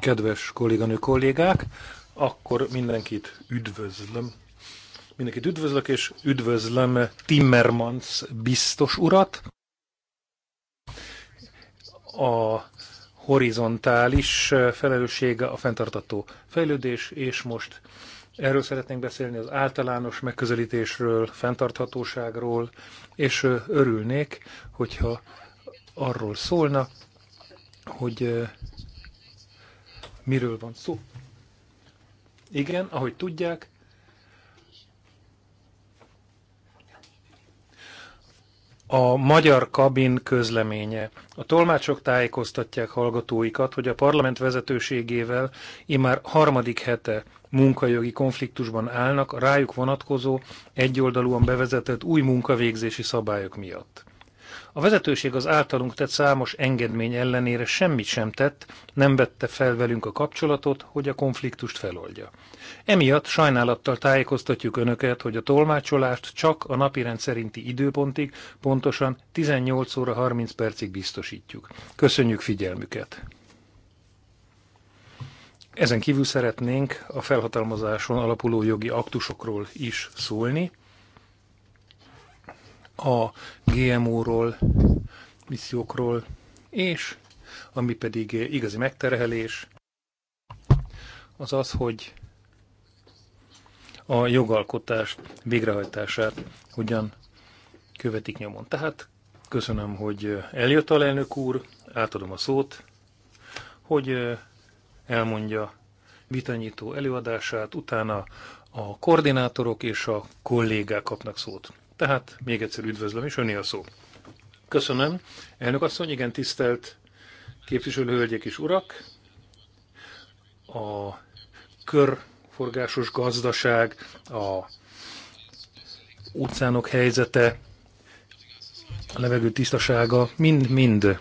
Kedves kolléganő kollégák, akkor mindenkit üdvözlöm. Mindenkit üdvözlök, és üdvözlöm Timmermans biztos urat. A horizontális felelőssége a fenntartató fejlődés, és most erről szeretnénk beszélni az általános megközelítésről, fenntarthatóságról, és örülnék, hogyha arról szólna, hogy miről van szó. Igen, ahogy tudják, a magyar kabin közleménye. A tolmácsok tájékoztatják hallgatóikat, hogy a parlament vezetőségével immár harmadik hete munkajogi konfliktusban állnak a rájuk vonatkozó, egyoldalúan bevezetett új munkavégzési szabályok miatt. A vezetőség az általunk tett számos engedmény ellenére semmit sem tett, nem vette fel velünk a kapcsolatot, hogy a konfliktust feloldja. Emiatt sajnálattal tájékoztatjuk Önöket, hogy a tolmácsolást csak a napirend szerinti időpontig, pontosan 18 óra 30 percig biztosítjuk. Köszönjük figyelmüket! Ezen kívül szeretnénk a felhatalmazáson alapuló jogi aktusokról is szólni a GMO-ról, missziókról, és ami pedig igazi megterhelés, az az, hogy a jogalkotás végrehajtását hogyan követik nyomon. Tehát köszönöm, hogy eljött a elnök úr, átadom a szót, hogy elmondja vitanyító előadását, utána a koordinátorok és a kollégák kapnak szót. Tehát még egyszer üdvözlöm, és öné a szó. Köszönöm. Elnök asszony, igen, tisztelt képviselő hölgyek és urak. A körforgásos gazdaság, a utcánok helyzete, a levegő tisztasága mind-mind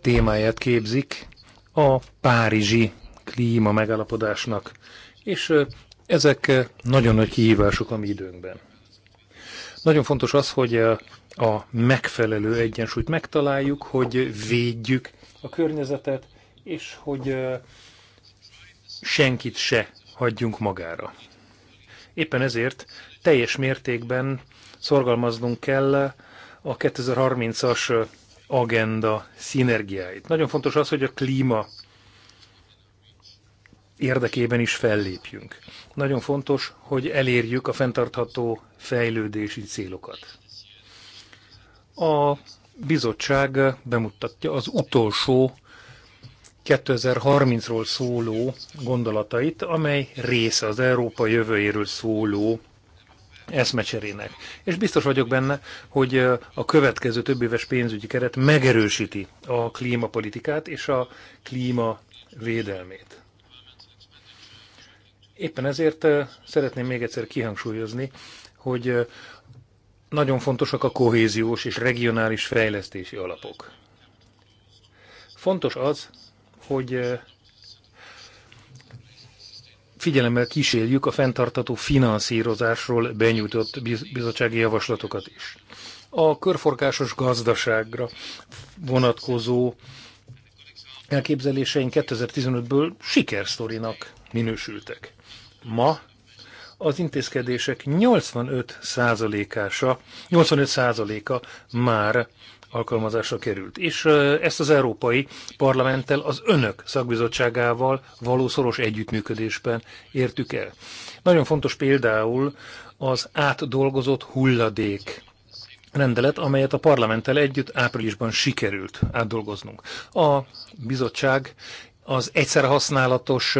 témáját képzik a párizsi klíma megállapodásnak, és ezek nagyon nagy kihívások a mi időnkben. Nagyon fontos az, hogy eh, a megfelelő egyensúlyt megtaláljuk, hogy védjük a környezetet, és hogy eh, senkit se hagyjunk magára. Éppen ezért teljes mértékben szorgalmaznunk kell a 2030-as eh, agenda szinergiáit. Nagyon fontos az, hogy a klíma érdekében is fellépjünk. Nagyon fontos, hogy elérjük a fenntartható fejlődési célokat. A bizottság bemutatja az utolsó 2030-ról szóló gondolatait, amely része az Európa jövőjéről szóló eszmecserének. És biztos vagyok benne, hogy a következő több éves pénzügyi keret megerősíti a klímapolitikát és a klíma védelmét. Éppen ezért szeretném még egyszer kihangsúlyozni, hogy nagyon fontosak a kohéziós és regionális fejlesztési alapok. Fontos az, hogy figyelemmel kísérjük a fenntartató finanszírozásról benyújtott bizottsági javaslatokat is. A körforgásos gazdaságra vonatkozó elképzeléseink 2015-ből sikersztorinak minősültek. Ma az intézkedések 85%-ása, 85%-a már alkalmazásra került. És ezt az Európai Parlamenttel, az Önök szakbizottságával való szoros együttműködésben értük el. Nagyon fontos például az átdolgozott hulladék rendelet, amelyet a parlamenttel együtt áprilisban sikerült átdolgoznunk. A bizottság az egyszer használatos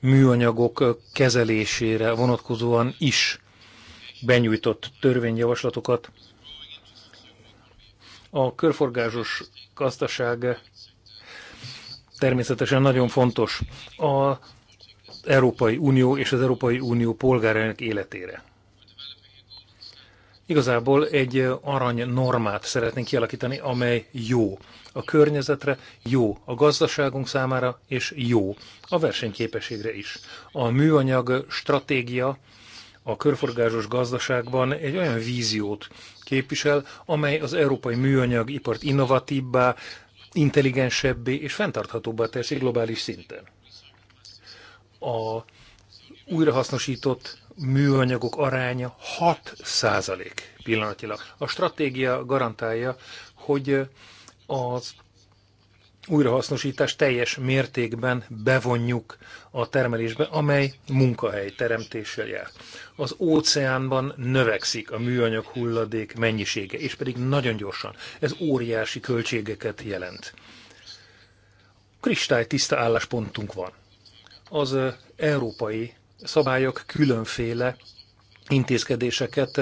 műanyagok kezelésére vonatkozóan is benyújtott törvényjavaslatokat. A körforgásos gazdaság természetesen nagyon fontos az Európai Unió és az Európai Unió polgárának életére. Igazából egy arany normát szeretnénk kialakítani, amely jó a környezetre, jó a gazdaságunk számára, és jó a versenyképességre is. A műanyag stratégia a körforgásos gazdaságban egy olyan víziót képvisel, amely az európai műanyagipart innovatíbbá, intelligensebbé és fenntarthatóbbá teszi globális szinten. A újrahasznosított műanyagok aránya 6 százalék pillanatilag. A stratégia garantálja, hogy az újrahasznosítást teljes mértékben bevonjuk a termelésbe, amely munkahely teremtéssel jár. Az óceánban növekszik a műanyag hulladék mennyisége, és pedig nagyon gyorsan. Ez óriási költségeket jelent. Kristály tiszta álláspontunk van. Az európai szabályok különféle intézkedéseket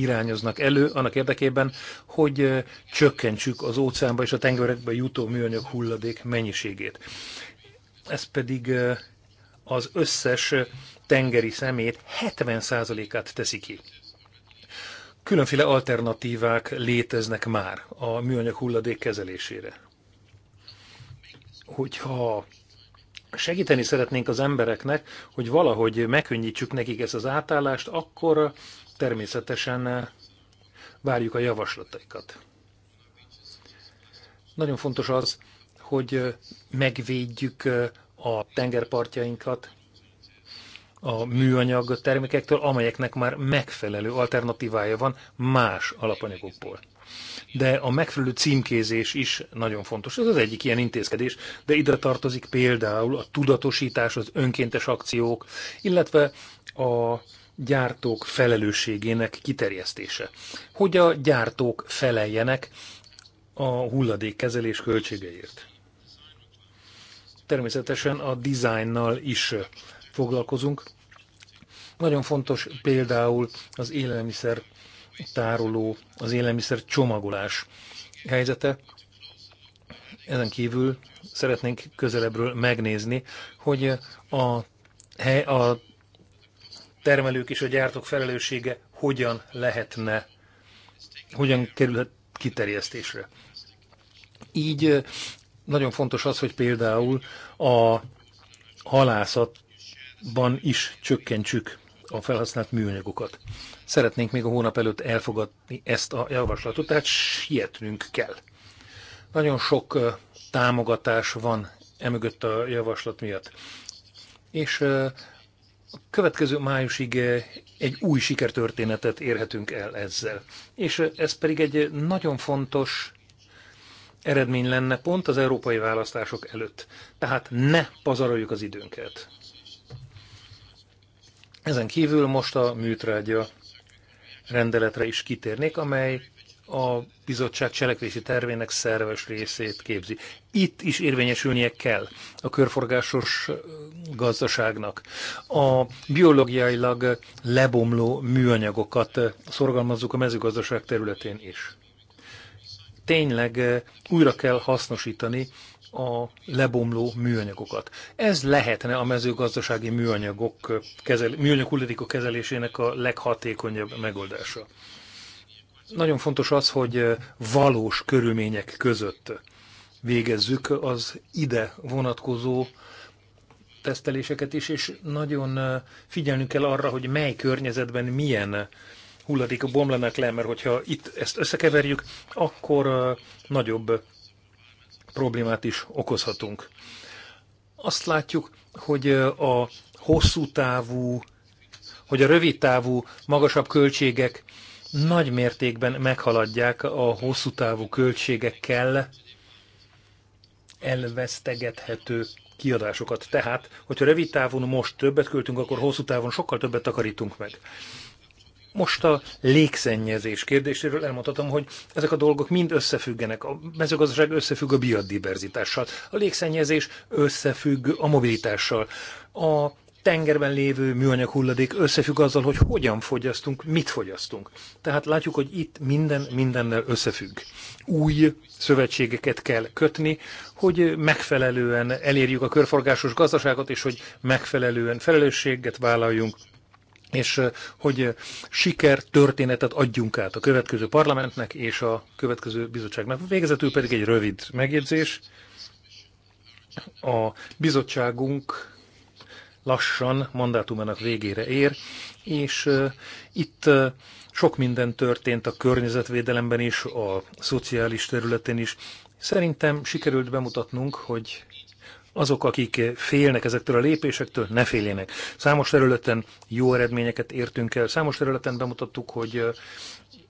irányoznak elő annak érdekében, hogy csökkentsük az óceánba és a tengerekbe jutó műanyag hulladék mennyiségét. Ez pedig az összes tengeri szemét 70%-át teszi ki. Különféle alternatívák léteznek már a műanyag hulladék kezelésére. Hogyha segíteni szeretnénk az embereknek, hogy valahogy megkönnyítsük nekik ezt az átállást, akkor természetesen várjuk a javaslataikat. Nagyon fontos az, hogy megvédjük a tengerpartjainkat a műanyag termékektől, amelyeknek már megfelelő alternatívája van más alapanyagokból de a megfelelő címkézés is nagyon fontos. Ez az egyik ilyen intézkedés, de ide tartozik például a tudatosítás, az önkéntes akciók, illetve a gyártók felelősségének kiterjesztése. Hogy a gyártók feleljenek a hulladékkezelés költségeért. Természetesen a dizájnnal is foglalkozunk. Nagyon fontos például az élelmiszer tároló, az élelmiszer csomagolás helyzete. Ezen kívül szeretnénk közelebbről megnézni, hogy a, hely, a termelők és a gyártók felelőssége hogyan lehetne, hogyan kerülhet kiterjesztésre. Így nagyon fontos az, hogy például a halászatban is csökkentsük a felhasznált műanyagokat. Szeretnénk még a hónap előtt elfogadni ezt a javaslatot, tehát sietnünk kell. Nagyon sok támogatás van emögött a javaslat miatt. És a következő májusig egy új sikertörténetet érhetünk el ezzel. És ez pedig egy nagyon fontos eredmény lenne pont az európai választások előtt. Tehát ne pazaroljuk az időnket. Ezen kívül most a műtrágya rendeletre is kitérnék, amely a bizottság cselekvési tervének szerves részét képzi. Itt is érvényesülnie kell a körforgásos gazdaságnak. A biológiailag lebomló műanyagokat szorgalmazzuk a mezőgazdaság területén is. Tényleg újra kell hasznosítani a lebomló műanyagokat. Ez lehetne a mezőgazdasági műanyagok kezel, műanyag hulladékok kezelésének a leghatékonyabb megoldása. Nagyon fontos az, hogy valós körülmények között végezzük az ide vonatkozó teszteléseket is, és nagyon figyelnünk kell arra, hogy mely környezetben milyen hulladékok bomlanak le, mert hogyha itt ezt összekeverjük, akkor nagyobb problémát is okozhatunk. Azt látjuk, hogy a hosszú távú, hogy a rövid távú magasabb költségek nagy mértékben meghaladják a hosszú távú költségekkel elvesztegethető kiadásokat. Tehát, hogyha rövid távon most többet költünk, akkor hosszú távon sokkal többet takarítunk meg. Most a légszennyezés kérdéséről elmondhatom, hogy ezek a dolgok mind összefüggenek. A mezőgazdaság összefügg a biodiverzitással, a légszennyezés összefügg a mobilitással, a tengerben lévő műanyag hulladék összefügg azzal, hogy hogyan fogyasztunk, mit fogyasztunk. Tehát látjuk, hogy itt minden mindennel összefügg. Új szövetségeket kell kötni, hogy megfelelően elérjük a körforgásos gazdaságot, és hogy megfelelően felelősséget vállaljunk és hogy siker történetet adjunk át a következő parlamentnek és a következő bizottságnak. Végezetül pedig egy rövid megjegyzés. A bizottságunk lassan mandátumának végére ér, és itt sok minden történt a környezetvédelemben is, a szociális területen is. Szerintem sikerült bemutatnunk, hogy azok, akik félnek ezektől a lépésektől, ne féljenek. Számos területen jó eredményeket értünk el, számos területen bemutattuk, hogy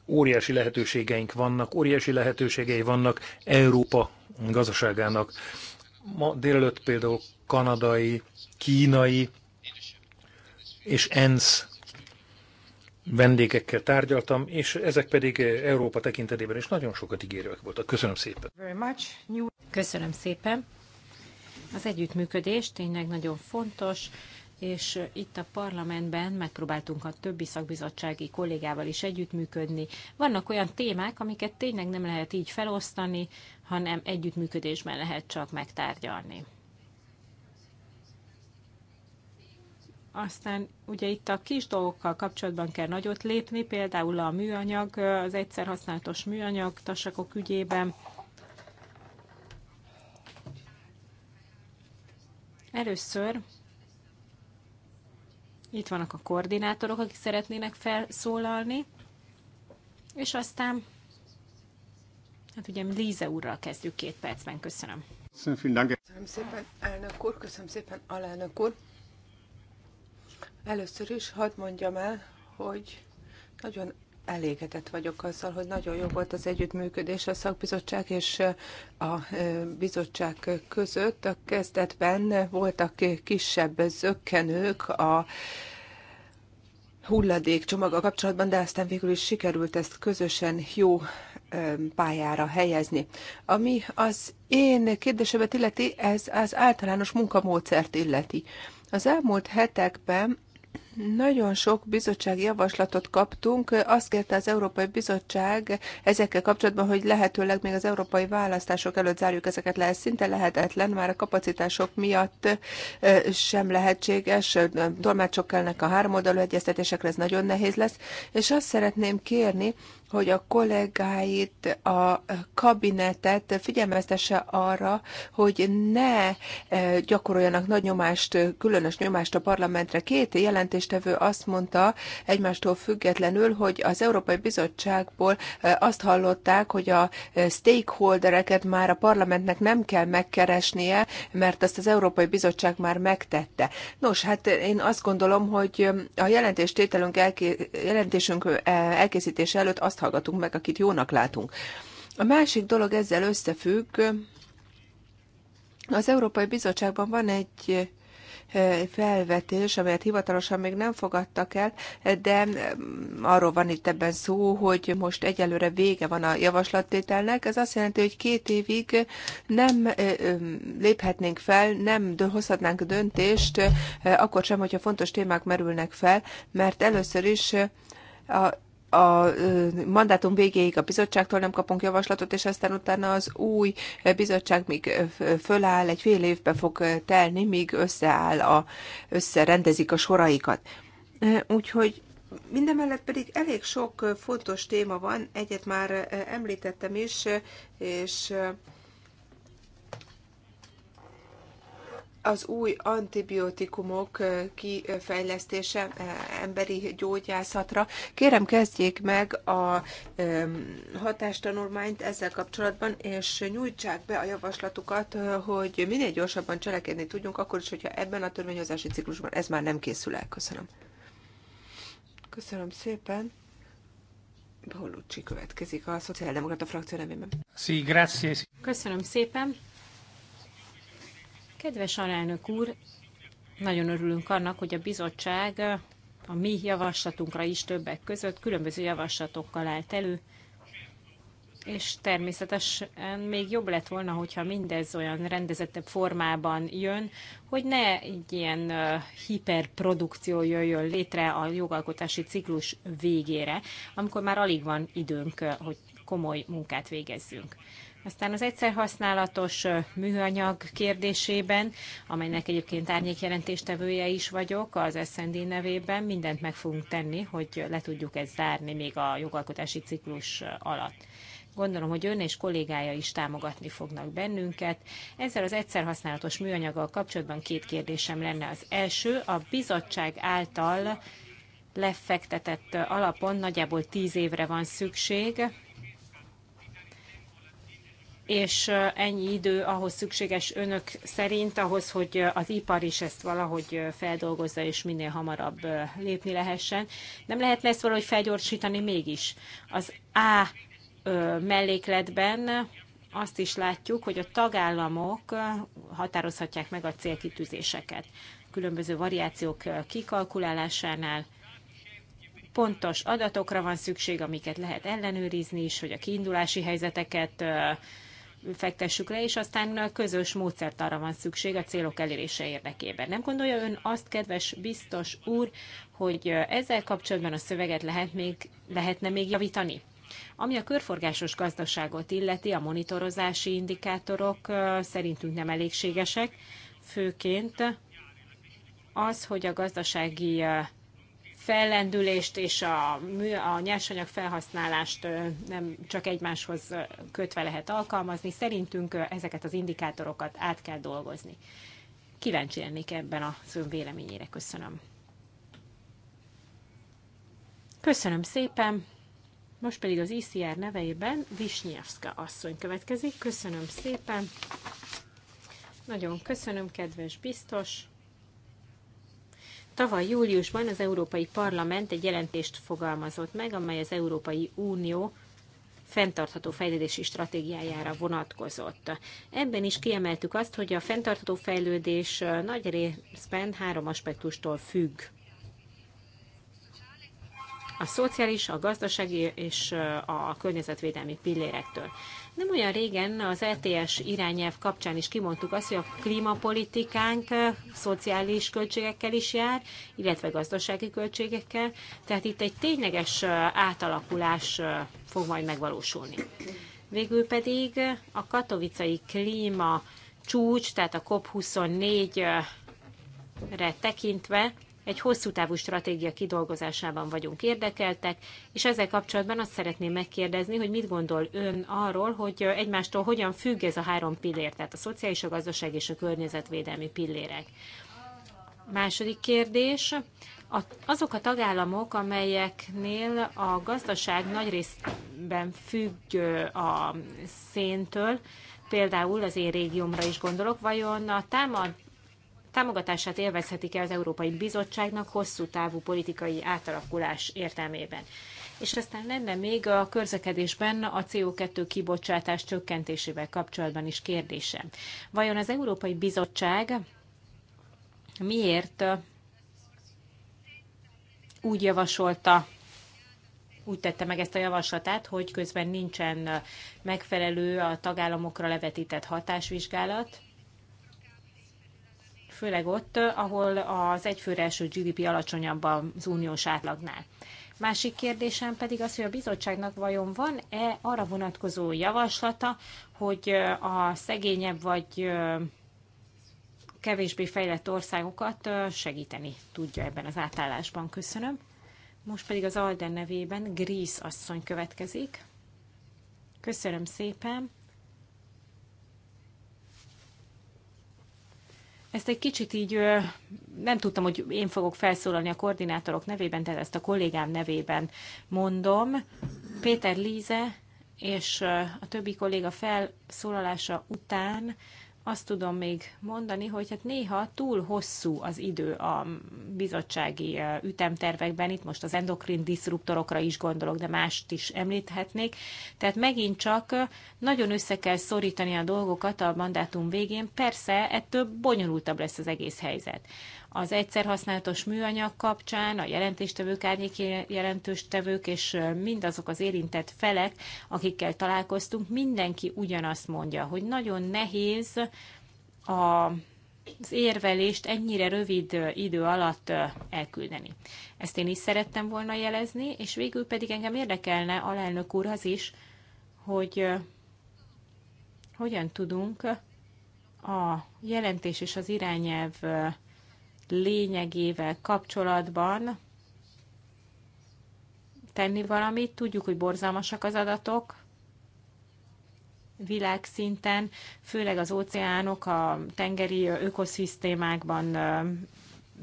óriási lehetőségeink vannak, óriási lehetőségei vannak Európa gazdaságának. Ma délelőtt például kanadai, kínai és ENSZ vendégekkel tárgyaltam, és ezek pedig Európa tekintetében is nagyon sokat ígérőek voltak. Köszönöm szépen. Köszönöm szépen. Az együttműködés tényleg nagyon fontos, és itt a parlamentben megpróbáltunk a többi szakbizottsági kollégával is együttműködni. Vannak olyan témák, amiket tényleg nem lehet így felosztani, hanem együttműködésben lehet csak megtárgyalni. Aztán ugye itt a kis dolgokkal kapcsolatban kell nagyot lépni, például a műanyag, az egyszer használatos műanyag tasakok ügyében. Először itt vannak a koordinátorok, akik szeretnének felszólalni, és aztán, hát ugye Líze úrral kezdjük két percben, köszönöm. Köszönöm szépen, elnök úr, köszönöm szépen, alelnök úr. Először is hadd mondjam el, hogy nagyon elégedett vagyok azzal, hogy nagyon jó volt az együttműködés a szakbizottság és a bizottság között. A kezdetben voltak kisebb zökkenők a hulladék csomaga kapcsolatban, de aztán végül is sikerült ezt közösen jó pályára helyezni. Ami az én kérdésemet illeti, ez az általános munkamódszert illeti. Az elmúlt hetekben nagyon sok bizottsági javaslatot kaptunk. Azt kérte az Európai Bizottság ezekkel kapcsolatban, hogy lehetőleg még az európai választások előtt zárjuk ezeket le. Ez szinte lehetetlen, már a kapacitások miatt eh, sem lehetséges. Tolmácsok kellnek a háromoldalú egyeztetésekre, ez nagyon nehéz lesz. És azt szeretném kérni, hogy a kollégáit, a kabinetet figyelmeztesse arra, hogy ne eh, gyakoroljanak nagy nyomást, különös nyomást a parlamentre. Két jelentés jelentéstevő azt mondta egymástól függetlenül, hogy az Európai Bizottságból azt hallották, hogy a stakeholdereket már a parlamentnek nem kell megkeresnie, mert azt az Európai Bizottság már megtette. Nos, hát én azt gondolom, hogy a jelentéstételünk elké- jelentésünk elkészítése előtt azt hallgatunk meg, akit jónak látunk. A másik dolog ezzel összefügg, az Európai Bizottságban van egy felvetés, amelyet hivatalosan még nem fogadtak el, de arról van itt ebben szó, hogy most egyelőre vége van a javaslattételnek. Ez azt jelenti, hogy két évig nem léphetnénk fel, nem hozhatnánk döntést, akkor sem, hogyha fontos témák merülnek fel, mert először is a a mandátum végéig a bizottságtól nem kapunk javaslatot, és aztán utána az új bizottság még föláll, egy fél évbe fog telni, míg összeáll, a, összerendezik a soraikat. Úgyhogy Mindemellett pedig elég sok fontos téma van, egyet már említettem is, és az új antibiotikumok kifejlesztése emberi gyógyászatra. Kérem, kezdjék meg a hatástanulmányt ezzel kapcsolatban, és nyújtsák be a javaslatukat, hogy minél gyorsabban cselekedni tudjunk, akkor is, hogyha ebben a törvényhozási ciklusban ez már nem készül el. Köszönöm. Köszönöm szépen. Paulucci következik a Szociáldemokrata frakció nevében. Sí, grazie. Köszönöm szépen. Kedves alelnök úr, nagyon örülünk annak, hogy a bizottság a mi javaslatunkra is többek között különböző javaslatokkal állt elő, és természetesen még jobb lett volna, hogyha mindez olyan rendezettebb formában jön, hogy ne egy ilyen hiperprodukció jöjjön létre a jogalkotási ciklus végére, amikor már alig van időnk, hogy komoly munkát végezzünk. Aztán az használatos műanyag kérdésében, amelynek egyébként árnyékjelentéstevője is vagyok az SND nevében, mindent meg fogunk tenni, hogy le tudjuk ezt zárni még a jogalkotási ciklus alatt. Gondolom, hogy ön és kollégája is támogatni fognak bennünket. Ezzel az használatos műanyaggal kapcsolatban két kérdésem lenne. Az első, a bizottság által lefektetett alapon nagyjából tíz évre van szükség, és ennyi idő ahhoz szükséges önök szerint, ahhoz, hogy az ipar is ezt valahogy feldolgozza, és minél hamarabb lépni lehessen. Nem lehet lesz valahogy felgyorsítani mégis. Az A mellékletben azt is látjuk, hogy a tagállamok határozhatják meg a célkitűzéseket különböző variációk kikalkulálásánál. Pontos adatokra van szükség, amiket lehet ellenőrizni is, hogy a kiindulási helyzeteket fektessük le, és aztán közös módszert arra van szükség a célok elérése érdekében. Nem gondolja ön azt, kedves biztos úr, hogy ezzel kapcsolatban a szöveget lehet még, lehetne még javítani? Ami a körforgásos gazdaságot illeti, a monitorozási indikátorok szerintünk nem elégségesek, főként az, hogy a gazdasági fellendülést és a, a nyersanyag felhasználást nem csak egymáshoz kötve lehet alkalmazni. Szerintünk ezeket az indikátorokat át kell dolgozni. Kíváncsi lennék ebben a ön véleményére. Köszönöm. Köszönöm szépen. Most pedig az ICR nevejében Visnyevska asszony következik. Köszönöm szépen. Nagyon köszönöm, kedves biztos. Tavaly júliusban az Európai Parlament egy jelentést fogalmazott meg, amely az Európai Unió fenntartható fejlődési stratégiájára vonatkozott. Ebben is kiemeltük azt, hogy a fenntartható fejlődés nagy részben három aspektustól függ. A szociális, a gazdasági és a környezetvédelmi pillérektől. Nem olyan régen az ETS irányelv kapcsán is kimondtuk azt, hogy a klímapolitikánk szociális költségekkel is jár, illetve gazdasági költségekkel, tehát itt egy tényleges átalakulás fog majd megvalósulni. Végül pedig a katovicai klíma csúcs, tehát a COP24-re tekintve egy hosszú távú stratégia kidolgozásában vagyunk érdekeltek, és ezzel kapcsolatban azt szeretném megkérdezni, hogy mit gondol ön arról, hogy egymástól hogyan függ ez a három pillér, tehát a szociális, a gazdaság és a környezetvédelmi pillérek. Második kérdés. Azok a tagállamok, amelyeknél a gazdaság nagy részben függ a széntől, például az én régiómra is gondolok, vajon a támad, támogatását élvezhetik el az Európai Bizottságnak hosszú távú politikai átalakulás értelmében. És aztán lenne még a körzekedésben a CO2 kibocsátás csökkentésével kapcsolatban is kérdése. Vajon az Európai Bizottság miért uh, úgy javasolta, úgy tette meg ezt a javaslatát, hogy közben nincsen uh, megfelelő a tagállamokra levetített hatásvizsgálat, főleg ott, ahol az egyfőre első GDP alacsonyabb az uniós átlagnál. Másik kérdésem pedig az, hogy a bizottságnak vajon van-e arra vonatkozó javaslata, hogy a szegényebb vagy kevésbé fejlett országokat segíteni tudja ebben az átállásban. Köszönöm. Most pedig az Alden nevében Gríz asszony következik. Köszönöm szépen. ezt egy kicsit így nem tudtam, hogy én fogok felszólalni a koordinátorok nevében, de ezt a kollégám nevében mondom. Péter Líze és a többi kolléga felszólalása után azt tudom még mondani, hogy hát néha túl hosszú az idő a bizottsági ütemtervekben, itt most az endokrin diszruptorokra is gondolok, de mást is említhetnék. Tehát megint csak nagyon össze kell szorítani a dolgokat a mandátum végén, persze ettől bonyolultabb lesz az egész helyzet az használatos műanyag kapcsán a jelentéstevők, árnyék jelentőstevők és mindazok az érintett felek, akikkel találkoztunk, mindenki ugyanazt mondja, hogy nagyon nehéz a az érvelést ennyire rövid idő alatt elküldeni. Ezt én is szerettem volna jelezni, és végül pedig engem érdekelne alelnök úr az is, hogy hogyan tudunk a jelentés és az irányelv lényegével kapcsolatban tenni valamit. Tudjuk, hogy borzalmasak az adatok világszinten, főleg az óceánok, a tengeri ökoszisztémákban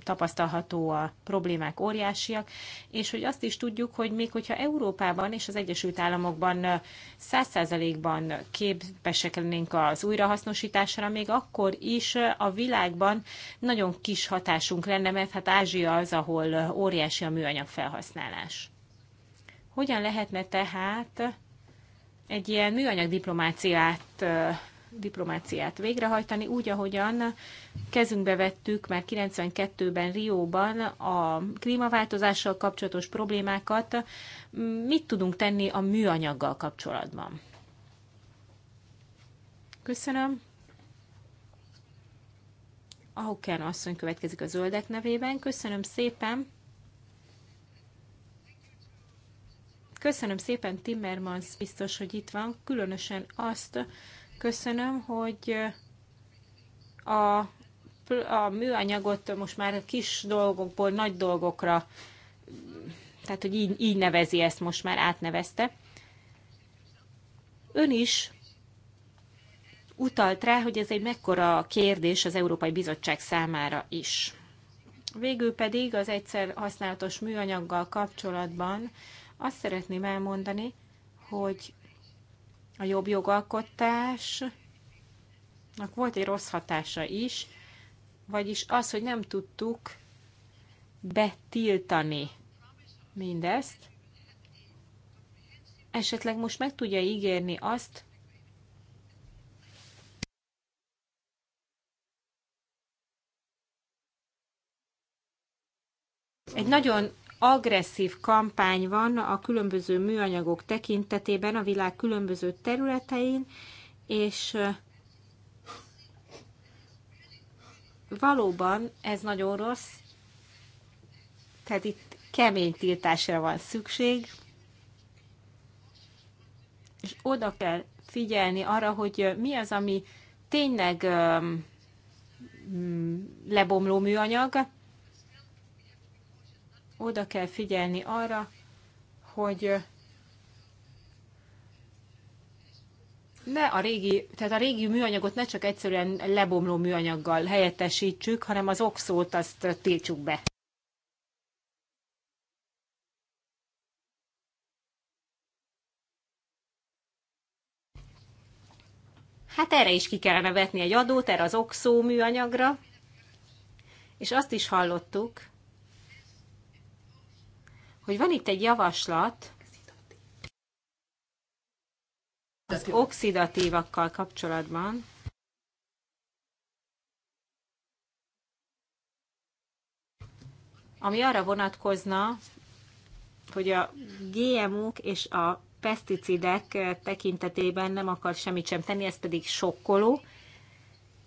tapasztalható a problémák óriásiak, és hogy azt is tudjuk, hogy még hogyha Európában és az Egyesült Államokban száz százalékban képesek lennénk az újrahasznosításra, még akkor is a világban nagyon kis hatásunk lenne, mert hát Ázsia az, ahol óriási a műanyag felhasználás. Hogyan lehetne tehát egy ilyen műanyag diplomáciát diplomáciát végrehajtani, úgy, ahogyan kezünkbe vettük már 92-ben Rióban a klímaváltozással kapcsolatos problémákat. Mit tudunk tenni a műanyaggal kapcsolatban? Köszönöm. Auken asszony következik a zöldek nevében. Köszönöm szépen. Köszönöm szépen Timmermans biztos, hogy itt van, különösen azt, Köszönöm, hogy a, a műanyagot most már kis dolgokból nagy dolgokra, tehát hogy így, így nevezi ezt, most már átnevezte. Ön is utalt rá, hogy ez egy mekkora kérdés az Európai Bizottság számára is. Végül pedig az egyszer használatos műanyaggal kapcsolatban azt szeretném elmondani, hogy a jobb jogalkotásnak volt egy rossz hatása is, vagyis az, hogy nem tudtuk betiltani mindezt. Esetleg most meg tudja ígérni azt, egy nagyon agresszív kampány van a különböző műanyagok tekintetében a világ különböző területein, és valóban ez nagyon rossz, tehát itt kemény tiltásra van szükség, és oda kell figyelni arra, hogy mi az, ami tényleg lebomló műanyag, oda kell figyelni arra, hogy ne a régi, tehát a régi műanyagot ne csak egyszerűen lebomló műanyaggal helyettesítsük, hanem az oxót azt tiltsuk be. Hát erre is ki kellene vetni egy adót, erre az oxó műanyagra. És azt is hallottuk, hogy van itt egy javaslat az oxidatívakkal kapcsolatban, ami arra vonatkozna, hogy a GMO-k és a peszticidek tekintetében nem akar semmit sem tenni, ez pedig sokkoló.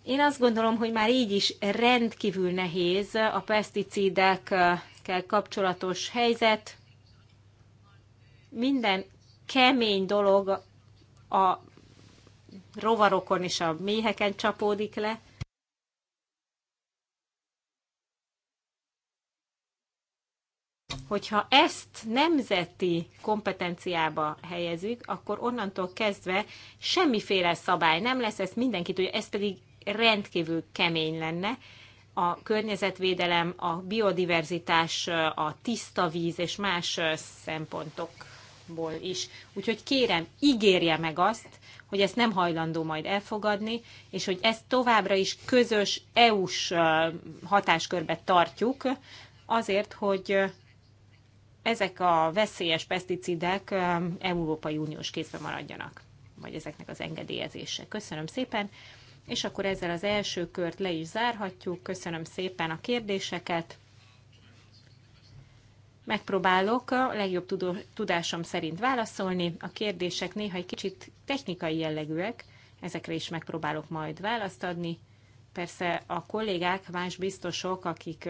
Én azt gondolom, hogy már így is rendkívül nehéz a peszticidek gyermekekkel kapcsolatos helyzet, minden kemény dolog a rovarokon és a méheken csapódik le. Hogyha ezt nemzeti kompetenciába helyezzük, akkor onnantól kezdve semmiféle szabály nem lesz, ez mindenki tudja, ez pedig rendkívül kemény lenne, a környezetvédelem, a biodiverzitás, a tiszta víz és más szempontokból is. Úgyhogy kérem, ígérje meg azt, hogy ezt nem hajlandó majd elfogadni, és hogy ezt továbbra is közös EU-s hatáskörbe tartjuk, azért, hogy ezek a veszélyes peszticidek Európai Uniós kézbe maradjanak, vagy ezeknek az engedélyezése. Köszönöm szépen! És akkor ezzel az első kört le is zárhatjuk. Köszönöm szépen a kérdéseket. Megpróbálok a legjobb tudásom szerint válaszolni. A kérdések néha egy kicsit technikai jellegűek, ezekre is megpróbálok majd választ adni. Persze a kollégák, más biztosok, akik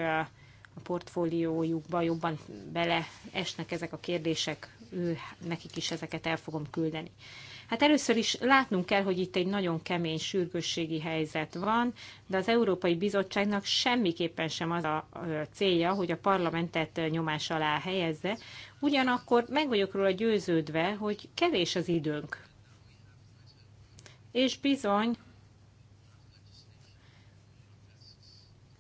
a portfóliójukba jobban beleesnek ezek a kérdések, ő, nekik is ezeket el fogom küldeni. Hát először is látnunk kell, hogy itt egy nagyon kemény sürgősségi helyzet van, de az Európai Bizottságnak semmiképpen sem az a célja, hogy a parlamentet nyomás alá helyezze. Ugyanakkor meg vagyok róla győződve, hogy kevés az időnk. És bizony,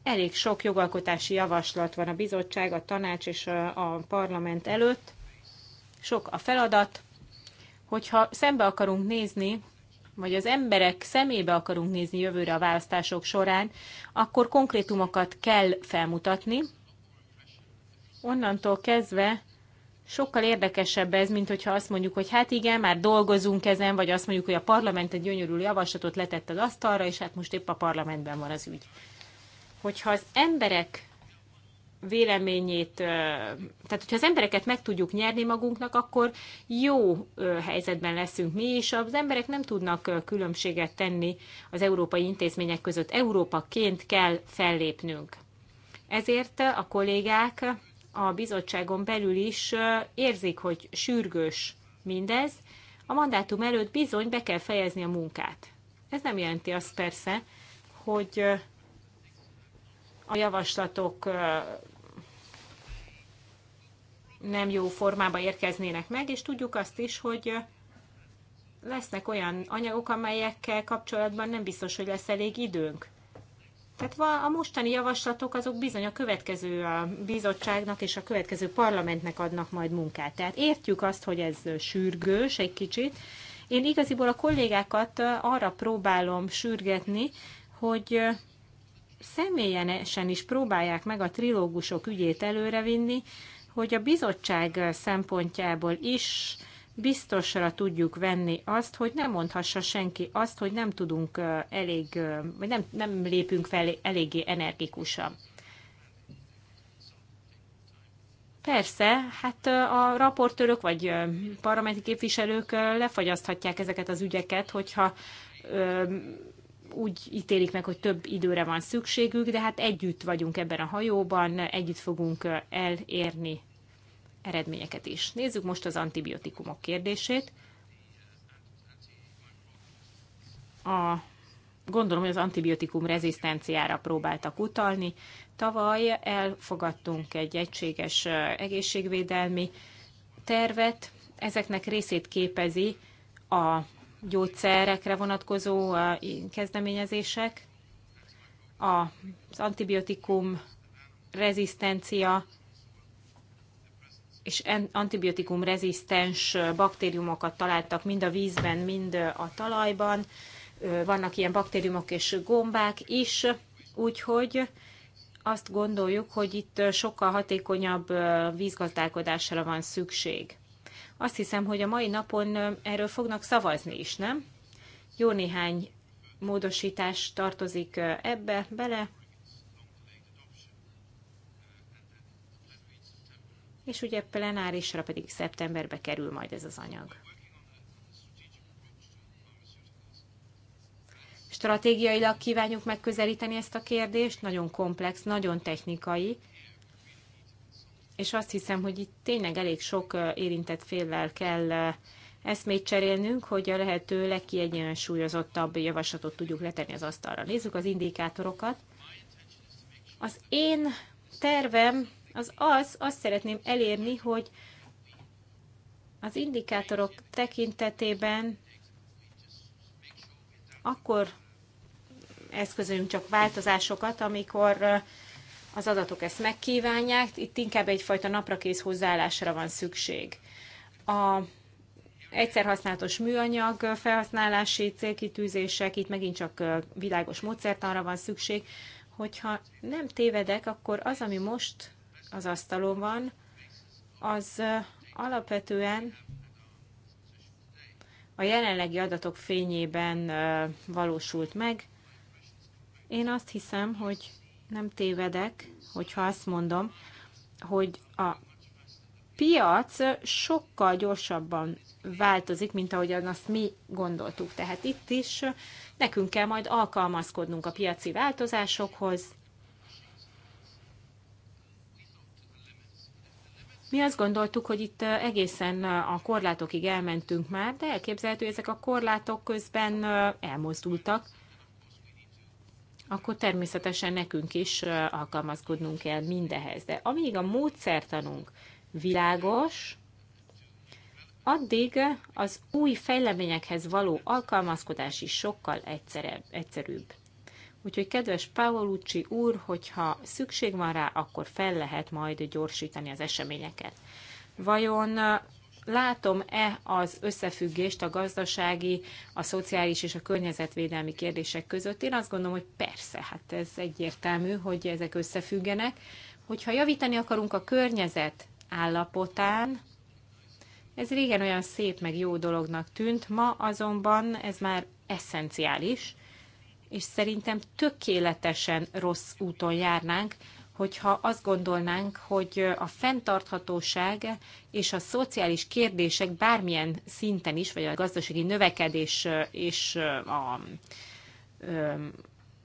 elég sok jogalkotási javaslat van a bizottság, a tanács és a, a parlament előtt. Sok a feladat, hogyha szembe akarunk nézni, vagy az emberek szemébe akarunk nézni jövőre a választások során, akkor konkrétumokat kell felmutatni. Onnantól kezdve sokkal érdekesebb ez, mint hogyha azt mondjuk, hogy hát igen, már dolgozunk ezen, vagy azt mondjuk, hogy a parlament egy gyönyörű javaslatot letett az asztalra, és hát most épp a parlamentben van az ügy. Hogyha az emberek véleményét, tehát hogyha az embereket meg tudjuk nyerni magunknak, akkor jó helyzetben leszünk mi is. Az emberek nem tudnak különbséget tenni az európai intézmények között. Európaként kell fellépnünk. Ezért a kollégák a bizottságon belül is érzik, hogy sürgős mindez. A mandátum előtt bizony be kell fejezni a munkát. Ez nem jelenti azt persze, hogy a javaslatok nem jó formába érkeznének meg, és tudjuk azt is, hogy lesznek olyan anyagok, amelyekkel kapcsolatban nem biztos, hogy lesz elég időnk. Tehát a mostani javaslatok azok bizony a következő bizottságnak és a következő parlamentnek adnak majd munkát. Tehát értjük azt, hogy ez sürgős egy kicsit. Én igaziból a kollégákat arra próbálom sürgetni, hogy személyesen is próbálják meg a trilógusok ügyét előrevinni, hogy a bizottság szempontjából is biztosra tudjuk venni azt, hogy nem mondhassa senki azt, hogy nem tudunk elég, vagy nem, nem lépünk fel eléggé energikusan. Persze, hát a raportőrök vagy parlamenti képviselők lefagyaszthatják ezeket az ügyeket, hogyha úgy ítélik meg, hogy több időre van szükségük, de hát együtt vagyunk ebben a hajóban, együtt fogunk elérni eredményeket is. Nézzük most az antibiotikumok kérdését. A, gondolom, hogy az antibiotikum rezisztenciára próbáltak utalni. Tavaly elfogadtunk egy egységes egészségvédelmi tervet. Ezeknek részét képezi a gyógyszerekre vonatkozó kezdeményezések, az antibiotikum rezisztencia és antibiotikum rezisztens baktériumokat találtak mind a vízben, mind a talajban. Vannak ilyen baktériumok és gombák is, úgyhogy azt gondoljuk, hogy itt sokkal hatékonyabb vízgazdálkodásra van szükség. Azt hiszem, hogy a mai napon erről fognak szavazni is, nem? Jó néhány módosítás tartozik ebbe bele. És ugye plenárisra pedig szeptemberbe kerül majd ez az anyag. Stratégiailag kívánjuk megközelíteni ezt a kérdést, nagyon komplex, nagyon technikai, és azt hiszem, hogy itt tényleg elég sok érintett féllel kell eszmét cserélnünk, hogy a lehető legkiegyensúlyozottabb javaslatot tudjuk letenni az asztalra. Nézzük az indikátorokat. Az én tervem az az, azt szeretném elérni, hogy az indikátorok tekintetében akkor eszközöljünk csak változásokat, amikor az adatok ezt megkívánják, itt inkább egyfajta naprakész hozzáállásra van szükség. A egyszer használatos műanyag felhasználási célkitűzések, itt megint csak világos módszertanra van szükség, hogyha nem tévedek, akkor az, ami most az asztalon van, az alapvetően a jelenlegi adatok fényében valósult meg. Én azt hiszem, hogy nem tévedek, hogyha azt mondom, hogy a piac sokkal gyorsabban változik, mint ahogy azt mi gondoltuk. Tehát itt is nekünk kell majd alkalmazkodnunk a piaci változásokhoz. Mi azt gondoltuk, hogy itt egészen a korlátokig elmentünk már, de elképzelhető, hogy ezek a korlátok közben elmozdultak, akkor természetesen nekünk is alkalmazkodnunk kell mindehez. De amíg a módszertanunk világos, addig az új fejleményekhez való alkalmazkodás is sokkal egyszerűbb. Úgyhogy kedves Paolucci úr, hogyha szükség van rá, akkor fel lehet majd gyorsítani az eseményeket. Vajon látom-e az összefüggést a gazdasági, a szociális és a környezetvédelmi kérdések között? Én azt gondolom, hogy persze, hát ez egyértelmű, hogy ezek összefüggenek. Hogyha javítani akarunk a környezet állapotán, ez régen olyan szép meg jó dolognak tűnt, ma azonban ez már eszenciális, és szerintem tökéletesen rossz úton járnánk, hogyha azt gondolnánk, hogy a fenntarthatóság és a szociális kérdések bármilyen szinten is, vagy a gazdasági növekedés és a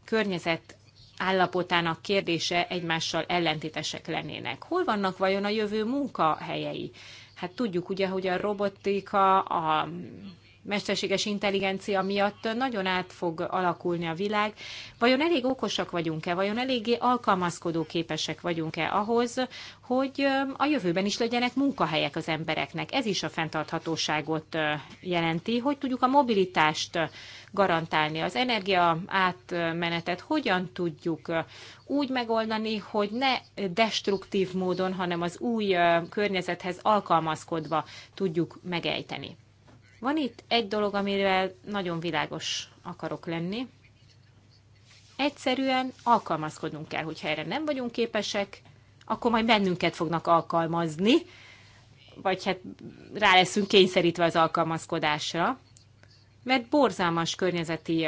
környezet állapotának kérdése egymással ellentétesek lennének. Hol vannak vajon a jövő munkahelyei? Hát tudjuk ugye, hogy a robotika, a mesterséges intelligencia miatt nagyon át fog alakulni a világ. Vajon elég okosak vagyunk-e, vajon eléggé alkalmazkodó képesek vagyunk-e ahhoz, hogy a jövőben is legyenek munkahelyek az embereknek. Ez is a fenntarthatóságot jelenti, hogy tudjuk a mobilitást garantálni, az energia átmenetet hogyan tudjuk úgy megoldani, hogy ne destruktív módon, hanem az új környezethez alkalmazkodva tudjuk megejteni. Van itt egy dolog, amivel nagyon világos akarok lenni. Egyszerűen alkalmazkodnunk kell, hogyha erre nem vagyunk képesek, akkor majd bennünket fognak alkalmazni, vagy hát rá leszünk kényszerítve az alkalmazkodásra, mert borzalmas környezeti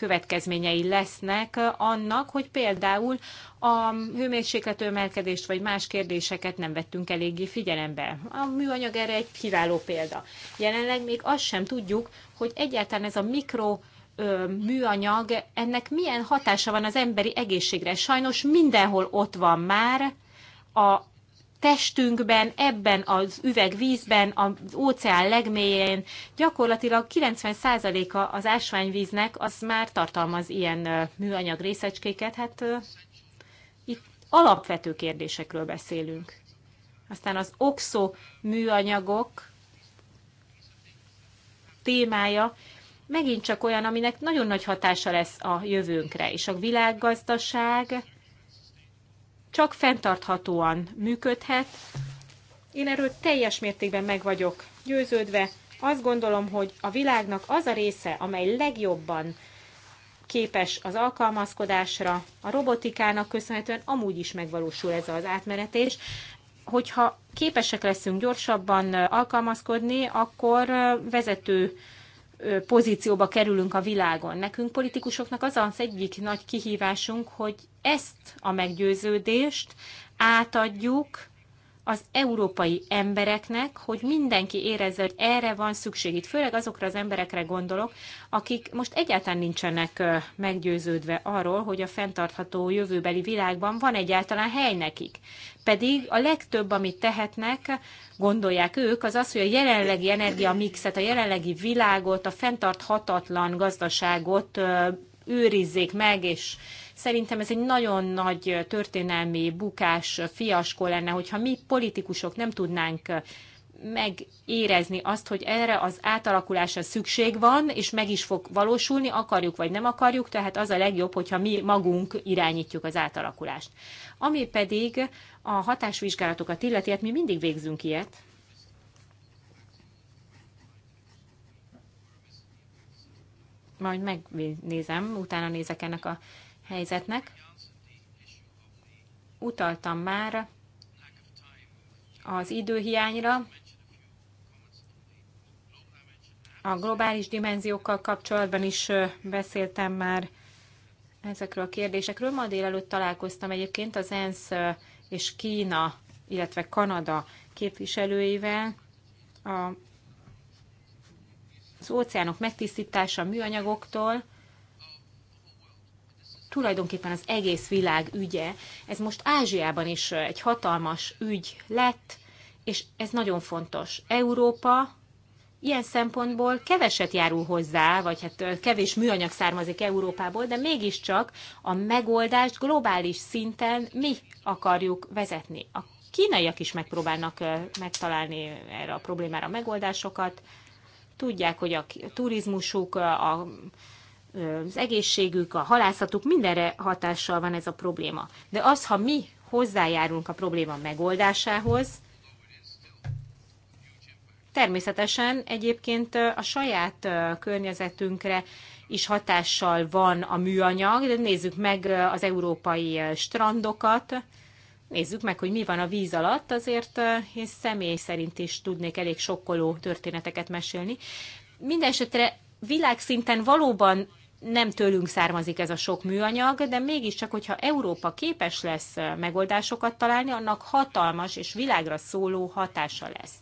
következményei lesznek annak, hogy például a hőmérséklet emelkedést vagy más kérdéseket nem vettünk eléggé figyelembe. A műanyag erre egy kiváló példa. Jelenleg még azt sem tudjuk, hogy egyáltalán ez a mikro műanyag, ennek milyen hatása van az emberi egészségre. Sajnos mindenhol ott van már a testünkben, ebben az üvegvízben, az óceán legmélyén gyakorlatilag 90%-a az ásványvíznek az már tartalmaz ilyen műanyag részecskéket. Hát itt alapvető kérdésekről beszélünk. Aztán az oxo műanyagok témája megint csak olyan, aminek nagyon nagy hatása lesz a jövőnkre, és a világgazdaság csak fenntarthatóan működhet. Én erről teljes mértékben meg vagyok győződve. Azt gondolom, hogy a világnak az a része, amely legjobban képes az alkalmazkodásra, a robotikának köszönhetően amúgy is megvalósul ez az átmenetés. Hogyha képesek leszünk gyorsabban alkalmazkodni, akkor vezető pozícióba kerülünk a világon. Nekünk politikusoknak az az egyik nagy kihívásunk, hogy ezt a meggyőződést átadjuk az európai embereknek, hogy mindenki érezze, hogy erre van szükség. Itt főleg azokra az emberekre gondolok, akik most egyáltalán nincsenek meggyőződve arról, hogy a fenntartható jövőbeli világban van egyáltalán hely nekik. Pedig a legtöbb, amit tehetnek, gondolják ők, az az, hogy a jelenlegi energiamixet, a jelenlegi világot, a fenntarthatatlan gazdaságot őrizzék meg, és Szerintem ez egy nagyon nagy történelmi bukás, fiaskó lenne, hogyha mi politikusok nem tudnánk megérezni azt, hogy erre az átalakulásra szükség van, és meg is fog valósulni, akarjuk vagy nem akarjuk, tehát az a legjobb, hogyha mi magunk irányítjuk az átalakulást. Ami pedig a hatásvizsgálatokat illeti, hát mi mindig végzünk ilyet, majd megnézem, utána nézek ennek a helyzetnek. Utaltam már az időhiányra, a globális dimenziókkal kapcsolatban is beszéltem már ezekről a kérdésekről. Ma délelőtt találkoztam egyébként az ENSZ és Kína, illetve Kanada képviselőivel. A, az óceánok megtisztítása műanyagoktól, tulajdonképpen az egész világ ügye. Ez most Ázsiában is egy hatalmas ügy lett, és ez nagyon fontos. Európa ilyen szempontból keveset járul hozzá, vagy hát kevés műanyag származik Európából, de mégiscsak a megoldást globális szinten mi akarjuk vezetni. A kínaiak is megpróbálnak megtalálni erre a problémára megoldásokat. Tudják, hogy a turizmusuk, a az egészségük, a halászatuk, mindenre hatással van ez a probléma. De az, ha mi hozzájárulunk a probléma megoldásához, természetesen egyébként a saját környezetünkre is hatással van a műanyag, de nézzük meg az európai strandokat, nézzük meg, hogy mi van a víz alatt, azért én személy szerint is tudnék elég sokkoló történeteket mesélni. Mindenesetre világszinten valóban nem tőlünk származik ez a sok műanyag, de mégiscsak, hogyha Európa képes lesz megoldásokat találni, annak hatalmas és világra szóló hatása lesz.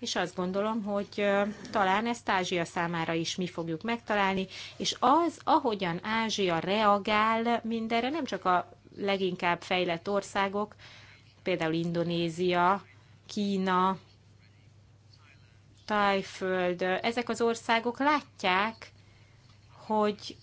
És azt gondolom, hogy talán ezt Ázsia számára is mi fogjuk megtalálni, és az, ahogyan Ázsia reagál mindenre, nem csak a leginkább fejlett országok, például Indonézia, Kína, Tájföld, ezek az országok látják, hogy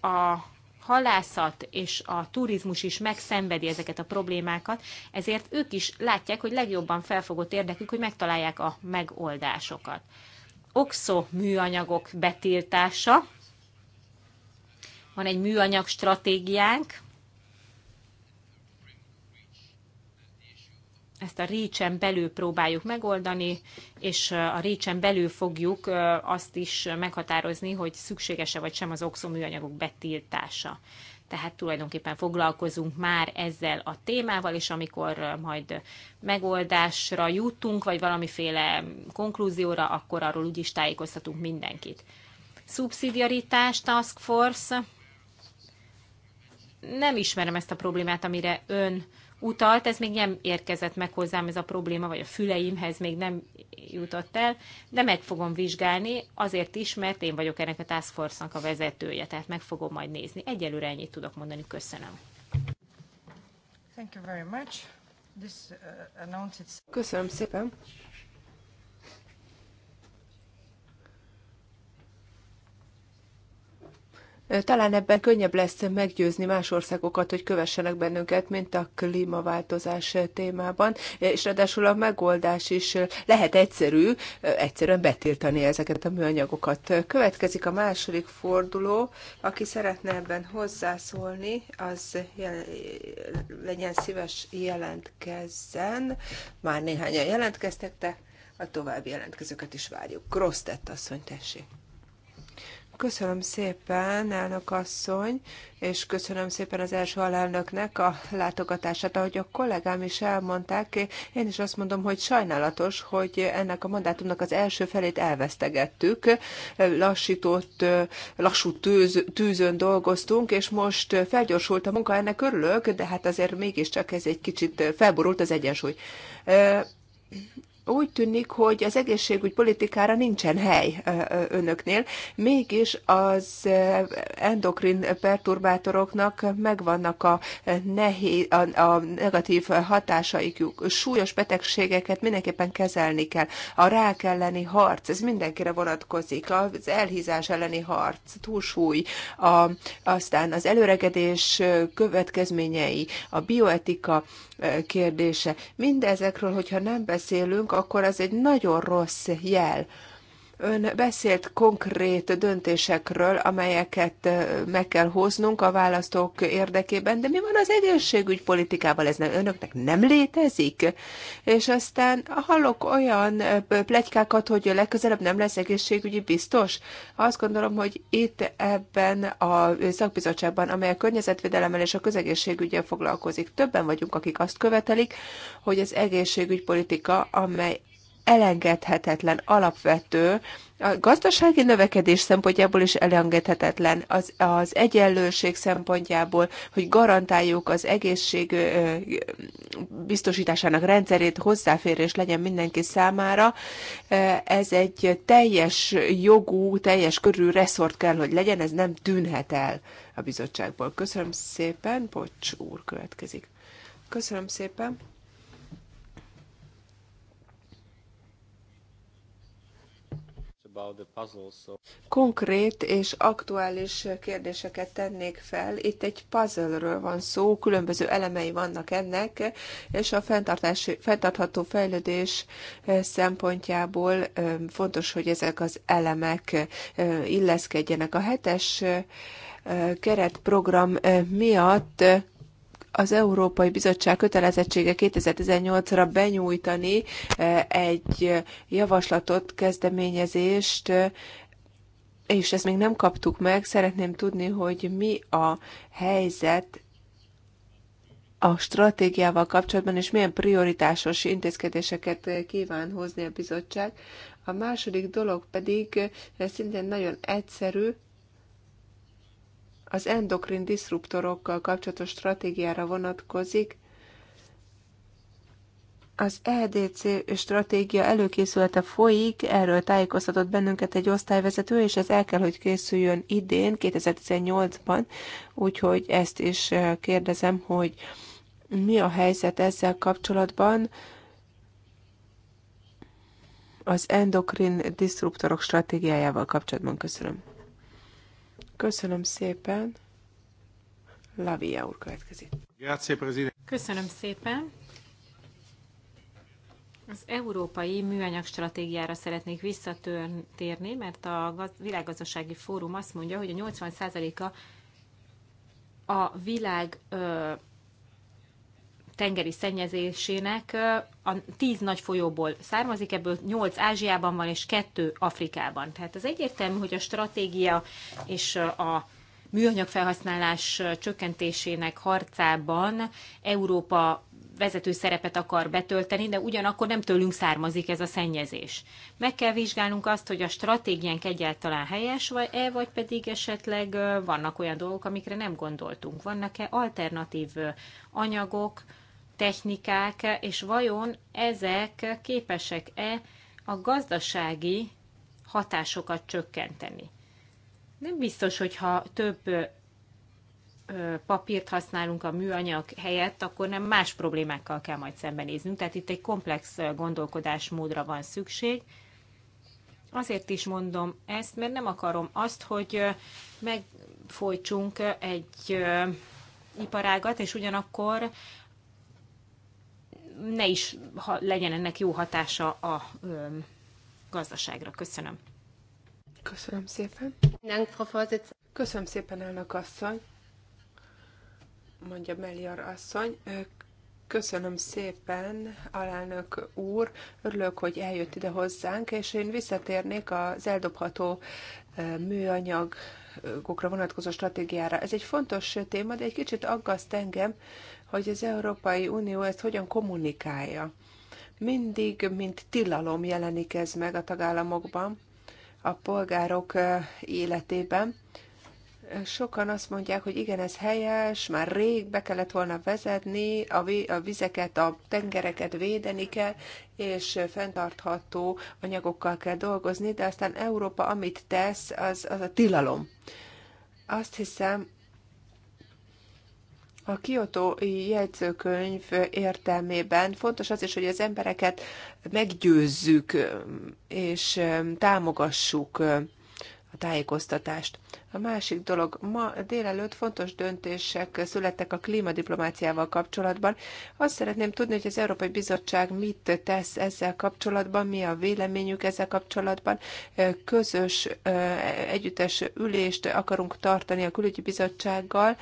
a halászat és a turizmus is megszenvedi ezeket a problémákat, ezért ők is látják, hogy legjobban felfogott érdekük, hogy megtalálják a megoldásokat. Oxo műanyagok betiltása. Van egy műanyag stratégiánk, ezt a récsen belül próbáljuk megoldani, és a récsen belül fogjuk azt is meghatározni, hogy szükséges-e vagy sem az oxoműanyagok betiltása. Tehát tulajdonképpen foglalkozunk már ezzel a témával, és amikor majd megoldásra jutunk, vagy valamiféle konklúzióra, akkor arról úgy is tájékoztatunk mindenkit. Szubszidiaritás Task Force. Nem ismerem ezt a problémát, amire ön utalt, ez még nem érkezett meg hozzám ez a probléma, vagy a füleimhez még nem jutott el, de meg fogom vizsgálni, azért is, mert én vagyok ennek a task force-nak a vezetője, tehát meg fogom majd nézni. Egyelőre ennyit tudok mondani, köszönöm. Thank you very much. This, uh, announced... Köszönöm szépen. Talán ebben könnyebb lesz meggyőzni más országokat, hogy kövessenek bennünket, mint a klímaváltozás témában, és ráadásul a megoldás is lehet egyszerű, egyszerűen betiltani ezeket a műanyagokat. Következik a második forduló, aki szeretne ebben hozzászólni, az jel- legyen szíves jelentkezzen. Már néhányan jelentkeztek, de a további jelentkezőket is várjuk. Grosztett asszony, tessék. Köszönöm szépen, elnök asszony, és köszönöm szépen az első alelnöknek a látogatását. Ahogy a kollégám is elmondták, én is azt mondom, hogy sajnálatos, hogy ennek a mandátumnak az első felét elvesztegettük. Lassított, lassú tűz, tűzön dolgoztunk, és most felgyorsult a munka, ennek örülök, de hát azért mégiscsak ez egy kicsit felborult az egyensúly úgy tűnik, hogy az egészségügy politikára nincsen hely önöknél, mégis az endokrin perturbátoroknak megvannak a, nehéz, a, a negatív hatásaik, súlyos betegségeket mindenképpen kezelni kell. A rák elleni harc, ez mindenkire vonatkozik, az elhízás elleni harc, túlsúly, a, aztán az előregedés következményei, a bioetika, kérdése. Mindezekről, hogyha nem beszélünk, akkor az egy nagyon rossz jel Ön beszélt konkrét döntésekről, amelyeket meg kell hoznunk a választók érdekében, de mi van az egészségügy politikával Ez nem, önöknek nem létezik? És aztán hallok olyan plegykákat, hogy legközelebb nem lesz egészségügyi biztos. Azt gondolom, hogy itt ebben a szakbizottságban, amely a környezetvédelemmel és a közegészségügyel foglalkozik, többen vagyunk, akik azt követelik, hogy az politika, amely elengedhetetlen, alapvető, a gazdasági növekedés szempontjából is elengedhetetlen, az, az egyenlőség szempontjából, hogy garantáljuk az egészség biztosításának rendszerét, hozzáférés legyen mindenki számára. Ez egy teljes jogú, teljes körű reszort kell, hogy legyen, ez nem tűnhet el a bizottságból. Köszönöm szépen, Bocs úr következik. Köszönöm szépen. Konkrét és aktuális kérdéseket tennék fel. Itt egy puzzle-ről van szó, különböző elemei vannak ennek, és a fenntartható fejlődés eh, szempontjából eh, fontos, hogy ezek az elemek eh, illeszkedjenek. A hetes keretprogram miatt az Európai Bizottság kötelezettsége 2018-ra benyújtani eh, egy javaslatot, kezdeményezést, eh, és ezt még nem kaptuk meg. Szeretném tudni, hogy mi a helyzet a stratégiával kapcsolatban, és milyen prioritásos intézkedéseket eh, kíván hozni a bizottság. A második dolog pedig szintén nagyon egyszerű, az endokrin diszruptorokkal kapcsolatos stratégiára vonatkozik. Az EDC stratégia előkészülete folyik, erről tájékoztatott bennünket egy osztályvezető, és ez el kell, hogy készüljön idén, 2018-ban, úgyhogy ezt is eh, kérdezem, hogy mi a helyzet ezzel kapcsolatban az endokrin disruptorok stratégiájával kapcsolatban. Köszönöm. Köszönöm szépen. Lavia úr következik. Köszönöm szépen. Az európai műanyag stratégiára szeretnék visszatérni, mert a világgazdasági fórum azt mondja, hogy a 80%-a a világ ö, tengeri szennyezésének a tíz nagy folyóból származik, ebből nyolc Ázsiában van és kettő Afrikában. Tehát az egyértelmű, hogy a stratégia és a műanyag felhasználás csökkentésének harcában Európa vezető szerepet akar betölteni, de ugyanakkor nem tőlünk származik ez a szennyezés. Meg kell vizsgálnunk azt, hogy a stratégiánk egyáltalán helyes vagy-e, vagy pedig esetleg vannak olyan dolgok, amikre nem gondoltunk. Vannak-e alternatív anyagok, technikák, és vajon ezek képesek-e a gazdasági hatásokat csökkenteni. Nem biztos, hogyha több papírt használunk a műanyag helyett, akkor nem más problémákkal kell majd szembenéznünk. Tehát itt egy komplex gondolkodásmódra van szükség. Azért is mondom ezt, mert nem akarom azt, hogy megfojtsunk egy iparágat, és ugyanakkor ne is ha legyen ennek jó hatása a ö, gazdaságra. Köszönöm. Köszönöm szépen. Köszönöm szépen, elnök asszony, mondja Meliar asszony. Köszönöm szépen, alelnök úr. Örülök, hogy eljött ide hozzánk, és én visszatérnék az eldobható műanyag országokra vonatkozó stratégiára. Ez egy fontos téma, de egy kicsit aggaszt engem, hogy az Európai Unió ezt hogyan kommunikálja. Mindig, mint tilalom jelenik ez meg a tagállamokban, a polgárok eh, életében, Sokan azt mondják, hogy igen, ez helyes, már rég be kellett volna vezetni, a, vizeket, a tengereket védeni kell, és fenntartható anyagokkal kell dolgozni, de aztán Európa, amit tesz, az, az a tilalom. Azt hiszem, a kiotói jegyzőkönyv értelmében fontos az is, hogy az embereket meggyőzzük és támogassuk a tájékoztatást. A másik dolog, ma délelőtt fontos döntések születtek a klímadiplomáciával kapcsolatban. Azt szeretném tudni, hogy az Európai Bizottság mit tesz ezzel kapcsolatban, mi a véleményük ezzel kapcsolatban. Közös együttes ülést akarunk tartani a külügyi bizottsággal,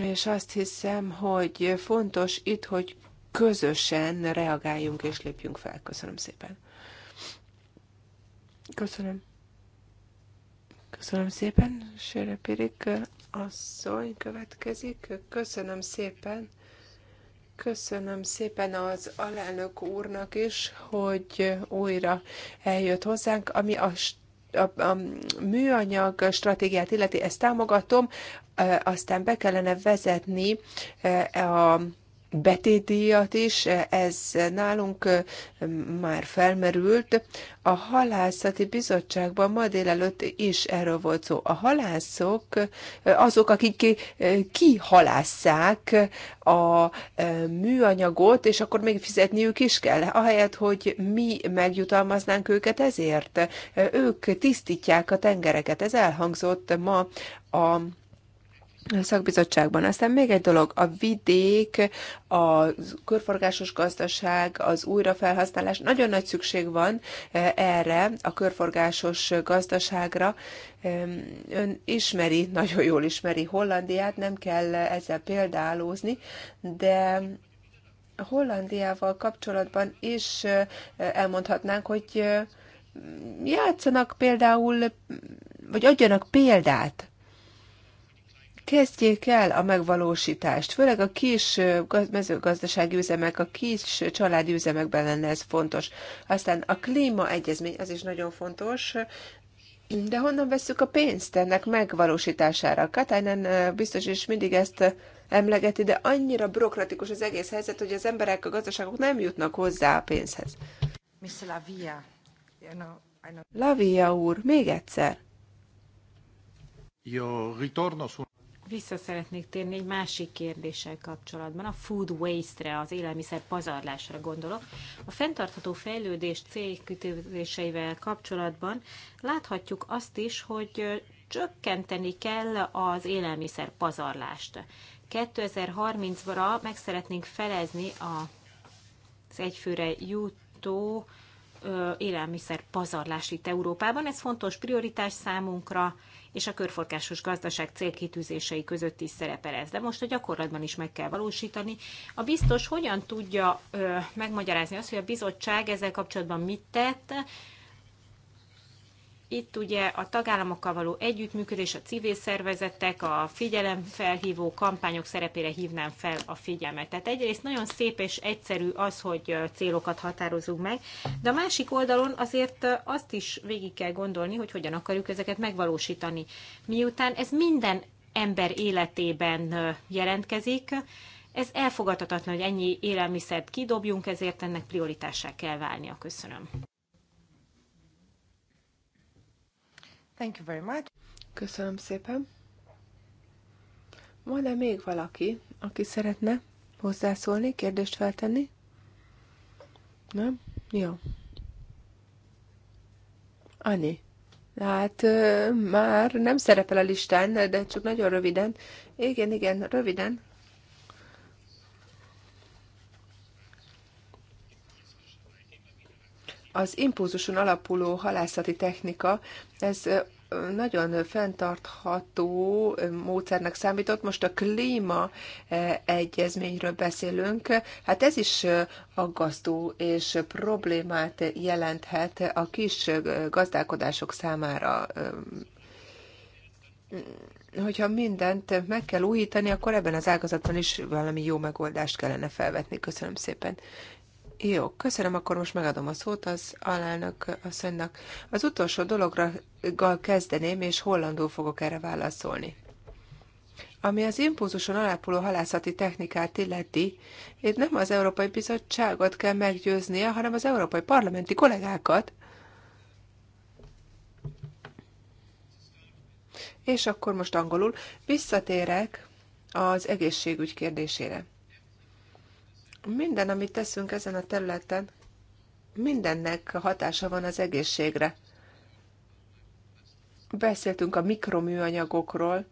és azt hiszem, hogy fontos itt, hogy közösen reagáljunk és lépjünk fel. Köszönöm szépen. Köszönöm. Köszönöm szépen, Sőre Pirik asszony következik. Köszönöm szépen. Köszönöm szépen az alelnök úrnak is, hogy újra eljött hozzánk, ami a a, a műanyag stratégiát illeti, ezt támogatom, aztán be kellene vezetni a betétdíjat is, ez nálunk már felmerült. A halászati bizottságban ma délelőtt is erről volt szó. A halászok azok, akik kihalásszák a műanyagot, és akkor még fizetniük is kell, ahelyett, hogy mi megjutalmaznánk őket ezért. Ők tisztítják a tengereket. Ez elhangzott ma a szakbizottságban. Aztán még egy dolog, a vidék, a körforgásos gazdaság, az újrafelhasználás, nagyon nagy szükség van eh, erre, a körforgásos gazdaságra. Ön ismeri, nagyon jól ismeri Hollandiát, nem kell ezzel példálózni, de Hollandiával kapcsolatban is eh, elmondhatnánk, hogy eh, játszanak például, vagy adjanak példát Kezdjék el a megvalósítást, főleg a kis mezőgazdasági üzemek, a kis családi üzemekben lenne ez fontos. Aztán a klímaegyezmény, az is nagyon fontos, de honnan veszük a pénzt ennek megvalósítására? Katainen biztos is mindig ezt emlegeti, de annyira bürokratikus az egész helyzet, hogy az emberek, a gazdaságok nem jutnak hozzá a pénzhez. Lavia, Lavia úr, még egyszer. Io ritorno su vissza szeretnék térni egy másik kérdéssel kapcsolatban, a food waste-re, az élelmiszer pazarlásra gondolok. A fenntartható fejlődés célkütőzéseivel kapcsolatban láthatjuk azt is, hogy csökkenteni kell az élelmiszer pazarlást. 2030-ra meg szeretnénk felezni az egyfőre jutó élelmiszer pazarlás itt Európában. Ez fontos prioritás számunkra, és a körforgásos gazdaság célkitűzései között is szerepel ez. De most a gyakorlatban is meg kell valósítani. A biztos hogyan tudja megmagyarázni azt, hogy a bizottság ezzel kapcsolatban mit tett, itt ugye a tagállamokkal való együttműködés, a civil szervezetek, a figyelemfelhívó kampányok szerepére hívnám fel a figyelmet. Tehát egyrészt nagyon szép és egyszerű az, hogy célokat határozunk meg, de a másik oldalon azért azt is végig kell gondolni, hogy hogyan akarjuk ezeket megvalósítani. Miután ez minden ember életében jelentkezik, ez elfogadhatatlan, hogy ennyi élelmiszert kidobjunk, ezért ennek prioritássá kell válnia. Köszönöm. Thank you very much. Köszönöm szépen. Van-e még valaki, aki szeretne hozzászólni, kérdést feltenni? Nem? Jó. Ani. Hát már nem szerepel a listán, de csak nagyon röviden. Igen, igen, röviden. az impulzuson alapuló halászati technika, ez nagyon fenntartható módszernek számított. Most a klíma egyezményről beszélünk. Hát ez is aggasztó és problémát jelenthet a kis gazdálkodások számára. Hogyha mindent meg kell újítani, akkor ebben az ágazatban is valami jó megoldást kellene felvetni. Köszönöm szépen. Jó, köszönöm, akkor most megadom a szót az alelnök asszonynak. Az utolsó dologra kezdeném, és hollandul fogok erre válaszolni. Ami az impulzuson alapuló halászati technikát illeti, itt nem az Európai Bizottságot kell meggyőznie, hanem az európai parlamenti kollégákat. És akkor most angolul visszatérek az egészségügy kérdésére. Minden, amit teszünk ezen a területen, mindennek hatása van az egészségre. Beszéltünk a mikroműanyagokról,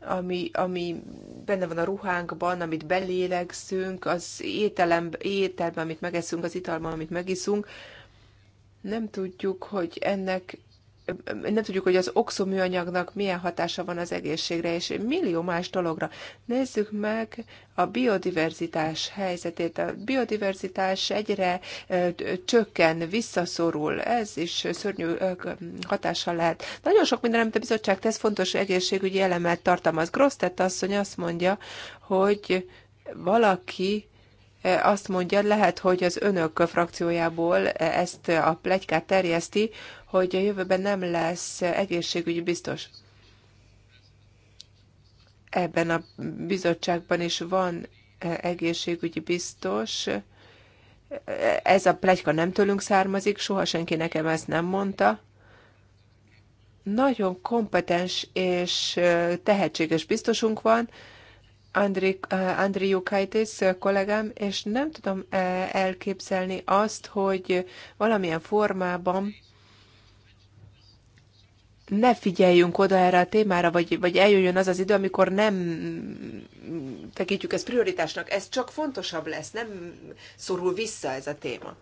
ami, ami benne van a ruhánkban, amit belélegzünk, az ételem, ételben, amit megeszünk, az italban, amit megiszunk. Nem tudjuk, hogy ennek nem tudjuk, hogy az oxoműanyagnak milyen hatása van az egészségre, és millió más dologra. Nézzük meg a biodiverzitás helyzetét. A biodiverzitás egyre csökken, visszaszorul, ez is szörnyű hatása lehet. Nagyon sok minden, amit a bizottság tesz, fontos egészségügyi elemet tartalmaz. Grosztett asszony azt mondja, hogy valaki azt mondja, lehet, hogy az önök frakciójából ezt a plegykát terjeszti, hogy a jövőben nem lesz egészségügyi biztos. Ebben a bizottságban is van e, egészségügyi biztos. Ez a plegyka nem tőlünk származik, soha senki nekem ezt nem mondta nagyon kompetens és e, tehetséges biztosunk van, Andri, e, Jukaitis kollégám, és nem tudom elképzelni azt, hogy valamilyen formában ne figyeljünk oda erre a témára, vagy, vagy eljöjjön az az idő, amikor nem tekintjük ezt prioritásnak. Ez csak fontosabb lesz, nem szorul vissza ez a téma.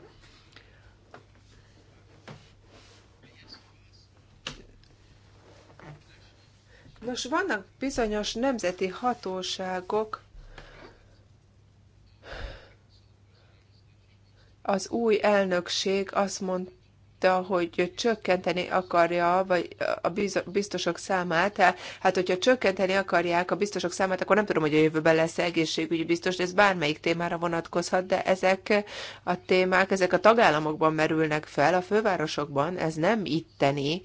Nos, vannak bizonyos nemzeti hatóságok, az új elnökség azt mondta, mondta, hogy csökkenteni akarja vagy a biztosok számát. Hát, hogyha csökkenteni akarják a biztosok számát, akkor nem tudom, hogy a jövőben lesz egészségügyi biztos, ez bármelyik témára vonatkozhat, de ezek a témák, ezek a tagállamokban merülnek fel, a fővárosokban, ez nem itteni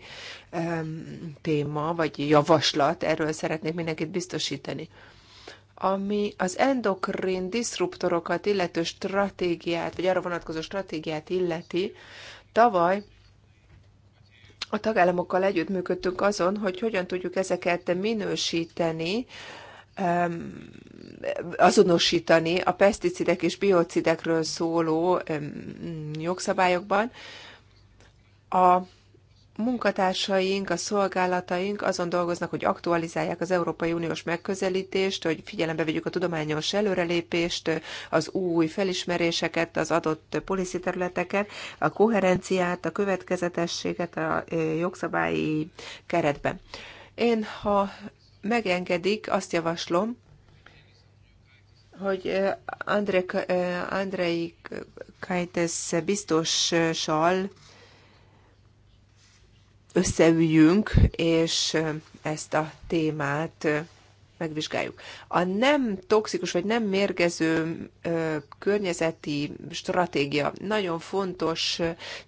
um, téma vagy javaslat, erről szeretnék mindenkit biztosítani ami az endokrin diszruptorokat illető stratégiát, vagy arra vonatkozó stratégiát illeti, Tavaly a tagállamokkal együttműködtünk azon, hogy hogyan tudjuk ezeket minősíteni, azonosítani a peszticidek és biocidekről szóló jogszabályokban. A munkatársaink, a szolgálataink azon dolgoznak, hogy aktualizálják az Európai Uniós megközelítést, hogy figyelembe vegyük a tudományos előrelépést, az új felismeréseket, az adott policy területeket, a koherenciát, a következetességet a eh, jogszabályi keretben. Én, ha megengedik, azt javaslom, hogy eh, eh, Andrei Kajtesz biztossal összeüljünk, és ezt a témát megvizsgáljuk. A nem toxikus vagy nem mérgező ö, környezeti stratégia nagyon fontos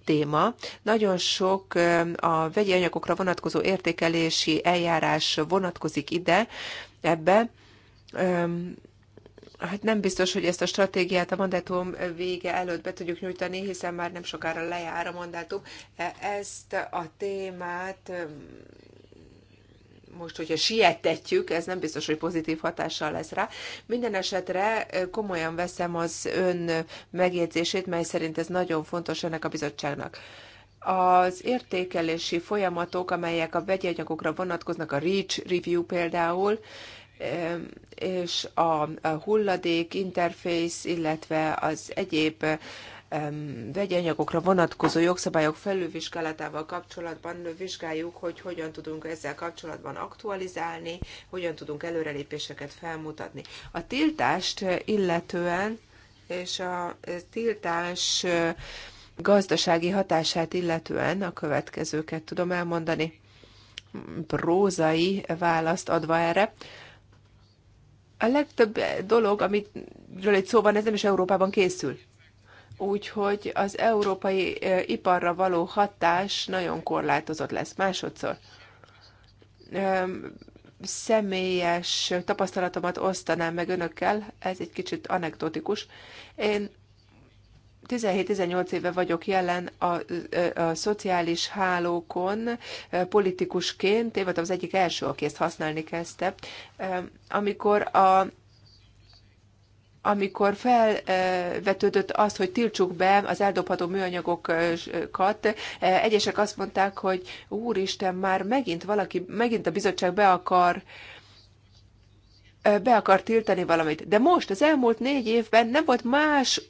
téma. Nagyon sok ö, a vegyi anyagokra vonatkozó értékelési eljárás vonatkozik ide, ebbe. Ö, hát nem biztos, hogy ezt a stratégiát a mandátum vége előtt be tudjuk nyújtani, hiszen már nem sokára lejár a mandátum. E, ezt a témát most, hogyha sietetjük, ez nem biztos, hogy pozitív hatással lesz rá. Minden esetre e, komolyan veszem az ön megjegyzését, mely szerint ez nagyon fontos ennek a bizottságnak az értékelési folyamatok, amelyek a vegyi anyagokra vonatkoznak, a REACH review például, és a hulladék interfész, illetve az egyéb vegyanyagokra vonatkozó jogszabályok felülvizsgálatával kapcsolatban vizsgáljuk, hogy hogyan tudunk ezzel kapcsolatban aktualizálni, hogyan tudunk előrelépéseket felmutatni. A tiltást illetően és a tiltás gazdasági hatását illetően a következőket tudom elmondani, prózai választ adva erre. A legtöbb dolog, amiről egy szó van, ez nem is Európában készül. Úgyhogy az európai iparra való hatás nagyon korlátozott lesz. Másodszor személyes tapasztalatomat osztanám meg önökkel, ez egy kicsit anekdotikus. Én 17-18 éve vagyok jelen a, a, a szociális hálókon politikusként, én voltam az egyik első, aki ezt használni kezdte, amikor a amikor felvetődött az, hogy tiltsuk be az eldobható műanyagokat, egyesek azt mondták, hogy úristen, már megint valaki, megint a bizottság be akar be akar tiltani valamit. De most, az elmúlt négy évben nem volt más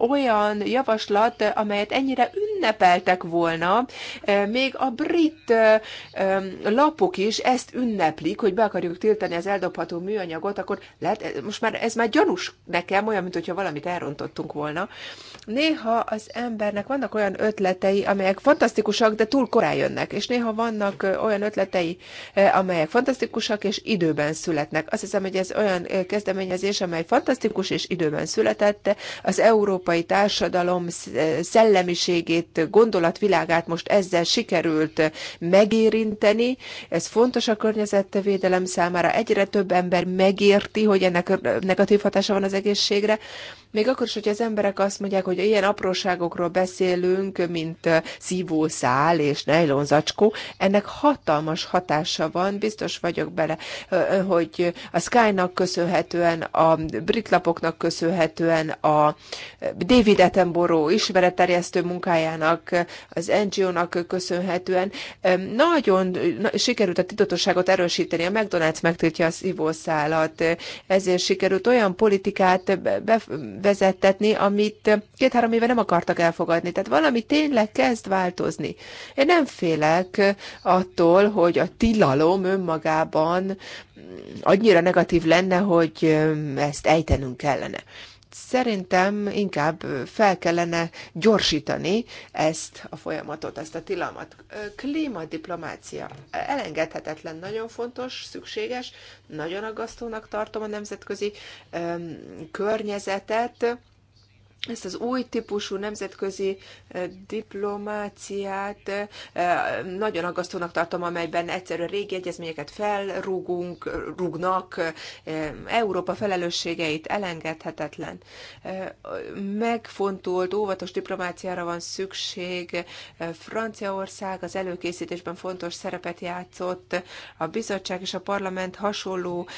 olyan javaslat, amelyet ennyire ünnepeltek volna, e, még a brit e, e, lapok is ezt ünneplik, hogy be akarjuk tiltani az eldobható műanyagot, akkor lehet, most már ez már gyanús nekem, olyan, mint hogyha valamit elrontottunk volna. Néha az embernek vannak olyan ötletei, amelyek fantasztikusak, de túl korán jönnek, és néha vannak olyan ötletei, amelyek fantasztikusak, és időben születnek. Azt hiszem, hogy ez olyan kezdeményezés, amely fantasztikus és időben született, az Európa európai társadalom eh, szellemiségét, gondolatvilágát most ezzel sikerült megérinteni. Ez fontos a környezetvédelem számára. Egyre több ember megérti, hogy ennek negatív hatása van az egészségre, még akkor is, hogy az emberek azt mondják, hogy ilyen apróságokról beszélünk, mint szívószál és nejlonzacskó, ennek hatalmas hatása van, biztos vagyok bele, hogy a Sky-nak köszönhetően, a britlapoknak köszönhetően, a David Attenborough ismeretterjesztő munkájának, az NGO-nak köszönhetően nagyon sikerült a titotosságot erősíteni, a McDonald's megtiltja a szívószálat, ezért sikerült olyan politikát be, vezettetni, amit két-három éve nem akartak elfogadni. Tehát valami tényleg kezd változni. Én nem félek attól, hogy a tilalom önmagában annyira negatív lenne, hogy ezt ejtenünk kellene. Szerintem inkább fel kellene gyorsítani ezt a folyamatot, ezt a tilalmat. Klímadiplomácia elengedhetetlen, nagyon fontos, szükséges, nagyon aggasztónak tartom a nemzetközi környezetet, ezt az új típusú nemzetközi diplomáciát nagyon aggasztónak tartom, amelyben egyszerűen régi egyezményeket felrúgunk, rúgnak, Európa felelősségeit elengedhetetlen. Megfontolt, óvatos diplomáciára van szükség. Franciaország az előkészítésben fontos szerepet játszott, a bizottság és a parlament hasonló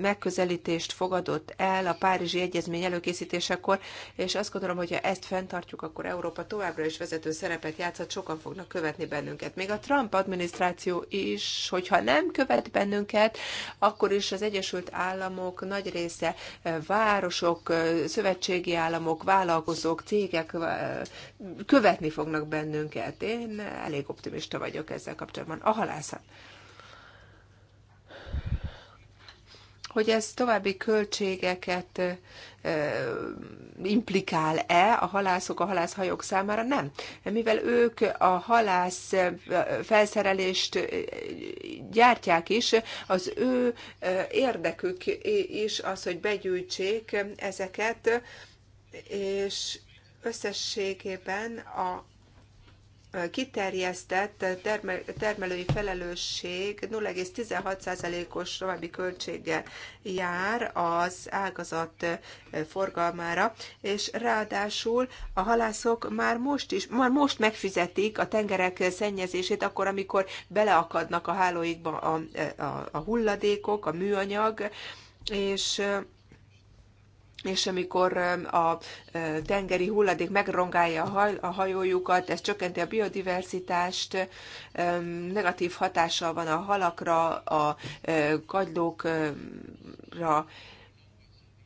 megközelítést fogadott el a Párizsi Egyezmény előkészítésekor, és azt gondolom, hogy ha ezt fenntartjuk, akkor Európa továbbra is vezető szerepet játszhat, sokan fognak követni bennünket. Még a Trump adminisztráció is, hogyha nem követ bennünket, akkor is az Egyesült Államok nagy része eh, városok, eh, szövetségi államok, vállalkozók, cégek eh, követni fognak bennünket. Én elég optimista vagyok ezzel kapcsolatban. A halászat. hogy ez további költségeket implikál-e a halászok, a halászhajók számára? Nem. Mivel ők a halász felszerelést gyártják is, az ő érdekük is az, hogy begyűjtsék ezeket, és összességében a kiterjesztett termelői felelősség 0,16%-os további költséggel jár az ágazat eh, forgalmára, és ráadásul a halászok már most is, már most megfizetik a tengerek szennyezését, akkor, amikor beleakadnak a hálóikba a, eh, a, a hulladékok, a műanyag, és eh, és amikor a e, tengeri hulladék megrongálja a hajójukat, ez csökkenti a biodiversitást, negatív hatással van a halakra, a e, kagylókra,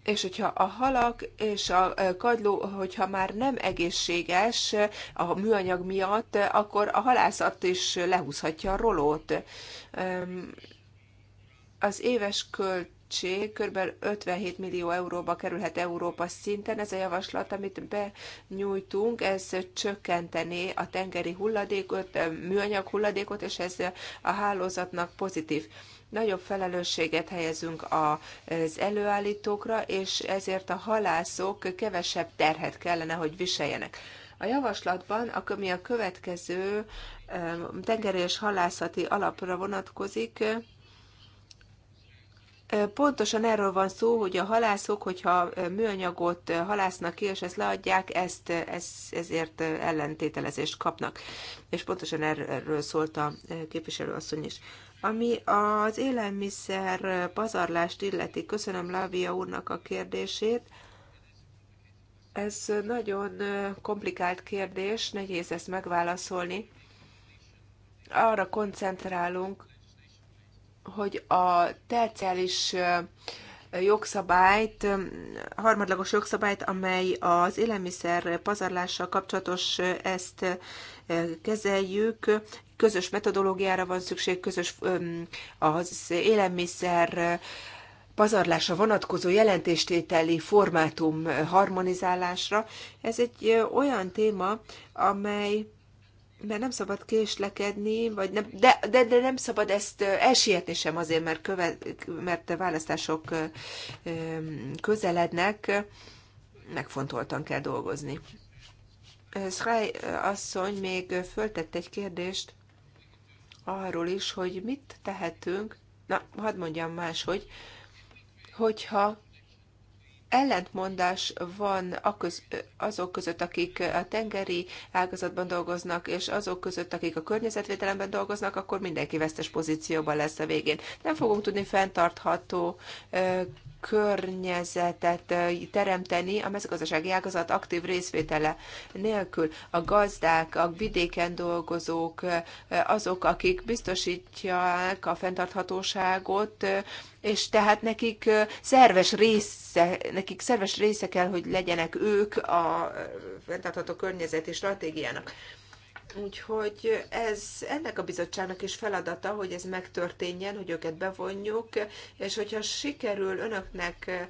és hogyha a halak és a e, kagyló, hogyha már nem egészséges a műanyag miatt, akkor a halászat is lehúzhatja a rolót. Az éves költ költség kb. 57 millió euróba kerülhet Európa szinten. Ez a javaslat, amit benyújtunk, ez csökkentené a tengeri hulladékot, műanyag hulladékot, és ez a hálózatnak pozitív nagyobb felelősséget helyezünk az előállítókra, és ezért a halászok kevesebb terhet kellene, hogy viseljenek. A javaslatban, ami a következő tengeri és halászati alapra vonatkozik, Pontosan erről van szó, hogy a halászok, hogyha műanyagot halásznak ki, és ezt leadják, ezt, ez, ezért ellentételezést kapnak. És pontosan er-, erről szólt a képviselőasszony is. Ami az élelmiszer pazarlást illeti, köszönöm Lávia úrnak a kérdését. Ez nagyon komplikált kérdés, nehéz ezt megválaszolni. Arra koncentrálunk, hogy a terciális jogszabályt, harmadlagos jogszabályt, amely az élelmiszer pazarlással kapcsolatos ezt kezeljük, közös metodológiára van szükség, közös az élelmiszer pazarlásra vonatkozó jelentéstételi formátum harmonizálásra. Ez egy olyan téma, amely mert nem szabad késlekedni, vagy nem, de, de, de nem szabad ezt elsietni sem azért, mert, köve, mert választások közelednek, megfontoltan kell dolgozni. Szráj asszony még föltett egy kérdést arról is, hogy mit tehetünk, na, hadd mondjam máshogy, hogyha ellentmondás van azok között, akik a tengeri ágazatban dolgoznak, és azok között, akik a környezetvédelemben dolgoznak, akkor mindenki vesztes pozícióban lesz a végén. Nem fogunk tudni fenntartható környezetet teremteni a mezőgazdasági ágazat aktív részvétele nélkül. A gazdák, a vidéken dolgozók, azok, akik biztosítják a fenntarthatóságot, és tehát nekik szerves része, nekik szerves része kell, hogy legyenek ők a fenntartható környezeti stratégiának. Úgyhogy ez ennek a bizottságnak is feladata, hogy ez megtörténjen, hogy őket bevonjuk, és hogyha sikerül önöknek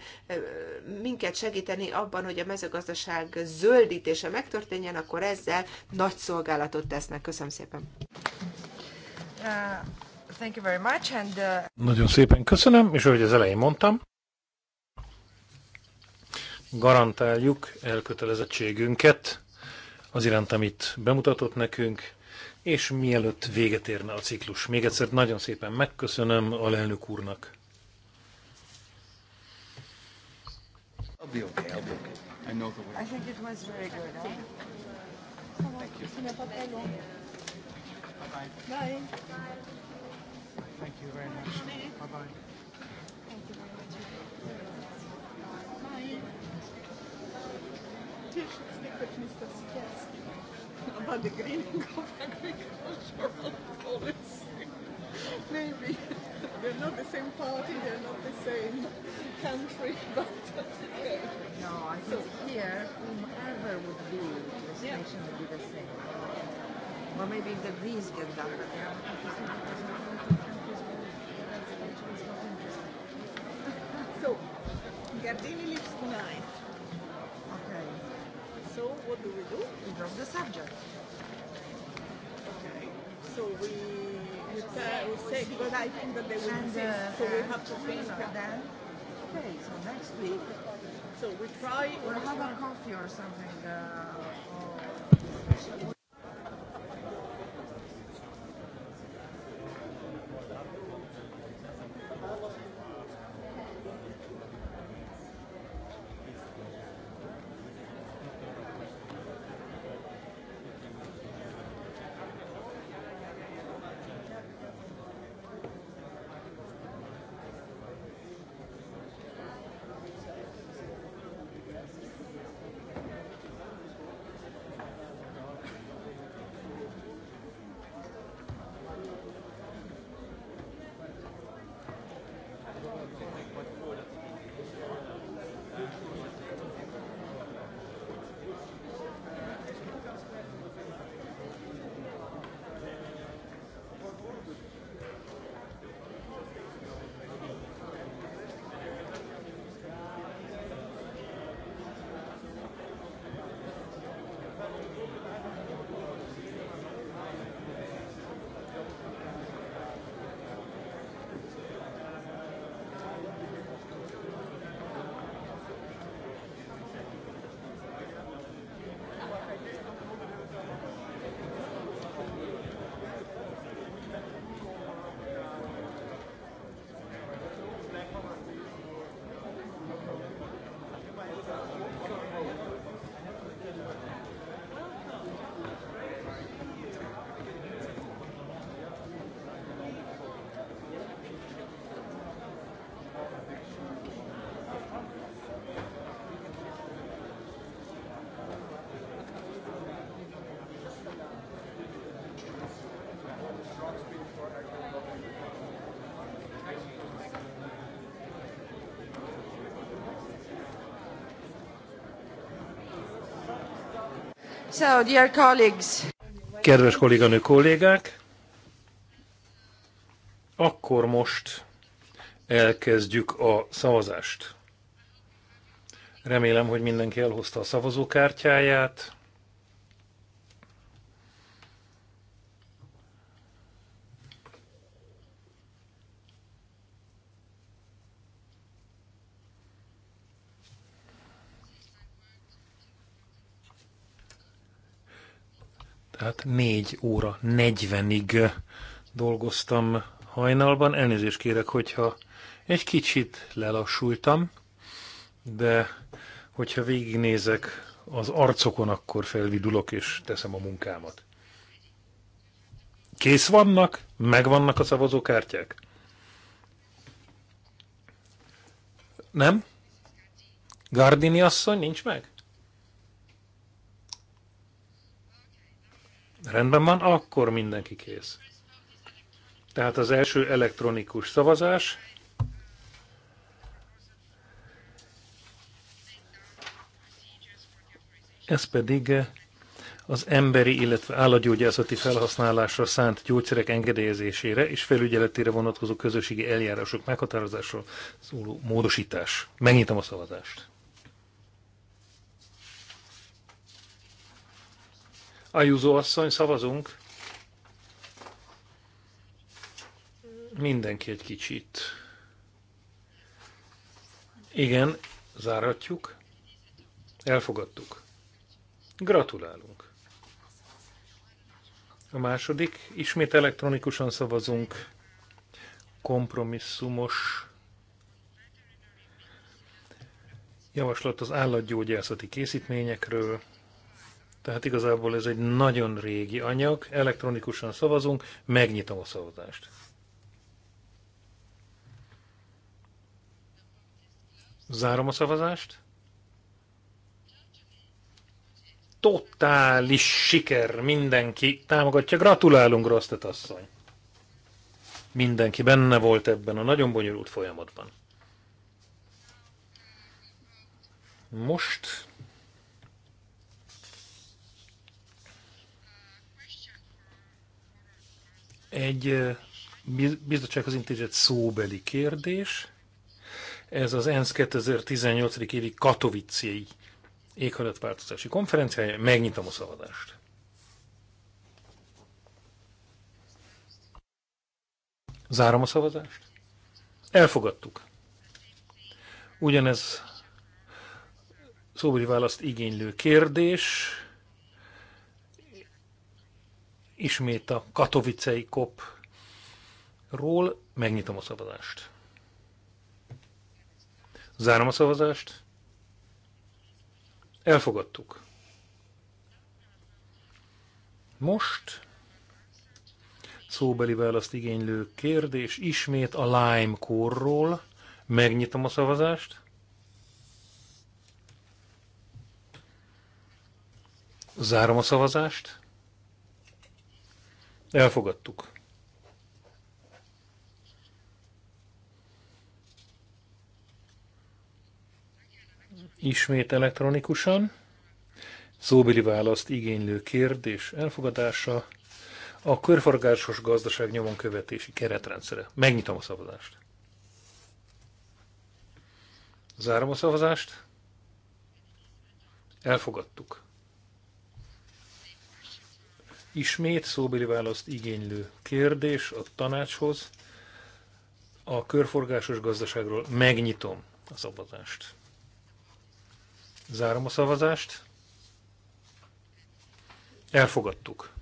minket segíteni abban, hogy a mezőgazdaság zöldítése megtörténjen, akkor ezzel nagy szolgálatot tesznek. Köszönöm szépen. Uh, thank you very much, and, uh... Nagyon szépen köszönöm, és ahogy az elején mondtam, garantáljuk elkötelezettségünket, az iránt, amit bemutatott nekünk, és mielőtt véget érne a ciklus. Még egyszer nagyon szépen megköszönöm a lelnök úrnak. Thank you very much. Bye bye. Thank you very much. about the green and go back agricultural policy. Maybe. They're not the same party, they're not the same country, but okay. No, I think so, here, whomever would be, the situation yeah. would be the same. Or maybe if the Greens get done. so, Gardini leaves tonight what do we do? We drop the subject. Okay. So we, we, try, we say, because I think that they will and, insist, uh, so we uh, have to think. them. okay, so next week. So we try. We'll have a coffee or something. Uh, or So, dear colleagues. Kedves kolléganő kollégák, akkor most elkezdjük a szavazást. Remélem, hogy mindenki elhozta a szavazókártyáját. Tehát 4 óra 40-ig dolgoztam hajnalban. Elnézést kérek, hogyha egy kicsit lelassultam, de hogyha végignézek az arcokon, akkor felvidulok és teszem a munkámat. Kész vannak? Megvannak a szavazókártyák? Nem? Gardini asszony nincs meg? Rendben van, akkor mindenki kész. Tehát az első elektronikus szavazás. Ez pedig az emberi, illetve állatgyógyászati felhasználásra szánt gyógyszerek engedélyezésére és felügyeletére vonatkozó közösségi eljárások meghatározásról szóló módosítás. Megnyitom a szavazást. Ajúzó asszony, szavazunk. Mindenki egy kicsit. Igen, záratjuk. Elfogadtuk. Gratulálunk. A második, ismét elektronikusan szavazunk. Kompromisszumos javaslat az állatgyógyászati készítményekről. Tehát igazából ez egy nagyon régi anyag, elektronikusan szavazunk, megnyitom a szavazást. Zárom a szavazást. Totális siker, mindenki támogatja. Gratulálunk, Rostet asszony! Mindenki benne volt ebben a nagyon bonyolult folyamatban. Most Egy az intézet szóbeli kérdés. Ez az ENSZ 2018. évi Katowicei éghajlatváltozási konferenciája. Megnyitom a szavazást. Zárom a szavazást. Elfogadtuk. Ugyanez szóbeli választ igénylő kérdés ismét a katovicei kopról. Megnyitom a szavazást. Zárom a szavazást. Elfogadtuk. Most szóbeli választ igénylő kérdés ismét a Lime korról. Megnyitom a szavazást. Zárom a szavazást. Elfogadtuk. Ismét elektronikusan. Szóbeli választ igénylő kérdés elfogadása. A körforgásos gazdaság nyomon követési keretrendszere. Megnyitom a szavazást. Zárom a szavazást. Elfogadtuk. Ismét szóbeli választ igénylő kérdés a tanácshoz. A körforgásos gazdaságról megnyitom a szavazást. Zárom a szavazást. Elfogadtuk.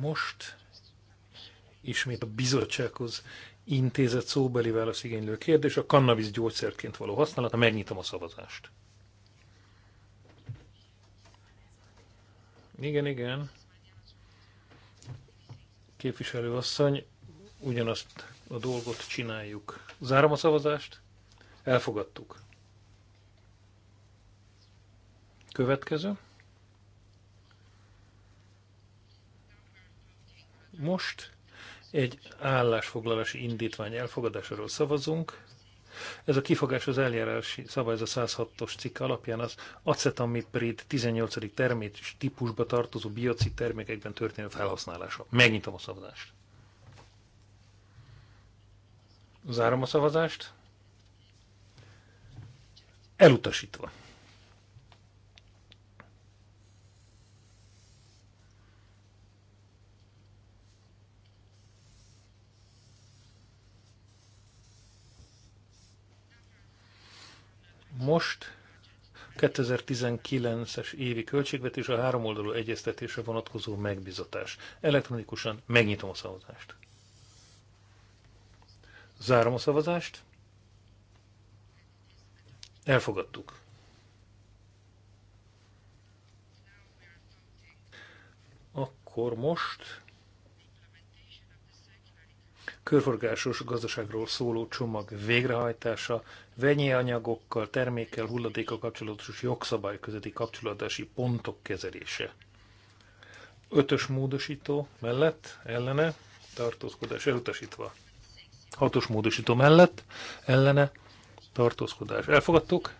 Most ismét a bizottsághoz intézett szóbeli válasz igénylő kérdés, a kannabisz gyógyszerként való használata. Megnyitom a szavazást. Igen, igen. Képviselőasszony, ugyanazt a dolgot csináljuk. Zárom a szavazást. Elfogadtuk. Következő. Most egy állásfoglalási indítvány elfogadásáról szavazunk. Ez a kifogás az eljárási a 106-os cikk alapján az acetamiprid 18. és típusba tartozó biocid termékekben történő felhasználása. Megnyitom a szavazást. Zárom a szavazást. Elutasítva. Most 2019-es évi költségvetés a háromoldalú egyeztetésre vonatkozó megbizatás. Elektronikusan megnyitom a szavazást. Zárom a szavazást. Elfogadtuk. Akkor most körforgásos gazdaságról szóló csomag végrehajtása, vegyi anyagokkal, termékkel, hulladékkal kapcsolatos jogszabály közötti kapcsolatási pontok kezelése. Ötös módosító mellett, ellene, tartózkodás elutasítva. Hatos módosító mellett, ellene, tartózkodás elfogadtuk.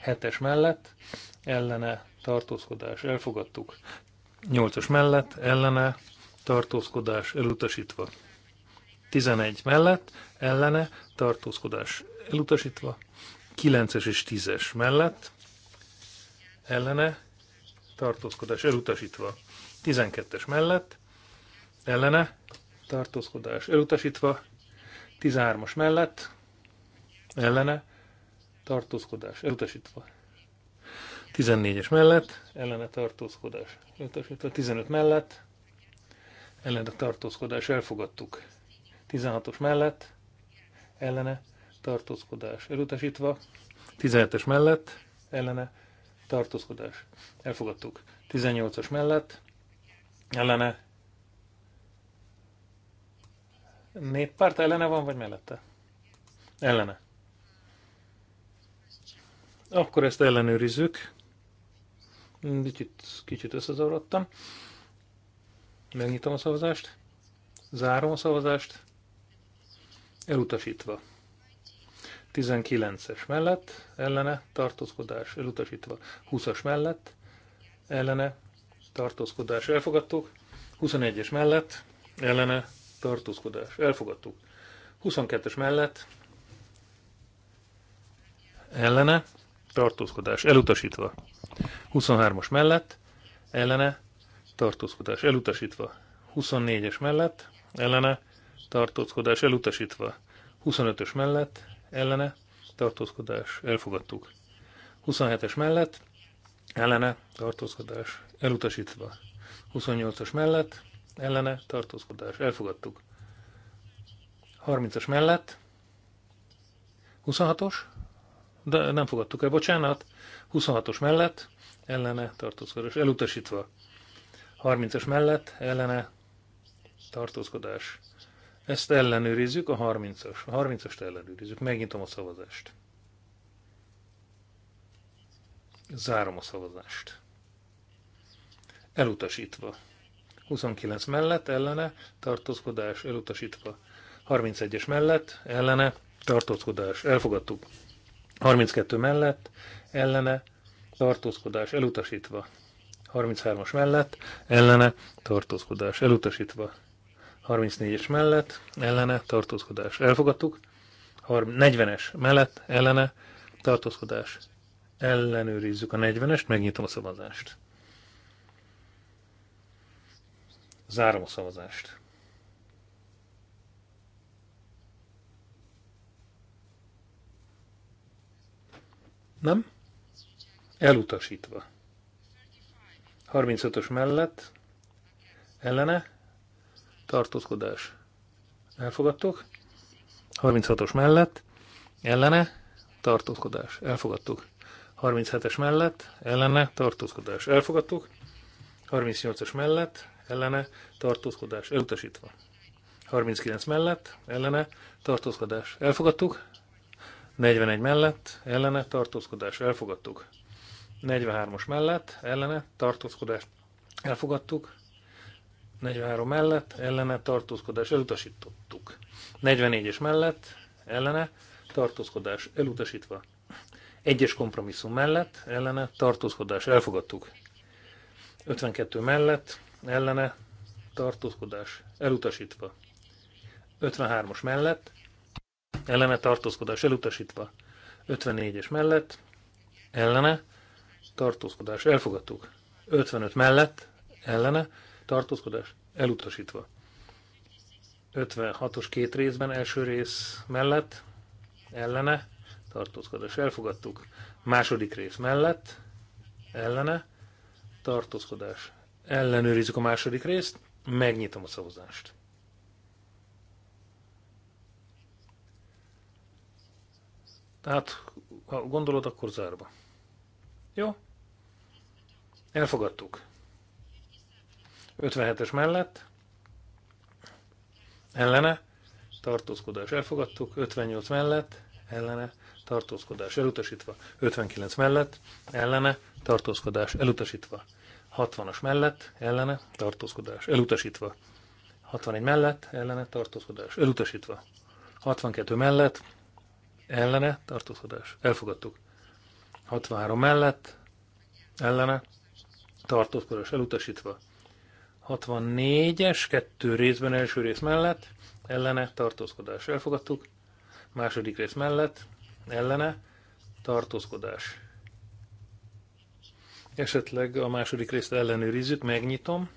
Hetes mellett, ellene, tartózkodás elfogadtuk. Nyolcas mellett, ellene, tartózkodás elutasítva. 11 mellett, ellene, tartózkodás elutasítva, 9-es és 10-es mellett, ellene, tartózkodás elutasítva, 12-es mellett, ellene, tartózkodás elutasítva, 13-as mellett, ellene, tartózkodás elutasítva. 14-es mellett, ellene tartózkodás elutasítva. 15 mellett, ellene tartózkodás elfogadtuk. 16-os mellett, ellene, tartózkodás elutasítva, 17-es mellett, ellene, tartózkodás. Elfogadtuk. 18-as mellett, ellene, néppárt ellene van, vagy mellette? Ellene. Akkor ezt ellenőrizzük. Kicsit, kicsit összezavarodtam. Megnyitom a szavazást. Zárom a szavazást elutasítva. 19-es mellett, ellene, tartózkodás, elutasítva. 20-as mellett, ellene, tartózkodás, elfogadtuk. 21-es mellett, ellene, tartózkodás, elfogadtuk. 22-es mellett, ellene, tartózkodás, elutasítva. 23-as mellett, ellene, tartózkodás, elutasítva. 24-es mellett, ellene, tartózkodás elutasítva. 25-ös mellett, ellene, tartózkodás elfogadtuk. 27-es mellett, ellene, tartózkodás elutasítva. 28-as mellett, ellene, tartózkodás elfogadtuk. 30-as mellett, 26-os, de nem fogadtuk el, bocsánat, 26-os mellett, ellene, tartózkodás elutasítva. 30-as mellett, ellene, tartózkodás ezt ellenőrizzük, a 30-as. A 30-ast ellenőrizzük. Megnyitom a szavazást. Zárom a szavazást. Elutasítva. 29 mellett, ellene, tartózkodás, elutasítva. 31-es mellett, ellene, tartózkodás, elfogadtuk. 32 mellett, ellene, tartózkodás, elutasítva. 33-as mellett, ellene, tartózkodás, elutasítva. 34-es mellett, ellene, tartózkodás. Elfogadtuk. 40-es mellett, ellene, tartózkodás. Ellenőrizzük a 40-est, megnyitom a szavazást. Zárom a szavazást. Nem? Elutasítva. 35-ös mellett, ellene, tartózkodás elfogadtuk. 36-os mellett ellene tartózkodás elfogadtuk. 37-es mellett ellene tartózkodás elfogadtuk. 38-as mellett ellene tartózkodás elutasítva. 39 mellett ellene tartózkodás elfogadtuk. 41 mellett ellene tartózkodás elfogadtuk. 43 os mellett ellene tartózkodás elfogadtuk. 43 mellett, ellene tartózkodás elutasítottuk. 44-es mellett, ellene tartózkodás elutasítva. Egyes kompromisszum mellett, ellene tartózkodás elfogadtuk. 52 mellett, ellene tartózkodás elutasítva. 53-os mellett, ellene tartózkodás elutasítva. 54-es mellett, ellene tartózkodás elfogadtuk. 55 mellett, ellene tartózkodás elutasítva. 56-os két részben, első rész mellett, ellene, tartózkodás elfogadtuk. Második rész mellett, ellene, tartózkodás. Ellenőrizzük a második részt, megnyitom a szavazást. Tehát, ha gondolod, akkor zárva. Jó? Elfogadtuk. 57-es mellett ellene tartózkodás elfogadtuk, 58 mellett ellene tartózkodás elutasítva, 59 mellett ellene tartózkodás elutasítva, 60-as mellett ellene tartózkodás elutasítva, 61 mellett ellene tartózkodás elutasítva, 62 mellett ellene tartózkodás elfogadtuk, 63 mellett ellene tartózkodás elutasítva, 64-es, kettő részben első rész mellett, ellene tartózkodás. Elfogadtuk. Második rész mellett, ellene tartózkodás. Esetleg a második részt ellenőrizzük, megnyitom.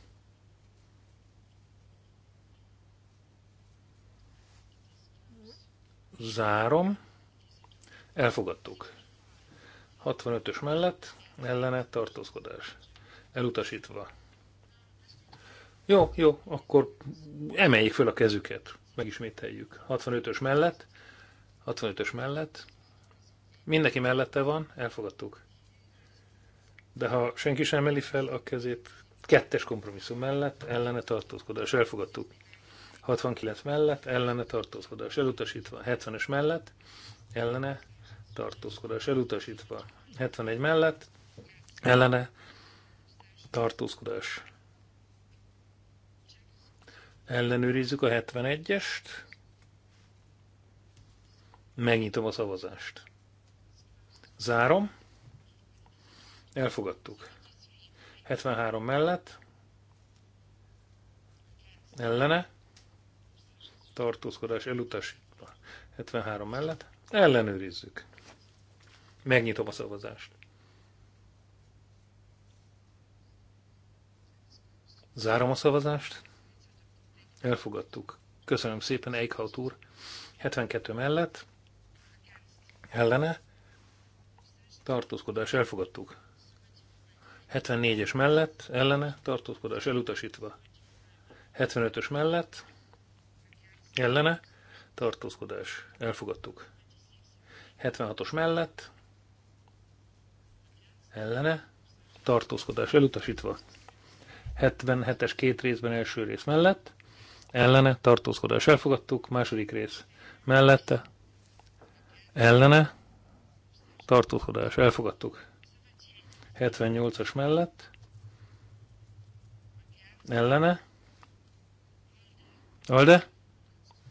Zárom. Elfogadtuk. 65-ös mellett ellene tartózkodás. Elutasítva. Jó, jó, akkor emeljék föl a kezüket. Megismételjük. 65-ös mellett. 65-ös mellett. Mindenki mellette van, elfogadtuk. De ha senki sem emeli fel a kezét, kettes kompromisszum mellett, ellene tartózkodás, elfogadtuk. 69 mellett, ellene tartózkodás, elutasítva. 70-es mellett, ellene tartózkodás, elutasítva. 71 mellett, ellene tartózkodás, Ellenőrizzük a 71-est. Megnyitom a szavazást. Zárom. Elfogadtuk. 73 mellett. Ellene. Tartózkodás elutasítva. 73 mellett. Ellenőrizzük. Megnyitom a szavazást. Zárom a szavazást. Elfogadtuk. Köszönöm szépen, Eichhaut úr. 72 mellett. Ellene. Tartózkodás. Elfogadtuk. 74-es mellett. Ellene. Tartózkodás. Elutasítva. 75-ös mellett. Ellene. Tartózkodás. Elfogadtuk. 76-os mellett. Ellene. Tartózkodás. Elutasítva. 77-es két részben első rész mellett ellene, tartózkodás elfogadtuk, második rész mellette, ellene, tartózkodás elfogadtuk, 78-as mellett, ellene, alde,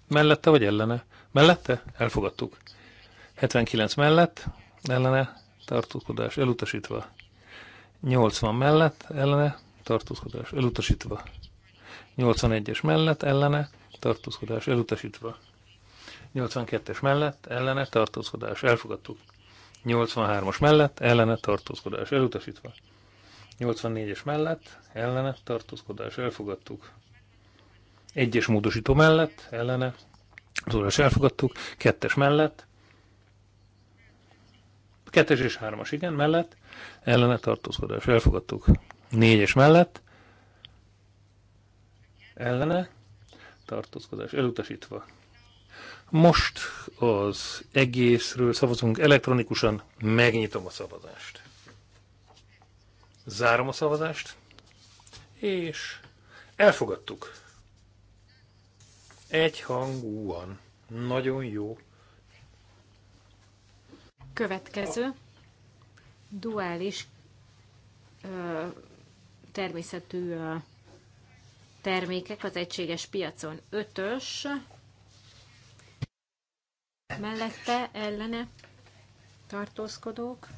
mellette vagy ellene, mellette, elfogadtuk, 79 mellett, ellene, tartózkodás elutasítva, 80 mellett, ellene, tartózkodás elutasítva. 81-es mellett ellene tartózkodás elutasítva. 82-es mellett ellene tartózkodás elfogadtuk. 83-as mellett ellene tartózkodás elutasítva. 84-es mellett ellene tartózkodás elfogadtuk. Egyes módosító mellett ellene tartózkodás elfogadtuk. Kettes mellett Kettes és hármas, igen, mellett ellene tartózkodás elfogadtuk. Négyes mellett ellene tartózkodás elutasítva. Most az egészről szavazunk elektronikusan, megnyitom a szavazást. Zárom a szavazást, és elfogadtuk. Egyhangúan. Nagyon jó. Következő. Duális ö, természetű ö, termékek az egységes piacon. Ötös mellette ellene tartózkodók.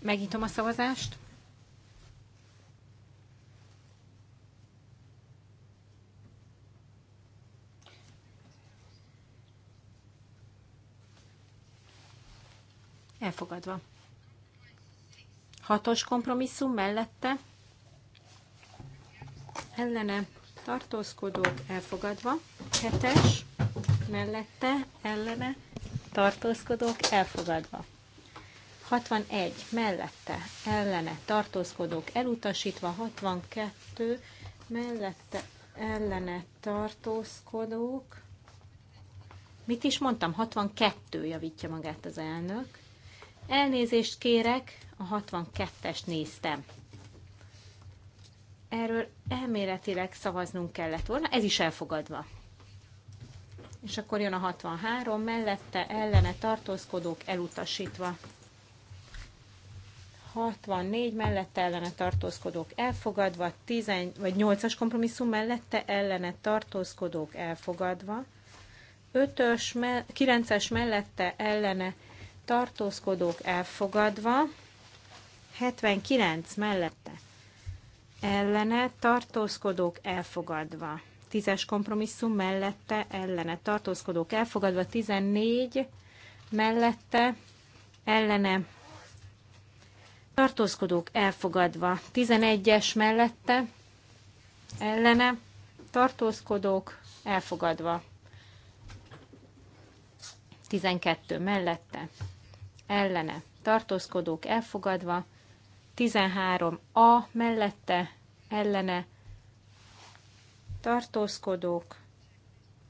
Megnyitom a szavazást. Elfogadva. Hatos kompromisszum mellette. Ellene tartózkodók elfogadva. Hetes mellette. Ellene tartózkodók elfogadva. 61 mellette. Ellene tartózkodók elutasítva. 62 mellette. Ellene tartózkodók. Mit is mondtam? 62 javítja magát az elnök. Elnézést kérek, a 62-est néztem. Erről elméletileg szavaznunk kellett volna, ez is elfogadva. És akkor jön a 63, mellette ellene tartózkodók elutasítva. 64 mellette ellene tartózkodók elfogadva, 10, vagy 8-as kompromisszum mellette ellene tartózkodók elfogadva, 5-ös, 9-es mellette ellene tartózkodók elfogadva, 79 mellette ellene tartózkodók elfogadva. 10-es kompromisszum mellette ellene tartózkodók elfogadva, 14 mellette ellene tartózkodók elfogadva, 11-es mellette ellene tartózkodók elfogadva. 12 mellette, ellene, tartózkodók elfogadva, 13 a mellette, ellene, tartózkodók,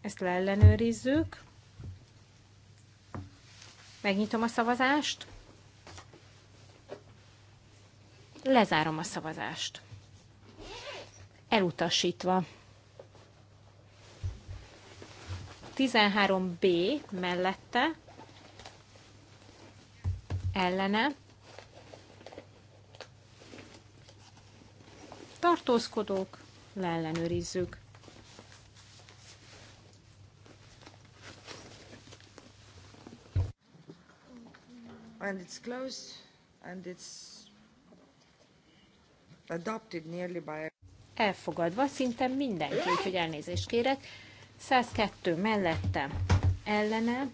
ezt leellenőrizzük. Megnyitom a szavazást. Lezárom a szavazást. Elutasítva. 13B mellette ellene tartózkodók, leellenőrizzük. And it's closed, and it's adopted nearly by... Elfogadva szinte mindenki, úgyhogy elnézést kérek. 102 mellette ellene,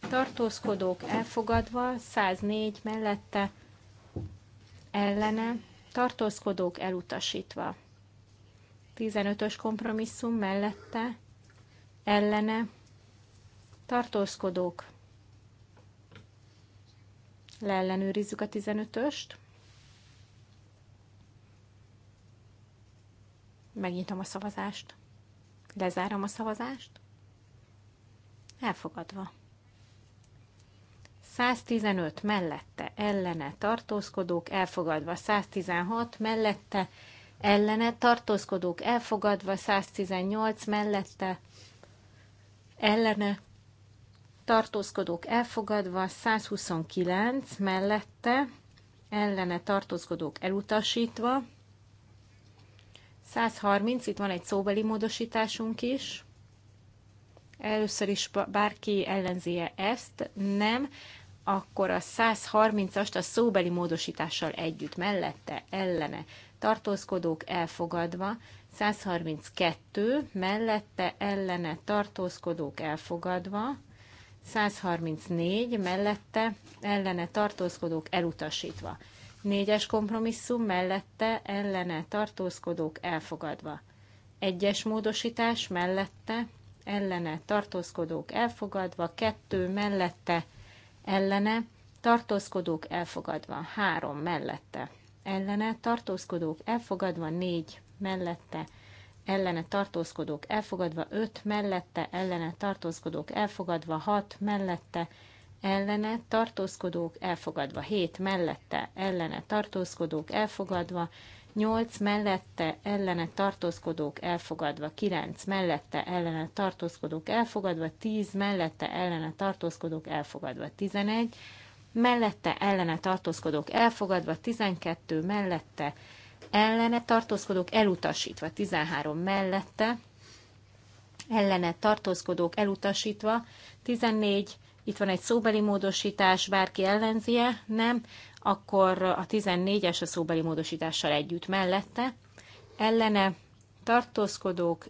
tartózkodók elfogadva, 104 mellette ellene, tartózkodók elutasítva. 15-ös kompromisszum mellette ellene, tartózkodók leellenőrizzük a 15-öst. Megnyitom a szavazást. Lezárom a szavazást. Elfogadva. 115 mellette ellene tartózkodók elfogadva, 116 mellette ellene tartózkodók elfogadva, 118 mellette ellene tartózkodók elfogadva, 129 mellette ellene tartózkodók elutasítva, 130, itt van egy szóbeli módosításunk is. Először is bárki ellenzie ezt, nem, akkor a 130-ast a szóbeli módosítással együtt, mellette, ellene, tartózkodók elfogadva, 132, mellette, ellene, tartózkodók elfogadva, 134, mellette, ellene, tartózkodók elutasítva. Négyes kompromisszum mellette ellene tartózkodók elfogadva. Egyes módosítás mellette ellene tartózkodók elfogadva. Kettő mellette ellene tartózkodók elfogadva. Három mellette ellene tartózkodók elfogadva. Négy mellette ellene tartózkodók elfogadva. Öt mellette ellene tartózkodók elfogadva. Hat mellette ellene tartózkodók elfogadva, 7 mellette ellene tartózkodók elfogadva, 8 mellette ellene tartózkodók elfogadva, 9 mellette ellene tartózkodók elfogadva, 10 mellette ellene tartózkodók elfogadva, 11 mellette ellene tartózkodók elfogadva, 12 mellette ellene tartózkodók elutasítva, 13 mellette ellene tartózkodók elutasítva, 14 itt van egy szóbeli módosítás, bárki ellenzie, nem, akkor a 14-es a szóbeli módosítással együtt mellette, ellene tartózkodók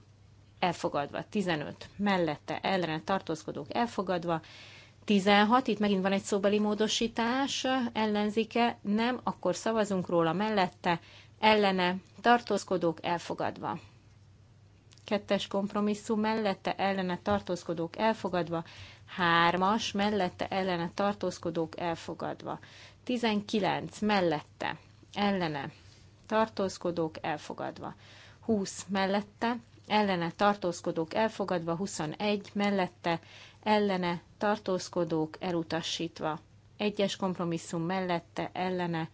elfogadva, 15 mellette ellene tartózkodók elfogadva, 16, itt megint van egy szóbeli módosítás, ellenzike, nem, akkor szavazunk róla mellette, ellene tartózkodók elfogadva. Kettes kompromisszum mellette ellene tartózkodók elfogadva, Hármas, mellette ellene tartózkodók elfogadva. 19 mellette ellene tartózkodók elfogadva. 20 mellette ellene tartózkodók elfogadva, 21 mellette ellene tartózkodók elutasítva. Egyes kompromisszum mellette ellene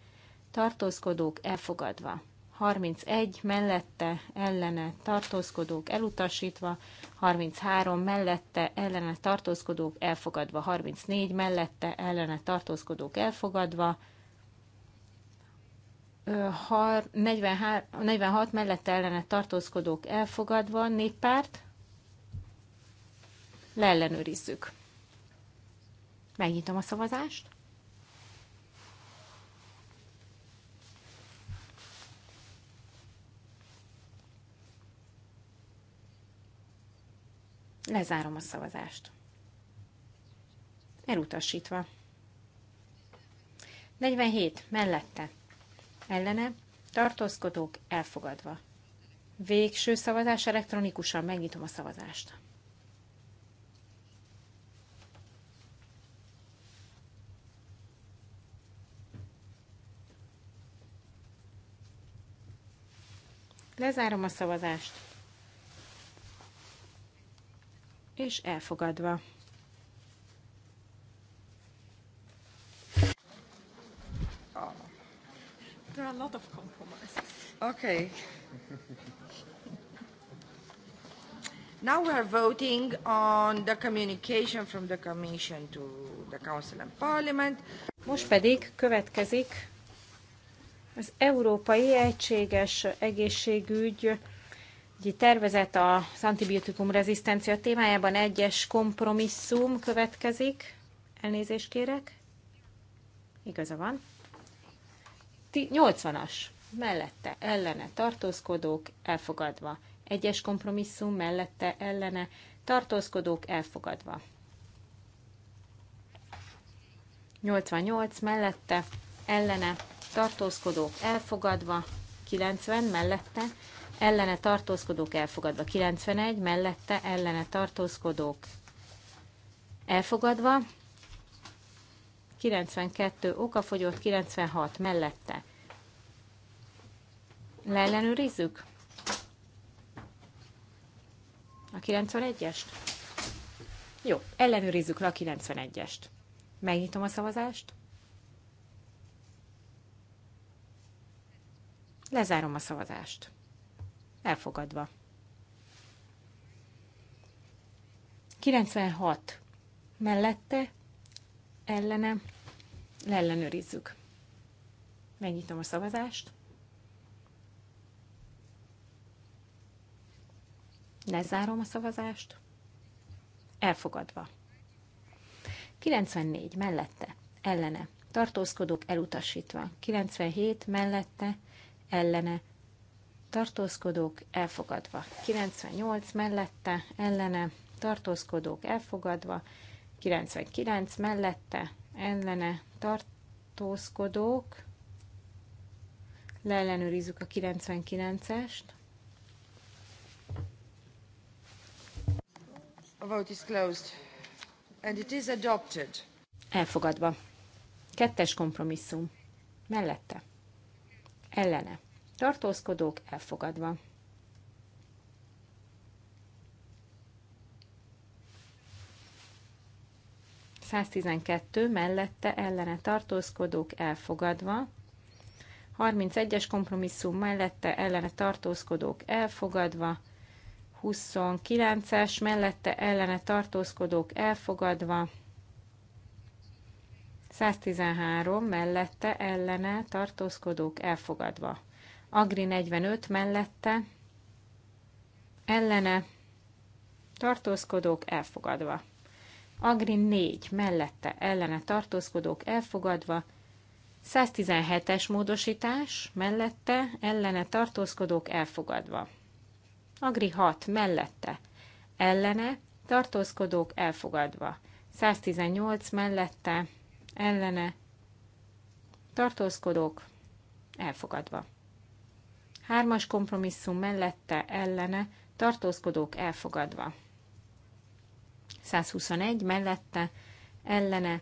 tartózkodók elfogadva. 31 mellette ellene tartózkodók elutasítva, 33 mellette ellene tartózkodók elfogadva, 34 mellette ellene tartózkodók elfogadva, 46 mellette ellene tartózkodók elfogadva, néppárt, leellenőrizzük. Megnyitom a szavazást. Lezárom a szavazást. Elutasítva. 47. Mellette. Ellene. Tartózkodók elfogadva. Végső szavazás elektronikusan. Megnyitom a szavazást. Lezárom a szavazást. és elfogadva. There are a lot of compromises. Okay. Now we are voting on the communication from the Commission to the Council and Parliament. Most pedig következik az Európai Egységes Egészségügy egy tervezet a antibiotikum rezisztencia témájában egyes kompromisszum következik. Elnézést kérek. Igaza van. 80-as. Mellette, ellene, tartózkodók, elfogadva. Egyes kompromisszum, mellette, ellene, tartózkodók, elfogadva. 88 mellette, ellene, tartózkodók, elfogadva. 90 mellette, ellene tartózkodók elfogadva 91, mellette ellene tartózkodók elfogadva 92, okafogyott 96, mellette. Leellenőrizzük a 91-est? Jó, ellenőrizzük le a 91-est. Megnyitom a szavazást. Lezárom a szavazást. Elfogadva. 96 mellette, ellene, leellenőrizzük. Megnyitom a szavazást. Lezárom a szavazást. Elfogadva. 94 mellette, ellene, tartózkodók elutasítva. 97 mellette, ellene, tartózkodók elfogadva. 98 mellette, ellene, tartózkodók elfogadva. 99 mellette, ellene, tartózkodók. Leellenőrizzük a 99-est. A vote is closed. And it is adopted. Elfogadva. Kettes kompromisszum. Mellette. Ellene tartózkodók elfogadva. Száztizenkettő mellette ellene tartózkodók elfogadva. 31-es kompromisszum mellette ellene tartózkodók elfogadva. 29-es mellette ellene tartózkodók elfogadva. 113 mellette ellene tartózkodók elfogadva. Agri 45 mellette, ellene, tartózkodók elfogadva. Agri 4 mellette, ellene, tartózkodók elfogadva. 117-es módosítás mellette, ellene, tartózkodók elfogadva. Agri 6 mellette, ellene, tartózkodók elfogadva. 118 mellette, ellene, tartózkodók elfogadva. Hármas kompromisszum mellette ellene tartózkodók elfogadva. 121 mellette ellene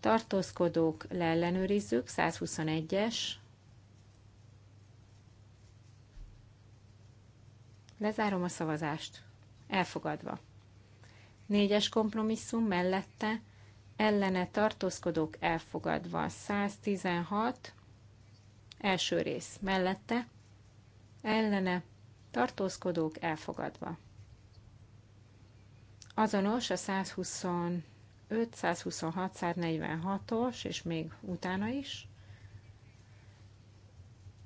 tartózkodók leellenőrizzük, 121-es. Lezárom a szavazást. Elfogadva. Négyes kompromisszum mellette ellene tartózkodók elfogadva. 116 első rész mellette ellene, tartózkodók elfogadva. Azonos a 125, 126, 46 os és még utána is.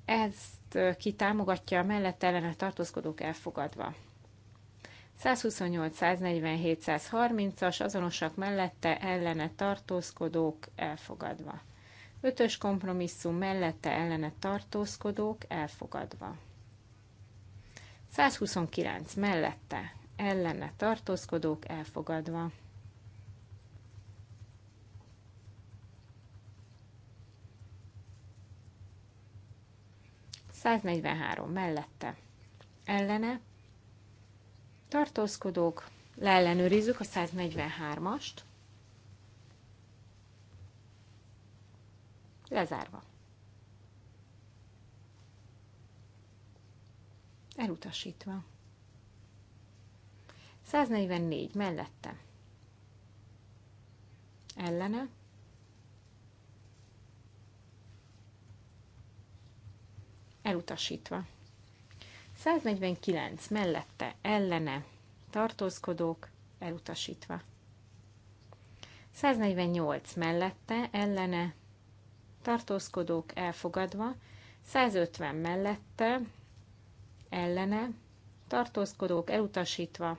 Ezt kitámogatja a mellett ellene tartózkodók elfogadva. 128, 147, 130-as azonosak mellette ellene tartózkodók elfogadva. Ötös kompromisszum mellette ellene tartózkodók elfogadva. 129 mellette ellene tartózkodók elfogadva. Száznegyvenhárom mellette ellene tartózkodók, leellenőrizzük a 143-ast, lezárva. Elutasítva. 144 mellette. Ellene. Elutasítva. 149 mellette. Ellene. Tartózkodók. Elutasítva. 148 mellette. Ellene. Tartózkodók elfogadva. 150 mellette ellene, tartózkodók elutasítva,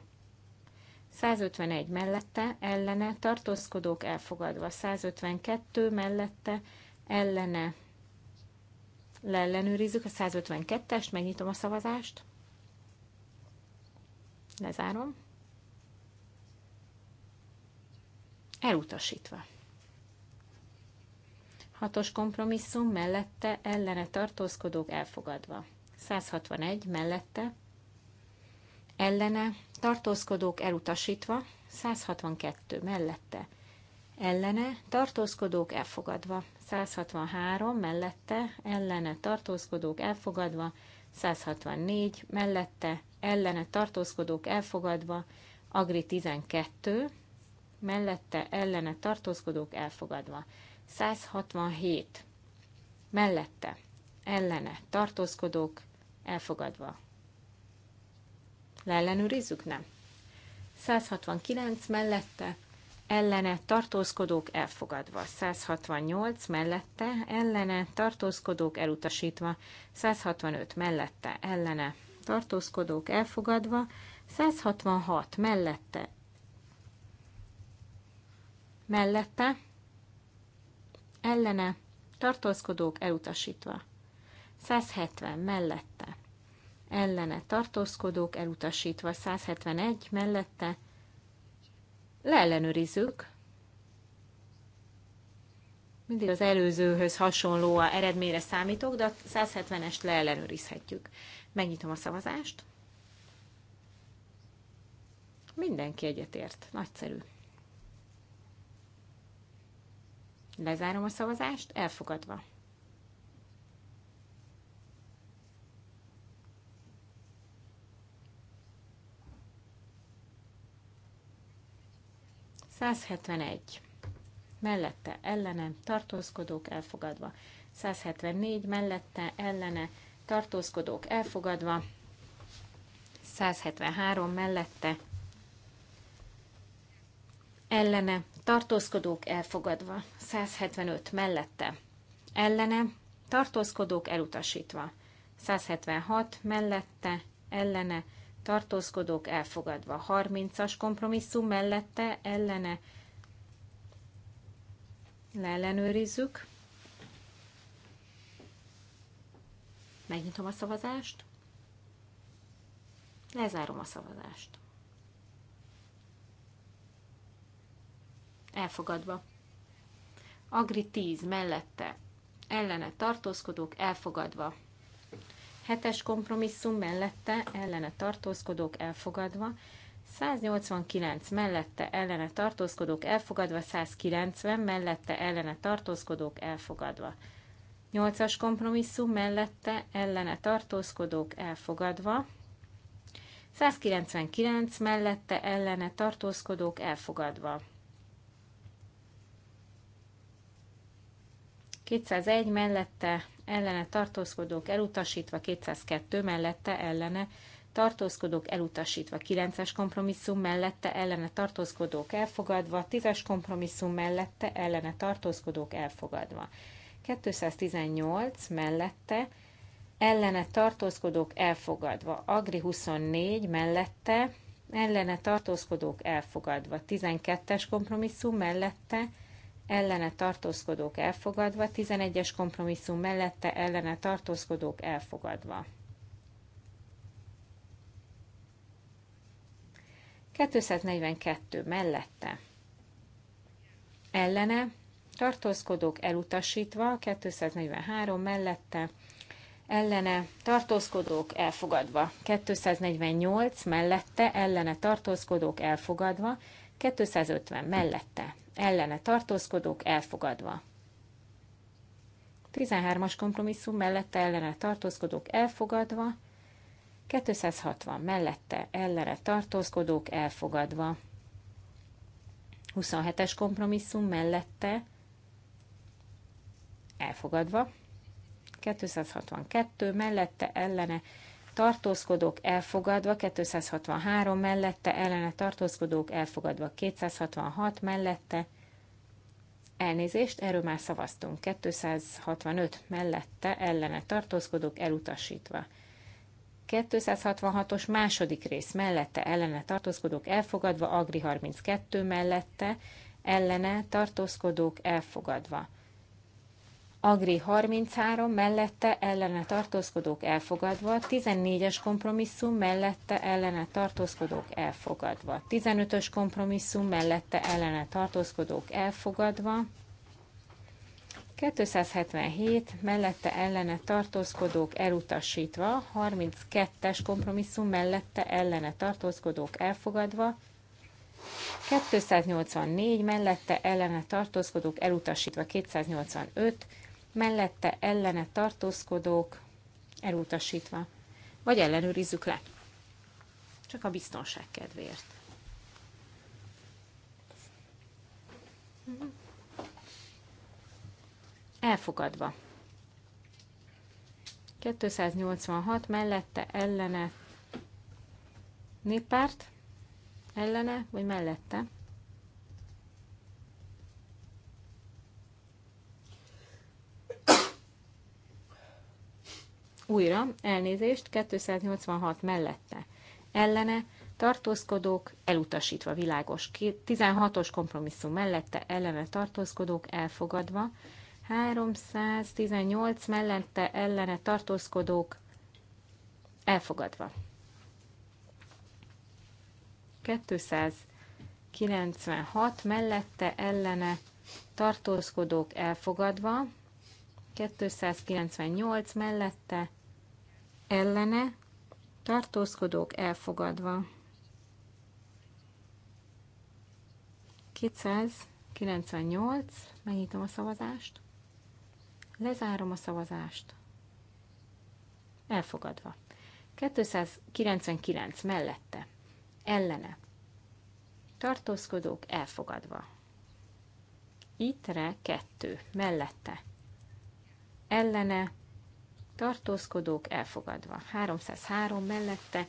151 mellette, ellene, tartózkodók elfogadva, 152 mellette, ellene, leellenőrizzük a 152-est, megnyitom a szavazást, lezárom, elutasítva. Hatos kompromisszum mellette ellene tartózkodók elfogadva. 161 mellette, ellene, tartózkodók elutasítva, 162 mellette, ellene, tartózkodók elfogadva, 163 mellette, ellene, tartózkodók elfogadva, 164 mellette, ellene, tartózkodók elfogadva, Agri 12, mellette, ellene, tartózkodók elfogadva, 167 mellette, ellene, tartózkodók Elfogadva. Leellenőrizzük? Nem. 169 mellette, ellene tartózkodók elfogadva, 168 mellette, ellene tartózkodók elutasítva, 165 mellette, ellene tartózkodók elfogadva, 166 mellette, mellette, ellene tartózkodók elutasítva, 170 mellette, ellene tartózkodók, elutasítva 171 mellette. Leellenőrizzük. Mindig az előzőhöz hasonló a eredményre számítok, de a 170-est leellenőrizhetjük. Megnyitom a szavazást. Mindenki egyetért. Nagyszerű. Lezárom a szavazást, elfogadva. 171. Mellette ellene tartózkodók elfogadva. 174. Mellette ellene tartózkodók elfogadva. 173. Mellette ellene tartózkodók elfogadva. 175. Mellette ellene tartózkodók elutasítva. 176. Mellette ellene tartózkodók elfogadva. 30-as kompromisszum mellette ellene leellenőrizzük. Megnyitom a szavazást. Lezárom a szavazást. Elfogadva. Agri 10 mellette ellene tartózkodók elfogadva. Hetes kompromisszum mellette ellene tartózkodók elfogadva, 189 mellette ellene tartózkodók elfogadva, 190 mellette ellene tartózkodók elfogadva. 8-as kompromisszum mellette ellene tartózkodók elfogadva, 199 mellette ellene tartózkodók elfogadva. 201 mellette ellene tartózkodók elutasítva, 202 mellette ellene tartózkodók elutasítva, 9-es kompromisszum mellette ellene tartózkodók elfogadva, 10-es kompromisszum mellette ellene tartózkodók elfogadva. 218 mellette ellene tartózkodók elfogadva, Agri 24 mellette ellene tartózkodók elfogadva, 12-es kompromisszum mellette ellene tartózkodók elfogadva, 11-es kompromisszum mellette ellene tartózkodók elfogadva. 242 mellette ellene tartózkodók elutasítva, 243 mellette ellene tartózkodók elfogadva, 248 mellette ellene tartózkodók elfogadva, 250 mellette ellene tartózkodók elfogadva. 13-as kompromisszum mellette ellene tartózkodók elfogadva, 260 mellette ellene tartózkodók elfogadva. 27-es kompromisszum mellette elfogadva, 262 mellette ellene tartózkodók elfogadva, 263 mellette, ellene tartózkodók elfogadva, 266 mellette, elnézést, erről már szavaztunk, 265 mellette, ellene tartózkodók elutasítva. 266-os második rész mellette, ellene tartózkodók elfogadva, Agri 32 mellette, ellene tartózkodók elfogadva. Agri 33 mellette ellene tartózkodók elfogadva, 14-es kompromisszum mellette ellene tartózkodók elfogadva, 15-ös kompromisszum mellette ellene tartózkodók elfogadva, 277 mellette ellene tartózkodók elutasítva, 32-es kompromisszum mellette ellene tartózkodók elfogadva, 284 mellette ellene tartózkodók elutasítva 285, mellette ellene tartózkodók elutasítva. Vagy ellenőrizzük le. Csak a biztonság kedvéért. Elfogadva. 286 mellette ellene néppárt, ellene vagy mellette újra, elnézést, 286 mellette, ellene, tartózkodók, elutasítva világos, 16-os kompromisszum mellette, ellene tartózkodók, elfogadva, 318 mellette, ellene tartózkodók, elfogadva. 296 mellette, ellene tartózkodók, elfogadva, 298 mellette, ellene tartózkodók elfogadva. 298, megnyitom a szavazást, lezárom a szavazást, elfogadva. 299 mellette, ellene, tartózkodók elfogadva. Ittre 2 mellette, ellene, tartózkodók elfogadva. 303 mellette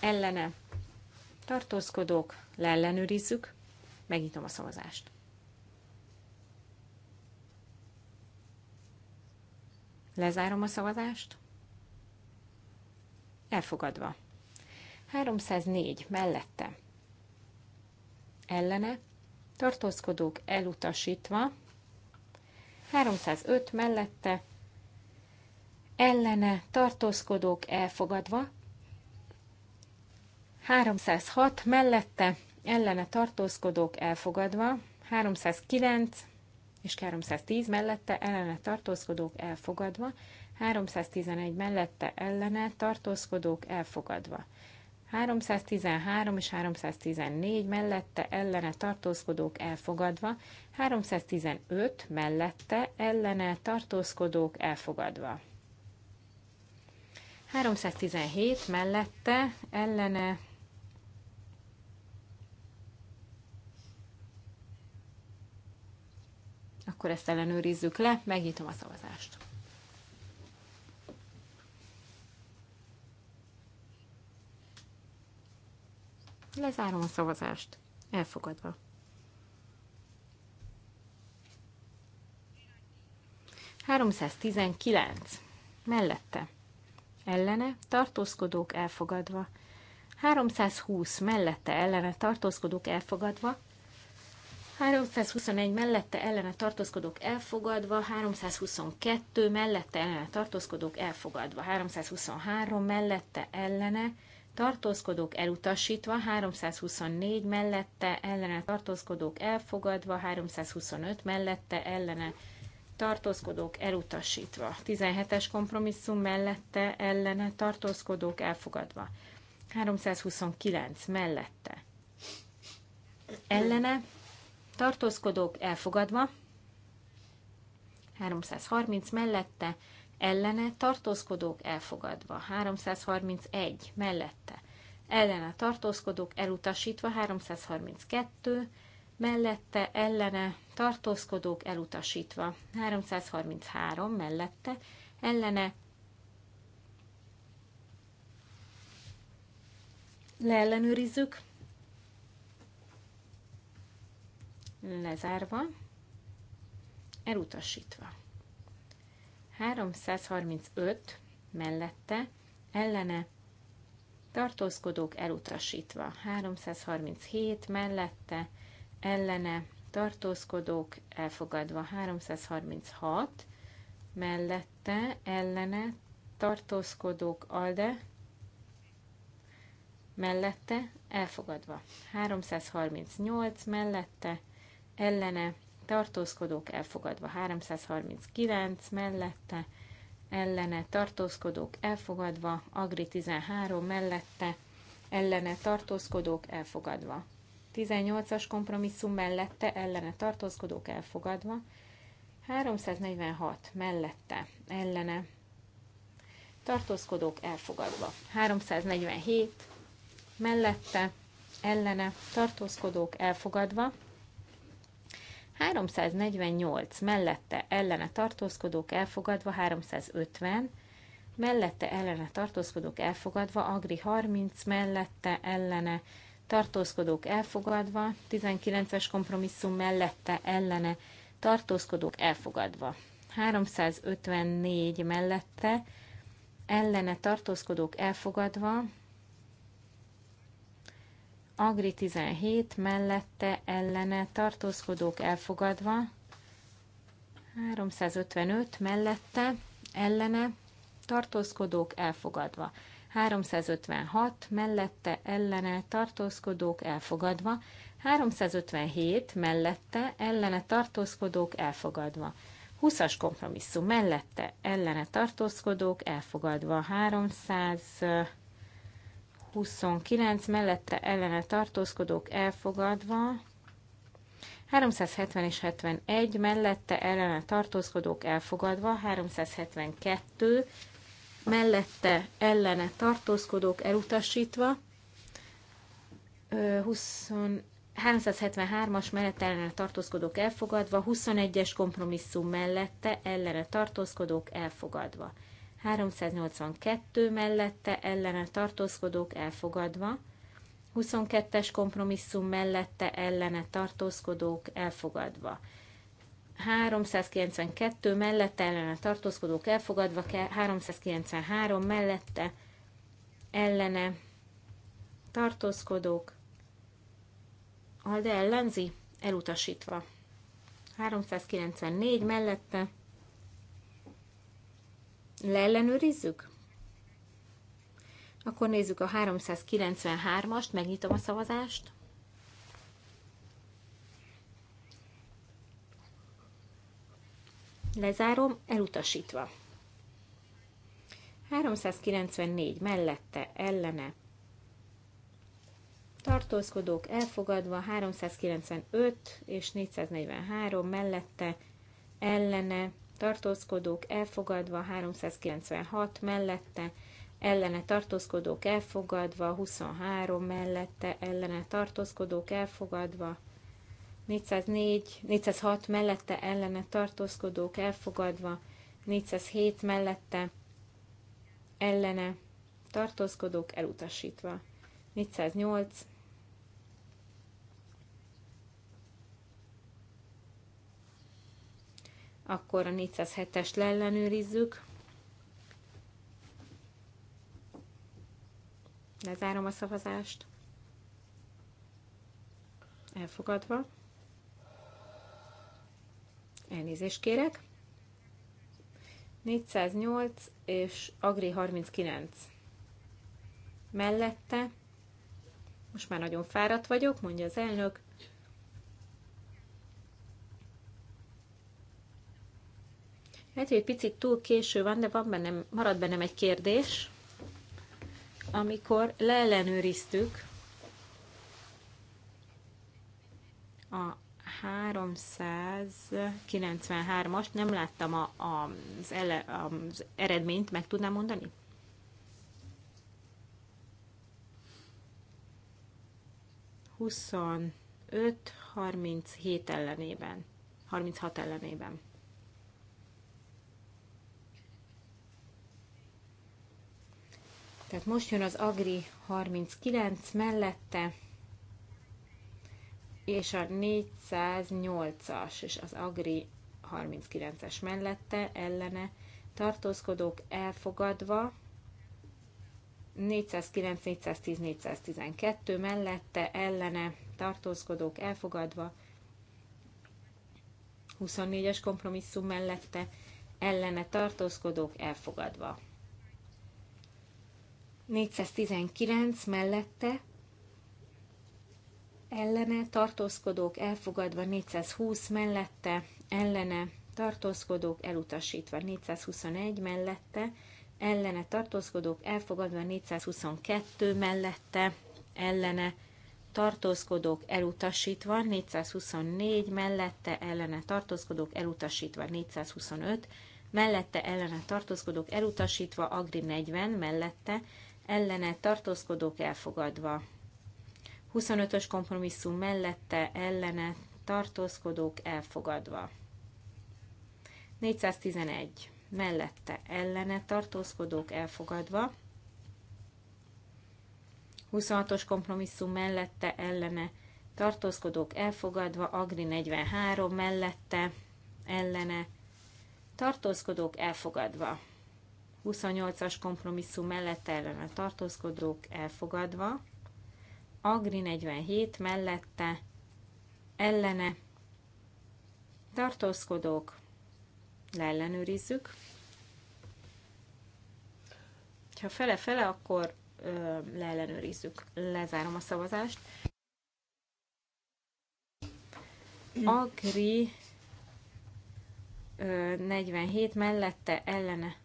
ellene tartózkodók, leellenőrizzük, megnyitom a szavazást. Lezárom a szavazást. Elfogadva. 304 mellette. Ellene. Tartózkodók elutasítva. 305 mellette ellene tartózkodók elfogadva, 306 mellette ellene tartózkodók elfogadva, 309 és 310 mellette ellene tartózkodók elfogadva, 311 mellette ellene tartózkodók elfogadva. 313 és 314 mellette ellene tartózkodók elfogadva, 315 mellette ellene tartózkodók elfogadva. 317 mellette ellene Akkor ezt ellenőrizzük le, megnyitom a szavazást. Lezárom a szavazást. Elfogadva. tizenkilenc. Mellette ellene tartózkodók elfogadva. 320 mellette ellene tartózkodók elfogadva. 321 mellette ellene tartózkodók elfogadva, 322 mellette ellene tartózkodók elfogadva, 323 mellette ellene tartózkodók elutasítva, 324 mellette ellene tartózkodók elfogadva, 325 mellette ellene tartózkodók elutasítva. 17-es kompromisszum mellette ellene tartózkodók elfogadva. 329 mellette ellene tartózkodók elfogadva. 330 mellette ellene tartózkodók elfogadva. 331 mellette ellene tartózkodók elutasítva. 332 mellette ellene tartózkodók elutasítva. 333 mellette ellene leellenőrizzük, lezárva, elutasítva. 335 mellette ellene tartózkodók elutasítva. 337 mellette ellene tartózkodók elfogadva 336, mellette ellene tartózkodók alde, mellette elfogadva 338, mellette ellene tartózkodók elfogadva 339, mellette ellene tartózkodók elfogadva, Agri 13 mellette ellene tartózkodók elfogadva. 18-as kompromisszum mellette ellene tartózkodók elfogadva, 346 mellette ellene tartózkodók elfogadva, 347 mellette ellene tartózkodók elfogadva, 348 mellette ellene tartózkodók elfogadva, 350 mellette ellene tartózkodók elfogadva, Agri 30 mellette ellene tartózkodók elfogadva, 19-es kompromisszum mellette ellene tartózkodók elfogadva, 354 mellette ellene tartózkodók elfogadva, Agri 17 mellette ellene tartózkodók elfogadva, 355 mellette ellene tartózkodók elfogadva, 356 mellette ellene tartózkodók elfogadva, 357 mellette ellene tartózkodók elfogadva. 20-as kompromisszum mellette ellene tartózkodók elfogadva 329 mellette ellene tartózkodók elfogadva 370 és 71 mellette ellene tartózkodók elfogadva 372 mellette ellene tartózkodók elutasítva, 20, 373-as mellette ellene tartózkodók elfogadva, 21-es kompromisszum mellette ellene tartózkodók elfogadva, 382 mellette ellene tartózkodók elfogadva, 22-es kompromisszum mellette ellene tartózkodók elfogadva. 392 mellette ellene tartózkodók elfogadva, 393 mellette ellene tartózkodók, Alde ellenzi, elutasítva. 394 mellette leellenőrizzük? Akkor nézzük a 393-ast, megnyitom a szavazást. Lezárom, elutasítva. 394 mellette, ellene. Tartózkodók elfogadva, 395 és 443 mellette, ellene. Tartózkodók elfogadva, 396 mellette, ellene tartózkodók elfogadva, 23 mellette, ellene tartózkodók elfogadva, 404, 406 mellette ellene tartózkodók elfogadva, 407 mellette ellene tartózkodók elutasítva, 408 akkor a 407-est leellenőrizzük. Lezárom a szavazást. Elfogadva. Elnézést kérek. 408 és Agri 39. Mellette, most már nagyon fáradt vagyok, mondja az elnök, Lehet, hogy egy picit túl késő van, de van bennem, marad bennem egy kérdés. Amikor leellenőriztük a 393-as, nem láttam a, a, az, ele, az eredményt, meg tudnám mondani? Huszon 5, 37 ellenében, 36 ellenében. Tehát most jön az Agri 39 mellette, és a 408-as és az Agri 39-es mellette ellene tartózkodók elfogadva, 409, 410, 412 mellette ellene tartózkodók elfogadva, 24-es kompromisszum mellette ellene tartózkodók elfogadva. 419 mellette ellene tartózkodók elfogadva 420 mellette, ellene tartózkodók elutasítva 421 mellette, ellene tartózkodók elfogadva 422 mellette, ellene tartózkodók elutasítva 424 mellette, ellene tartózkodók elutasítva 425 mellette, ellene tartózkodók elutasítva Agri 40 mellette, ellene tartózkodók elfogadva 25-ös kompromisszum mellette ellene tartózkodók elfogadva. 411 mellette ellene tartózkodók elfogadva. 26-os kompromisszum mellette ellene tartózkodók elfogadva, Agri 43 mellette ellene tartózkodók elfogadva. 28-as kompromisszum mellette ellene tartózkodók elfogadva. Agri 47 mellette, ellene, tartózkodók, leellenőrizzük. Ha fele-fele, akkor ö, leellenőrizzük. Lezárom a szavazást. Agri ö, 47 mellette, ellene.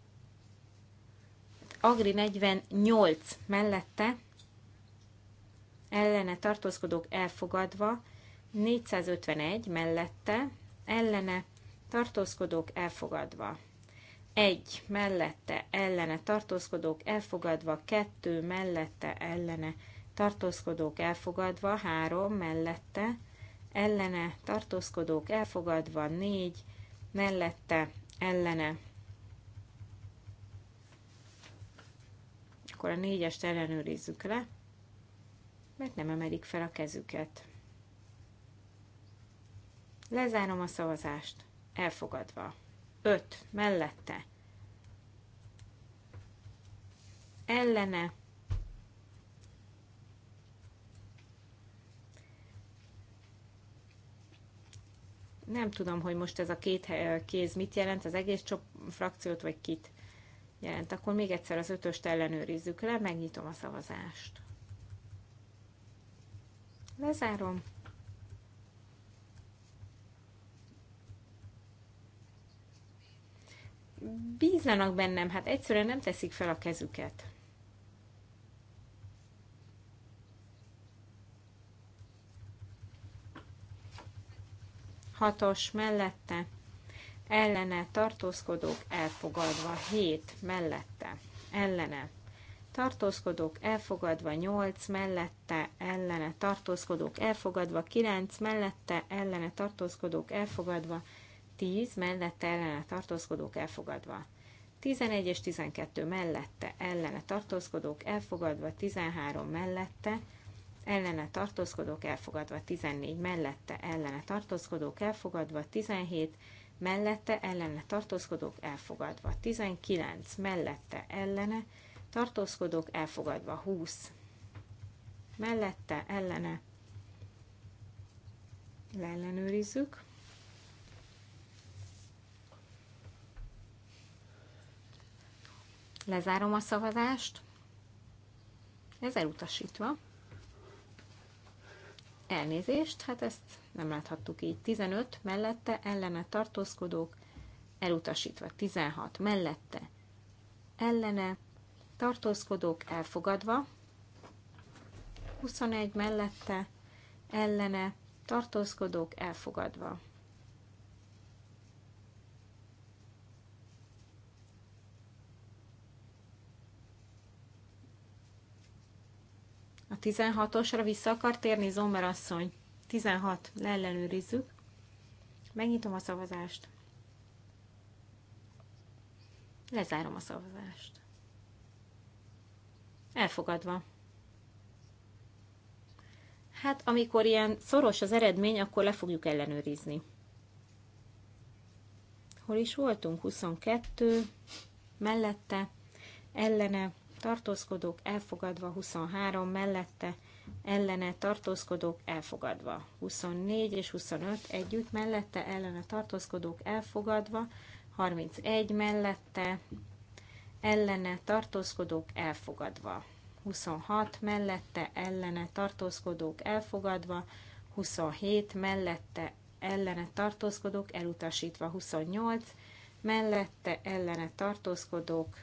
Agri 48 mellette, ellene tartózkodók elfogadva, 451 mellette, ellene tartózkodók elfogadva. 1 mellette, ellene tartózkodók elfogadva, 2 mellette, ellene tartózkodók elfogadva, 3 mellette, ellene tartózkodók elfogadva, 4 mellette, ellene akkor a négyest ellenőrizzük le mert nem emelik fel a kezüket. Lezárom a szavazást. Elfogadva. 5. Mellette. Ellene. Nem tudom, hogy most ez a két kéz mit jelent, az egész csop frakciót, vagy kit jelent. Akkor még egyszer az ötöst ellenőrizzük le, megnyitom a szavazást. Lezárom. Bízzanak bennem, hát egyszerűen nem teszik fel a kezüket. Hatos mellette, ellene tartózkodók elfogadva, hét mellette, ellene tartózkodók elfogadva, 8 mellette ellene tartózkodók elfogadva, 9 mellette ellene tartózkodók elfogadva, 10 mellette ellene tartózkodók elfogadva. 11 és 12 mellette ellene tartózkodók elfogadva, 13 mellette ellene tartózkodók elfogadva, 14 mellette ellene tartózkodók elfogadva, 17 mellette ellene tartózkodók elfogadva, 19 mellette ellene tartózkodok, elfogadva 20, mellette, ellene, leellenőrizzük. Lezárom a szavazást. Ez elutasítva. Elnézést, hát ezt nem láthattuk így. 15 mellette ellene tartózkodók, elutasítva. 16 mellette ellene tartózkodók elfogadva, 21 mellette, ellene, tartózkodók elfogadva. A 16-osra vissza akar térni Zomer asszony. 16, leellenőrizzük. Megnyitom a szavazást. Lezárom a szavazást. Elfogadva. Hát, amikor ilyen szoros az eredmény, akkor le fogjuk ellenőrizni. Hol is voltunk? 22 mellette, ellene, tartózkodók elfogadva, 23 mellette, ellene tartózkodók elfogadva. 24 és 25 együtt mellette ellene tartózkodók elfogadva, 31 mellette ellene tartózkodók elfogadva. 26 mellette ellene tartózkodók elfogadva, 27 mellette ellene tartózkodók elutasítva, 28 mellette ellene tartózkodók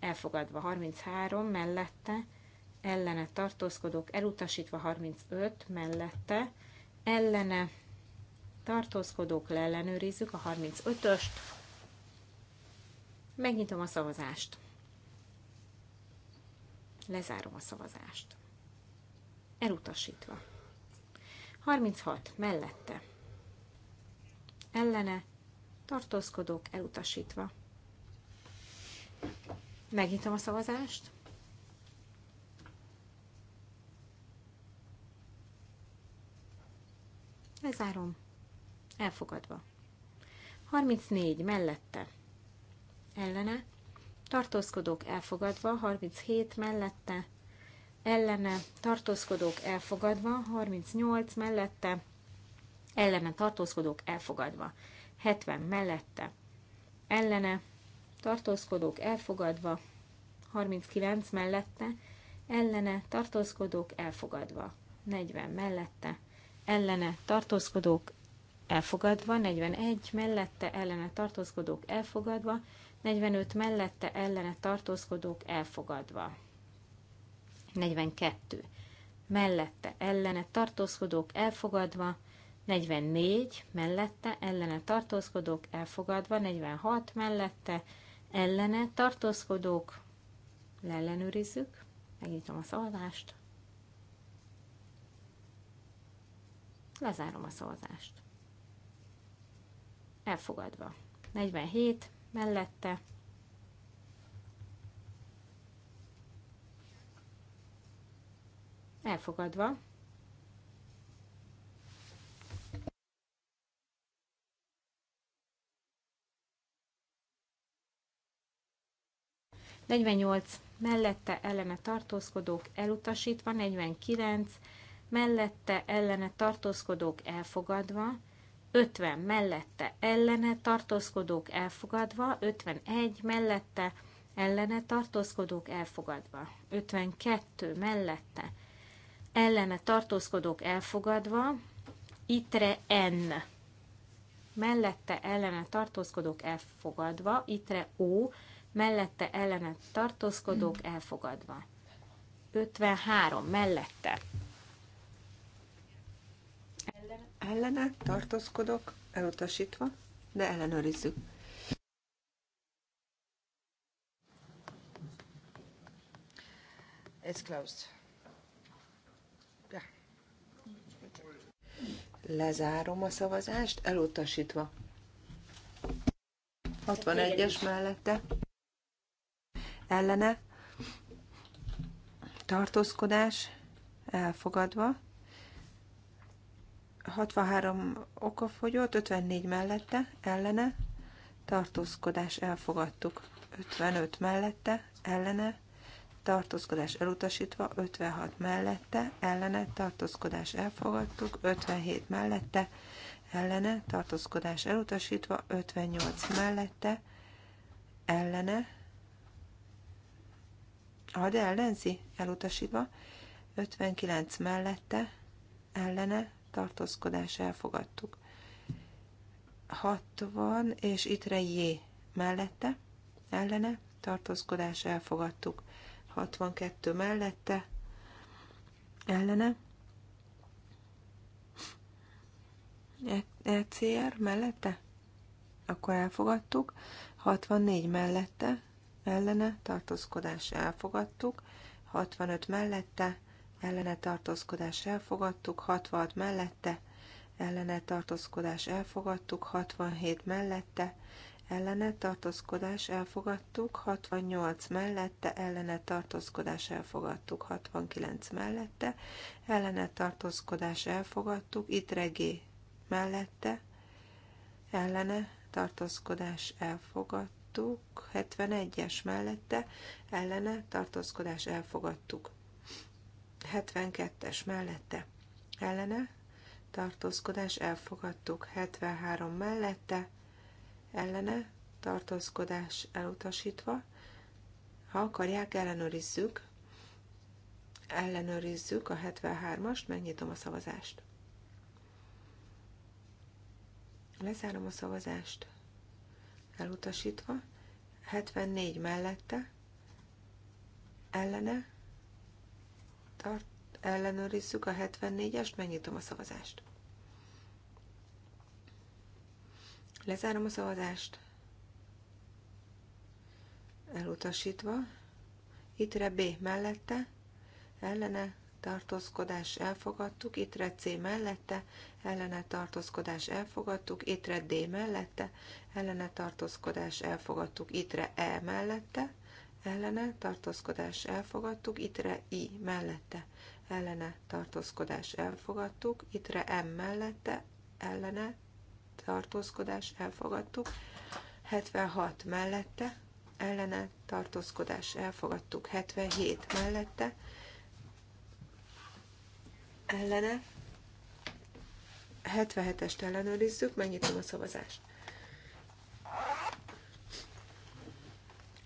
elfogadva, 33 mellette ellene tartózkodók elutasítva, 35 mellette ellene tartózkodók leellenőrizzük a 35-öst, Megnyitom a szavazást. Lezárom a szavazást. Elutasítva. 36. Mellette. Ellene. Tartózkodók elutasítva. Megnyitom a szavazást. Lezárom. Elfogadva. 34. Mellette ellene, tartózkodók elfogadva, 37 mellette, ellene, tartózkodók elfogadva, 38 mellette, ellene, tartózkodók elfogadva, 70 mellette, ellene, tartózkodók elfogadva, 39 mellette, ellene, tartózkodók elfogadva, 40 mellette, ellene, tartózkodók elfogadva, 41 mellette, ellene, tartózkodók elfogadva, 45 mellette ellene tartózkodók elfogadva. 42 mellette ellene tartózkodók elfogadva. 44 mellette ellene tartózkodók elfogadva. 46 mellette ellene tartózkodók leellenőrizzük. Megnyitom a szavazást. Lezárom a szavazást. Elfogadva. 47 mellette elfogadva. Negyvennyolc mellette ellene tartózkodók elutasítva, kilenc mellette ellene tartózkodók elfogadva, 50 mellette ellene tartózkodók elfogadva, 51 mellette ellene tartózkodók elfogadva, 52 mellette ellene tartózkodók elfogadva, itre N mellette ellene tartózkodók elfogadva, itre O mellette ellene tartózkodók elfogadva. 53 mellette ellene tartózkodok, elutasítva, de ellenőrizzük. It's closed. Yeah. Lezárom a szavazást, elutasítva. 61-es mellette ellene tartózkodás elfogadva. 63 oka fogyott, 54 mellette, ellene, tartózkodás elfogadtuk, 55 mellette, ellene, tartózkodás elutasítva, 56 mellette, ellene, tartózkodás elfogadtuk, 57 mellette, ellene, tartózkodás elutasítva, 58 mellette, ellene, ha de ellenzi, elutasítva, 59 mellette, ellene, tartózkodás elfogadtuk. 60 és itt J mellette, ellene, tartózkodás elfogadtuk. 62 mellette, ellene, ECR e mellette, akkor elfogadtuk. 64 mellette, ellene, tartózkodás elfogadtuk. 65 mellette, ellene tartózkodás elfogadtuk, 66 mellette, ellene tartózkodás elfogadtuk, 67 mellette, ellene tartózkodás elfogadtuk, 68 mellette, ellene tartózkodás elfogadtuk, 69 mellette, ellene tartózkodás elfogadtuk, itt regé mellette, ellene tartózkodás elfogadtuk, 71-es mellette, ellene tartózkodás elfogadtuk. 72-es mellette ellene, tartózkodás elfogadtuk. 73 mellette ellene, tartózkodás elutasítva. Ha akarják, ellenőrizzük. Ellenőrizzük a 73-ast, megnyitom a szavazást. Lezárom a szavazást. Elutasítva. 74 mellette. Ellene tart, ellenőrizzük a 74-est, megnyitom a szavazást. Lezárom a szavazást. Elutasítva. Itre B mellette, ellene tartózkodás elfogadtuk, itre C mellette, ellene tartózkodás elfogadtuk, itre D mellette, ellene tartózkodás elfogadtuk, itre E mellette, ellene tartózkodás elfogadtuk, itre I mellette ellene tartózkodás elfogadtuk, itre M mellette ellene tartózkodás elfogadtuk, 76 mellette ellene tartózkodás elfogadtuk, 77 mellette ellene 77-est ellenőrizzük, megnyitom a szavazást.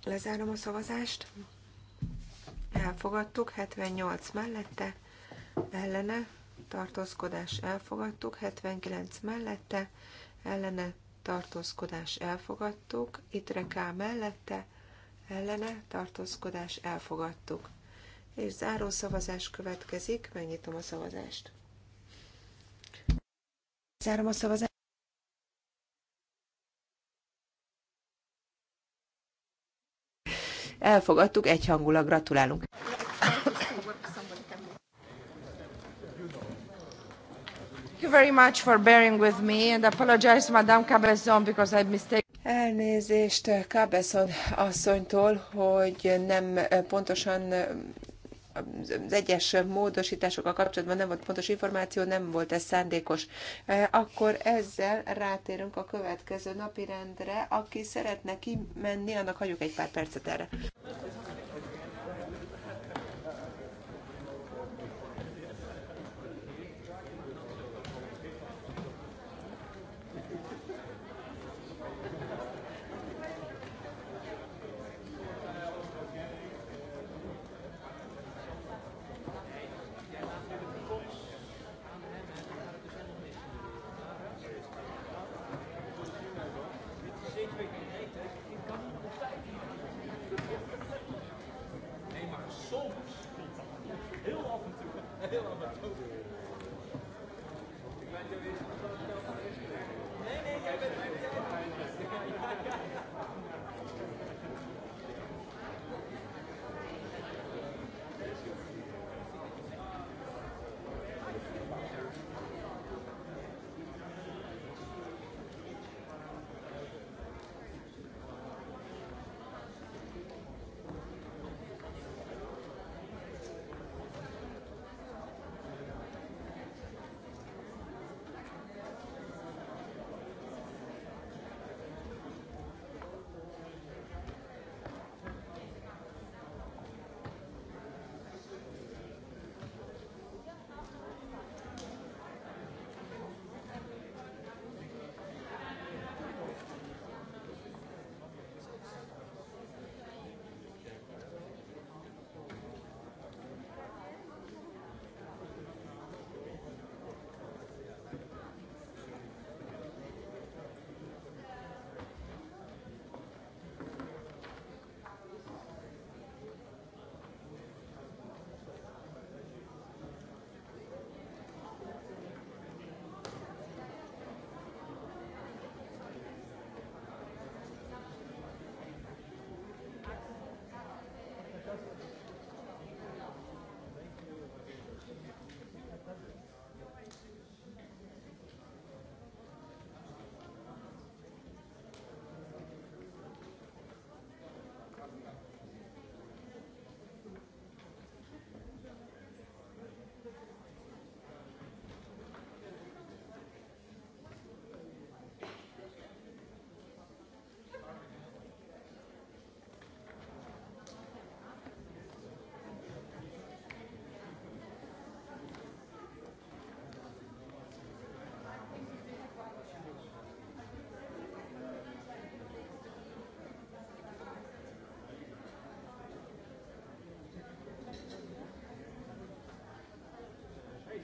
Lezárom a szavazást. Elfogadtuk, 78 mellette, ellene, tartózkodás elfogadtuk, 79 mellette, ellene, tartózkodás elfogadtuk, itt reká mellette, ellene, tartózkodás elfogadtuk. És záró szavazás következik, megnyitom a szavazást. Zárom a szavazást. elfogadtuk, egyhangulag gratulálunk. Thank you very much for bearing with me and Madame because I Elnézést Cabezon asszonytól, hogy nem pontosan az egyes módosításokkal kapcsolatban nem volt pontos információ, nem volt ez szándékos. E, akkor ezzel rátérünk a következő napirendre. Aki szeretne kimenni, annak hagyjuk egy pár percet erre.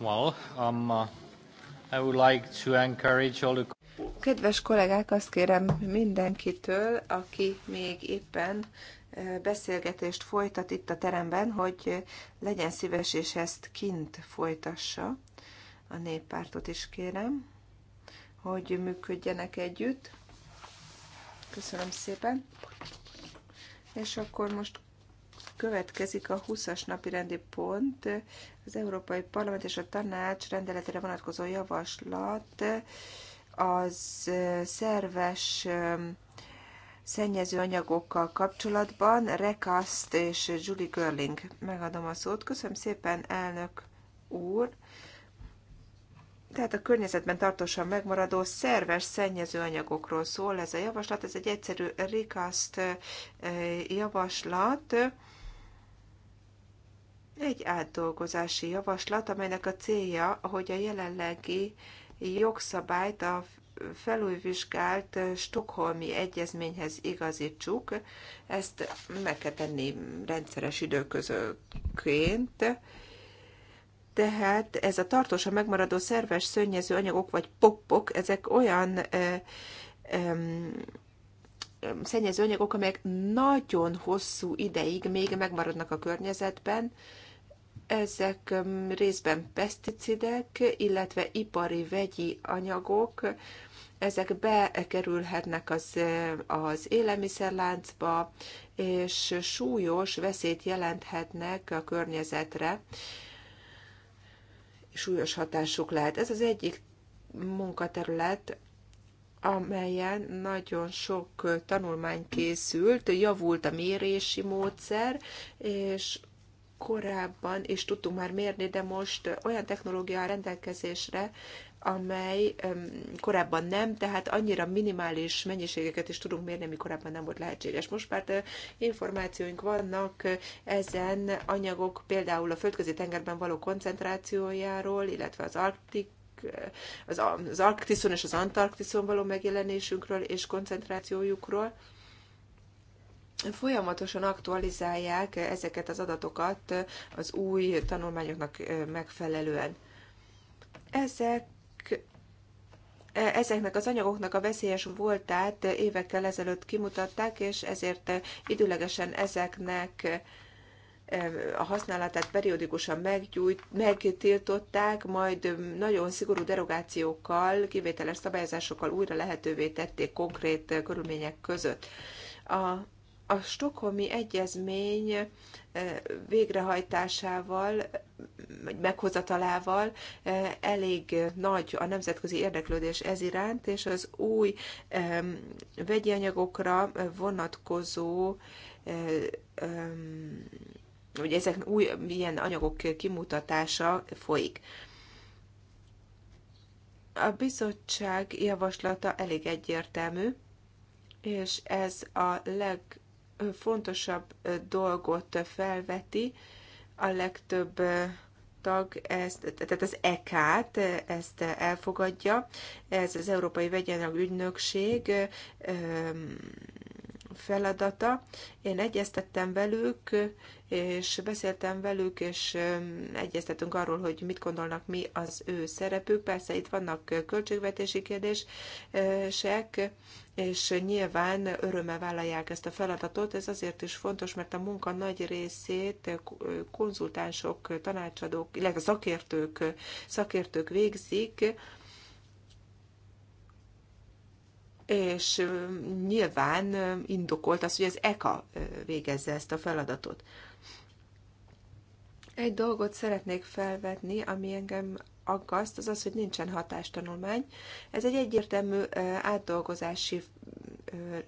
Well, um, uh, I would like to encourage all the... Kedves kollégák, azt kérem mindenkitől, aki még éppen eh, beszélgetést folytat itt a teremben, hogy legyen szíves, és ezt kint folytassa. A néppártot is kérem, hogy működjenek együtt. Köszönöm szépen. És akkor most Következik a 20-as napi rendi pont, az Európai Parlament és a Tanács rendeletére vonatkozó javaslat az eh, szerves eh, szennyező anyagokkal kapcsolatban. Rekaszt és Julie Görling. Megadom a szót. Köszönöm szépen, elnök úr. Tehát a környezetben tartósan megmaradó szerves szennyező anyagokról szól ez a javaslat. Ez egy egyszerű Rikaszt eh, javaslat egy átdolgozási javaslat, amelynek a célja, hogy a jelenlegi jogszabályt a felülvizsgált Stockholmi Egyezményhez igazítsuk. Ezt meg kell tenni rendszeres időközönként. Tehát ez a tartósan megmaradó szerves szönnyező anyagok vagy poppok, ezek olyan ö, ö, szennyező anyagok, amelyek nagyon hosszú ideig még megmaradnak a környezetben, ezek részben peszticidek, illetve ipari vegyi anyagok, ezek bekerülhetnek az, az élelmiszerláncba, és súlyos veszélyt jelenthetnek a környezetre, súlyos hatásuk lehet. Ez az egyik munkaterület, amelyen nagyon sok tanulmány készült, javult a mérési módszer, és korábban is tudtunk már mérni, de most olyan technológia rendelkezésre, amely korábban nem, tehát annyira minimális mennyiségeket is tudunk mérni, ami korábban nem volt lehetséges. Most már információink vannak ezen anyagok, például a földközi tengerben való koncentrációjáról, illetve az arktik az, az Arktiszon és az Antarktiszon való megjelenésünkről és koncentrációjukról folyamatosan aktualizálják ezeket az adatokat az új tanulmányoknak megfelelően. Ezek e, Ezeknek az anyagoknak a veszélyes voltát évekkel ezelőtt kimutatták, és ezért időlegesen ezeknek e, a használatát periódikusan meggyújt, megtiltották, majd nagyon szigorú derogációkkal, kivételes szabályozásokkal újra lehetővé tették konkrét körülmények között. A a stokholmi egyezmény eh, végrehajtásával, vagy meghozatalával eh, elég nagy a nemzetközi érdeklődés ez iránt, és az új vegyi anyagokra eh, vonatkozó hogy ezek új ilyen anyagok kimutatása folyik. A bizottság javaslata elég egyértelmű, és ez a leg fontosabb dolgot felveti, a legtöbb tag, ezt, tehát az EK-t ezt elfogadja. Ez az Európai Vegyenleg Ügynökség feladata. Én egyeztettem velük, és beszéltem velük, és egyeztetünk arról, hogy mit gondolnak mi az ő szerepük. Persze itt vannak költségvetési kérdések, és nyilván örömmel vállalják ezt a feladatot. Ez azért is fontos, mert a munka nagy részét konzultánsok, tanácsadók, illetve szakértők, szakértők végzik, és nyilván indokolt az, hogy az ECA végezze ezt a feladatot. Egy dolgot szeretnék felvetni, ami engem aggaszt, az az, hogy nincsen hatástanulmány. Ez egy egyértelmű átdolgozási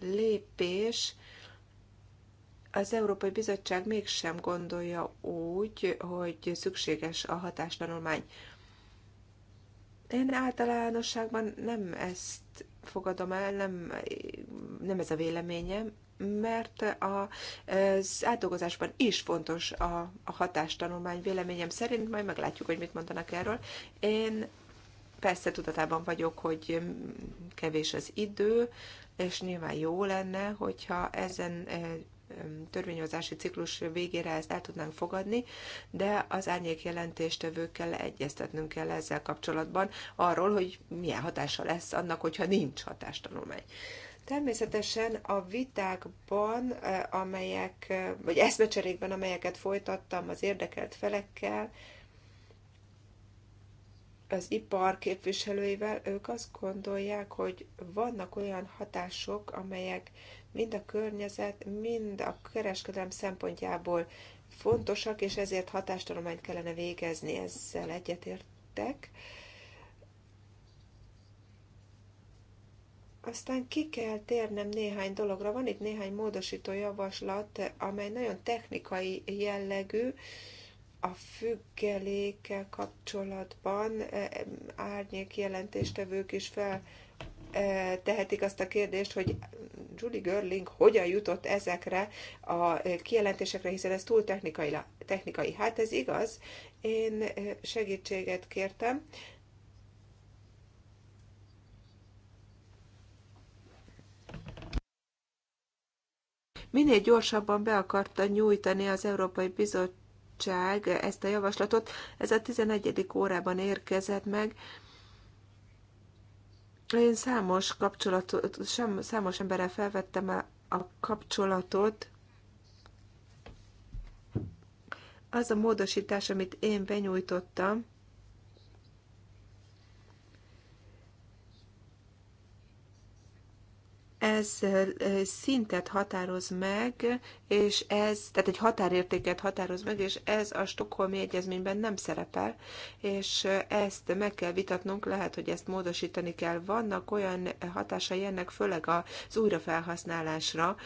lépés. Az Európai Bizottság mégsem gondolja úgy, hogy szükséges a hatástanulmány. Én általánosságban nem ezt fogadom el, nem, nem ez a véleményem, mert a, az átdolgozásban is fontos a, a hatástanulmány véleményem szerint, majd meglátjuk, hogy mit mondanak erről. Én persze tudatában vagyok, hogy kevés az idő, és nyilván jó lenne, hogyha ezen eh, törvényhozási ciklus végére ezt el tudnánk fogadni, de az árnyék jelentéstevőkkel egyeztetnünk kell ezzel kapcsolatban arról, hogy milyen hatása lesz annak, hogyha nincs hatástanulmány. Természetesen a vitákban, eh, amelyek, eh, vagy eszmecserékben, amelyeket folytattam az érdekelt felekkel, az ipar képviselőivel, ők azt gondolják, hogy vannak olyan hatások, amelyek mind a környezet, mind a kereskedelem szempontjából fontosak, és ezért hatástanulmányt kellene végezni, ezzel egyetértek. Aztán ki kell térnem néhány dologra. Van itt néhány módosító javaslat, amely nagyon technikai jellegű, a függelékkel kapcsolatban eh, árnyék jelentéstevők is fel tehetik azt a kérdést, hogy Julie Görling hogyan jutott ezekre a kijelentésekre, hiszen ez túl technikai. technikai. Hát ez igaz, én segítséget kértem, minél gyorsabban be akarta nyújtani az Európai Bizottság ezt a javaslatot. Ez a 11. órában érkezett meg, én számos kapcsolatot, számos emberrel felvettem a kapcsolatot. Az a módosítás, amit én benyújtottam, ez szintet határoz meg, és ez, tehát egy határértéket határoz meg, és ez a Stockholmi Egyezményben nem szerepel, és ezt meg kell vitatnunk, lehet, hogy ezt módosítani kell. Vannak olyan hatásai ennek, főleg az újrafelhasználásra,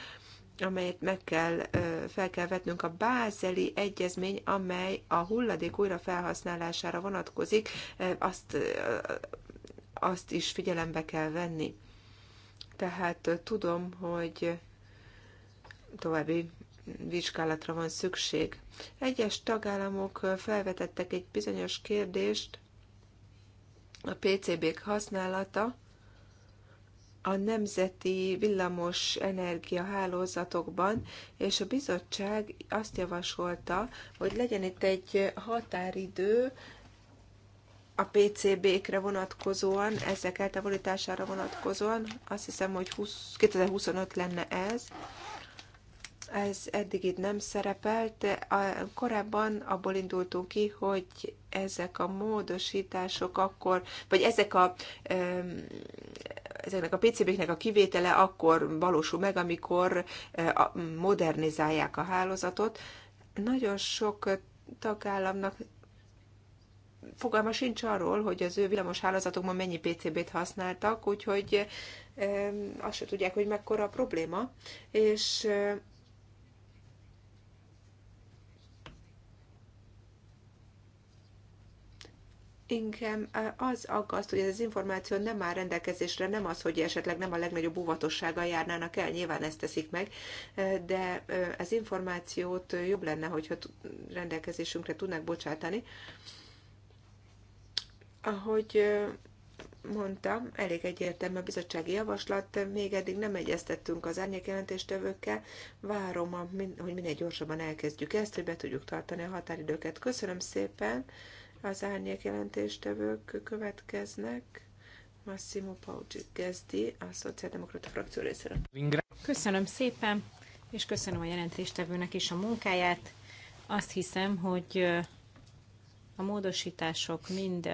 amelyet meg kell, fel kell vetnünk a bázeli egyezmény, amely a hulladék újrafelhasználására vonatkozik, azt, azt is figyelembe kell venni tehát tudom, hogy további vizsgálatra van szükség. Egyes tagállamok felvetettek egy bizonyos kérdést, a PCB-k használata a nemzeti villamos energiahálózatokban, és a bizottság azt javasolta, hogy legyen itt egy határidő a PCB-kre vonatkozóan, ezek eltávolítására vonatkozóan, azt hiszem, hogy 20, 2025 lenne ez. Ez eddig itt nem szerepelt. A, korábban abból indultunk ki, hogy ezek a módosítások akkor, vagy ezek a, ezeknek a PCB-knek a kivétele akkor valósul meg, amikor e, modernizálják a hálózatot. Nagyon sok tagállamnak fogalma sincs arról, hogy az ő villamos hálózatokban mennyi PCB-t használtak, úgyhogy azt se tudják, hogy mekkora a probléma, és Inkább e, az aggaszt, hogy ez az információ nem áll rendelkezésre, nem az, hogy esetleg nem a legnagyobb óvatossággal járnának el, nyilván ezt teszik meg, e, de e, az információt jobb lenne, hogyha rendelkezésünkre tudnak bocsátani. Ahogy mondtam, elég egyértelmű a bizottsági javaslat, még eddig nem egyeztettünk az árnyékjelentéstevőkkel, várom, hogy minél gyorsabban elkezdjük ezt, hogy be tudjuk tartani a határidőket. Köszönöm szépen, az árnyékjelentéstevők következnek. Massimo Paucci, kezdi a Szociáldemokrata frakció részéről. Köszönöm szépen, és köszönöm a jelentéstevőnek is a munkáját. Azt hiszem, hogy a módosítások mind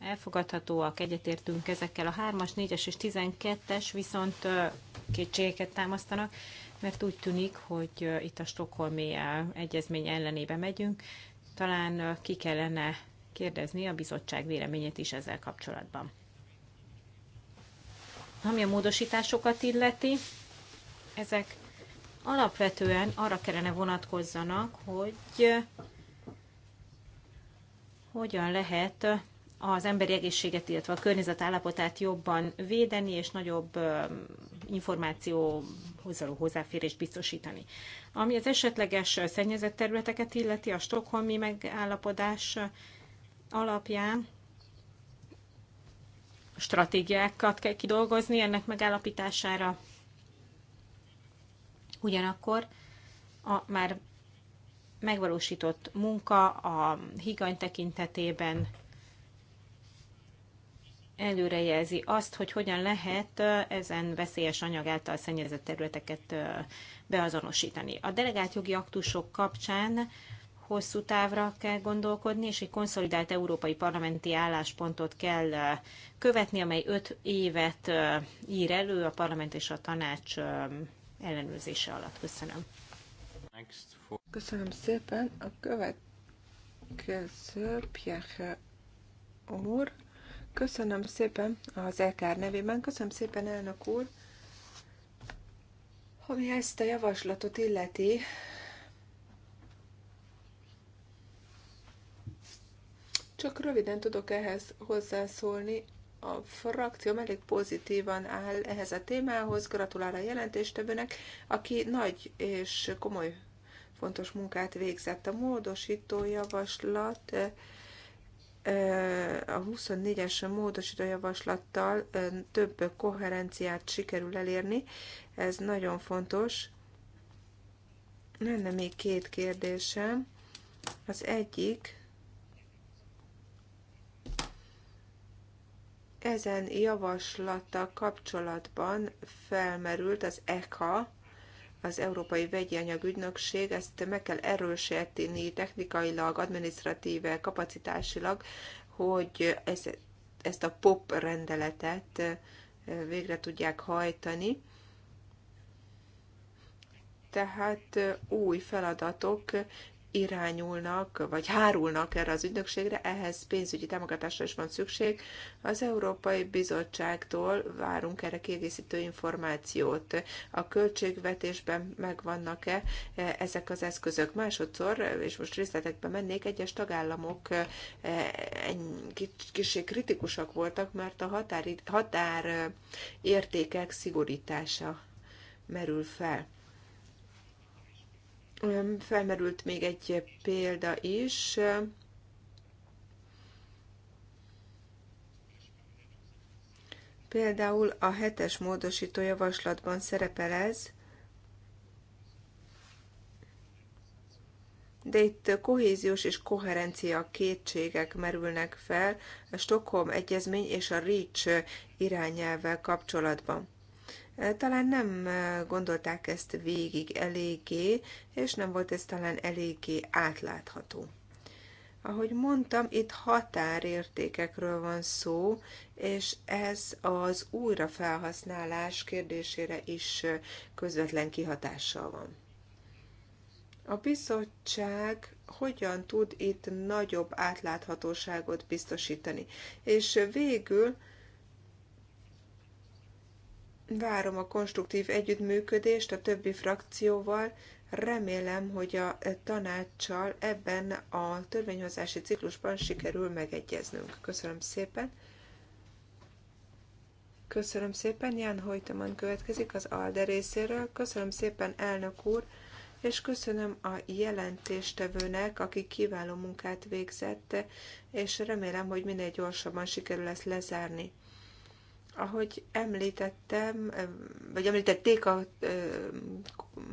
elfogadhatóak, egyetértünk ezekkel. A 3-as, 4-es és 12-es viszont kétségeket támasztanak, mert úgy tűnik, hogy itt a Stockholmi egyezmény ellenébe megyünk. Talán ki kellene kérdezni a bizottság véleményét is ezzel kapcsolatban. Ami a módosításokat illeti, ezek alapvetően arra kellene vonatkozzanak, hogy hogyan lehet az emberi egészséget, illetve a környezet állapotát jobban védeni, és nagyobb információhoz való hozzáférést biztosítani. Ami az esetleges szennyezett területeket illeti, a stokholmi megállapodás alapján stratégiákat kell kidolgozni ennek megállapítására. Ugyanakkor a már megvalósított munka a higany tekintetében előrejelzi azt, hogy hogyan lehet ezen veszélyes anyag által szennyezett területeket beazonosítani. A delegált jogi aktusok kapcsán hosszú távra kell gondolkodni, és egy konszolidált európai parlamenti álláspontot kell követni, amely öt évet ír elő a parlament és a tanács ellenőrzése alatt. Köszönöm. Next. Köszönöm szépen. A következő Pierre úr. Köszönöm szépen az LKR nevében. Köszönöm szépen, elnök úr. Ami ezt a javaslatot illeti, Csak röviden tudok ehhez hozzászólni. A frakció elég pozitívan áll ehhez a témához, gratulál a jelentéstevőnek, aki nagy és komoly fontos munkát végzett. A módosító javaslat a 24-es módosító javaslattal több koherenciát sikerül elérni. Ez nagyon fontos. Lenne még két kérdésem. Az egyik, ezen javaslattal kapcsolatban felmerült az ECHA, az Európai Vegyi Ügynökség, ezt meg kell erősíteni technikailag, administratíve, kapacitásilag, hogy ezt ezt a POP rendeletet végre tudják hajtani. Tehát új feladatok irányulnak, vagy hárulnak erre az ügynökségre, ehhez pénzügyi támogatásra is van szükség. Az Európai Bizottságtól várunk erre kiegészítő információt. A költségvetésben megvannak-e eh, ezek az eszközök? Másodszor, és most részletekbe mennék, egyes tagállamok eh, kicsi kritikusak voltak, mert a határ, határ eh, értékek szigorítása merül fel Felmerült még egy példa is. Például a hetes módosító javaslatban szerepel ez, de itt kohéziós és koherencia kétségek merülnek fel a Stockholm egyezmény és a REACH irányelvvel kapcsolatban. Talán nem gondolták ezt végig eléggé, és nem volt ez talán eléggé átlátható. Ahogy mondtam, itt határértékekről van szó, és ez az újrafelhasználás kérdésére is közvetlen kihatással van. A bizottság hogyan tud itt nagyobb átláthatóságot biztosítani? És végül Várom a konstruktív együttműködést a többi frakcióval. Remélem, hogy a tanácssal ebben a törvényhozási ciklusban sikerül megegyeznünk. Köszönöm szépen. Köszönöm szépen, Ján Hojtaman következik az ALDE részéről. Köszönöm szépen, elnök úr, és köszönöm a jelentéstevőnek, aki kiváló munkát végzett, és remélem, hogy minél gyorsabban sikerül ezt lezárni. Ahogy említettem, vagy említették a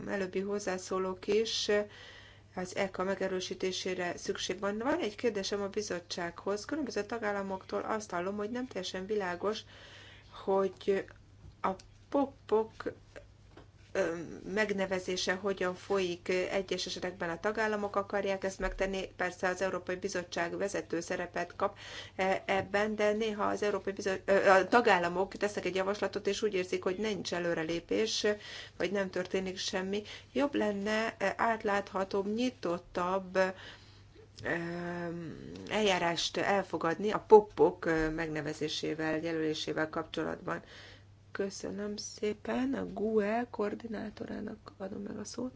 előbbi hozzászólók is, az ECA megerősítésére szükség van. Van egy kérdésem a bizottsághoz. Különböző tagállamoktól azt hallom, hogy nem teljesen világos, hogy a popok megnevezése hogyan folyik egyes esetekben a tagállamok akarják ezt megtenni, persze az Európai Bizottság vezető szerepet kap e, ebben, de néha az Európai Bizottság, a tagállamok tesznek egy javaslatot, és úgy érzik, hogy nincs előrelépés, vagy nem történik semmi. Jobb lenne e, átláthatóbb, nyitottabb e, eljárást elfogadni a popok megnevezésével, jelölésével kapcsolatban. Köszönöm szépen. A GUE koordinátorának adom meg a szót.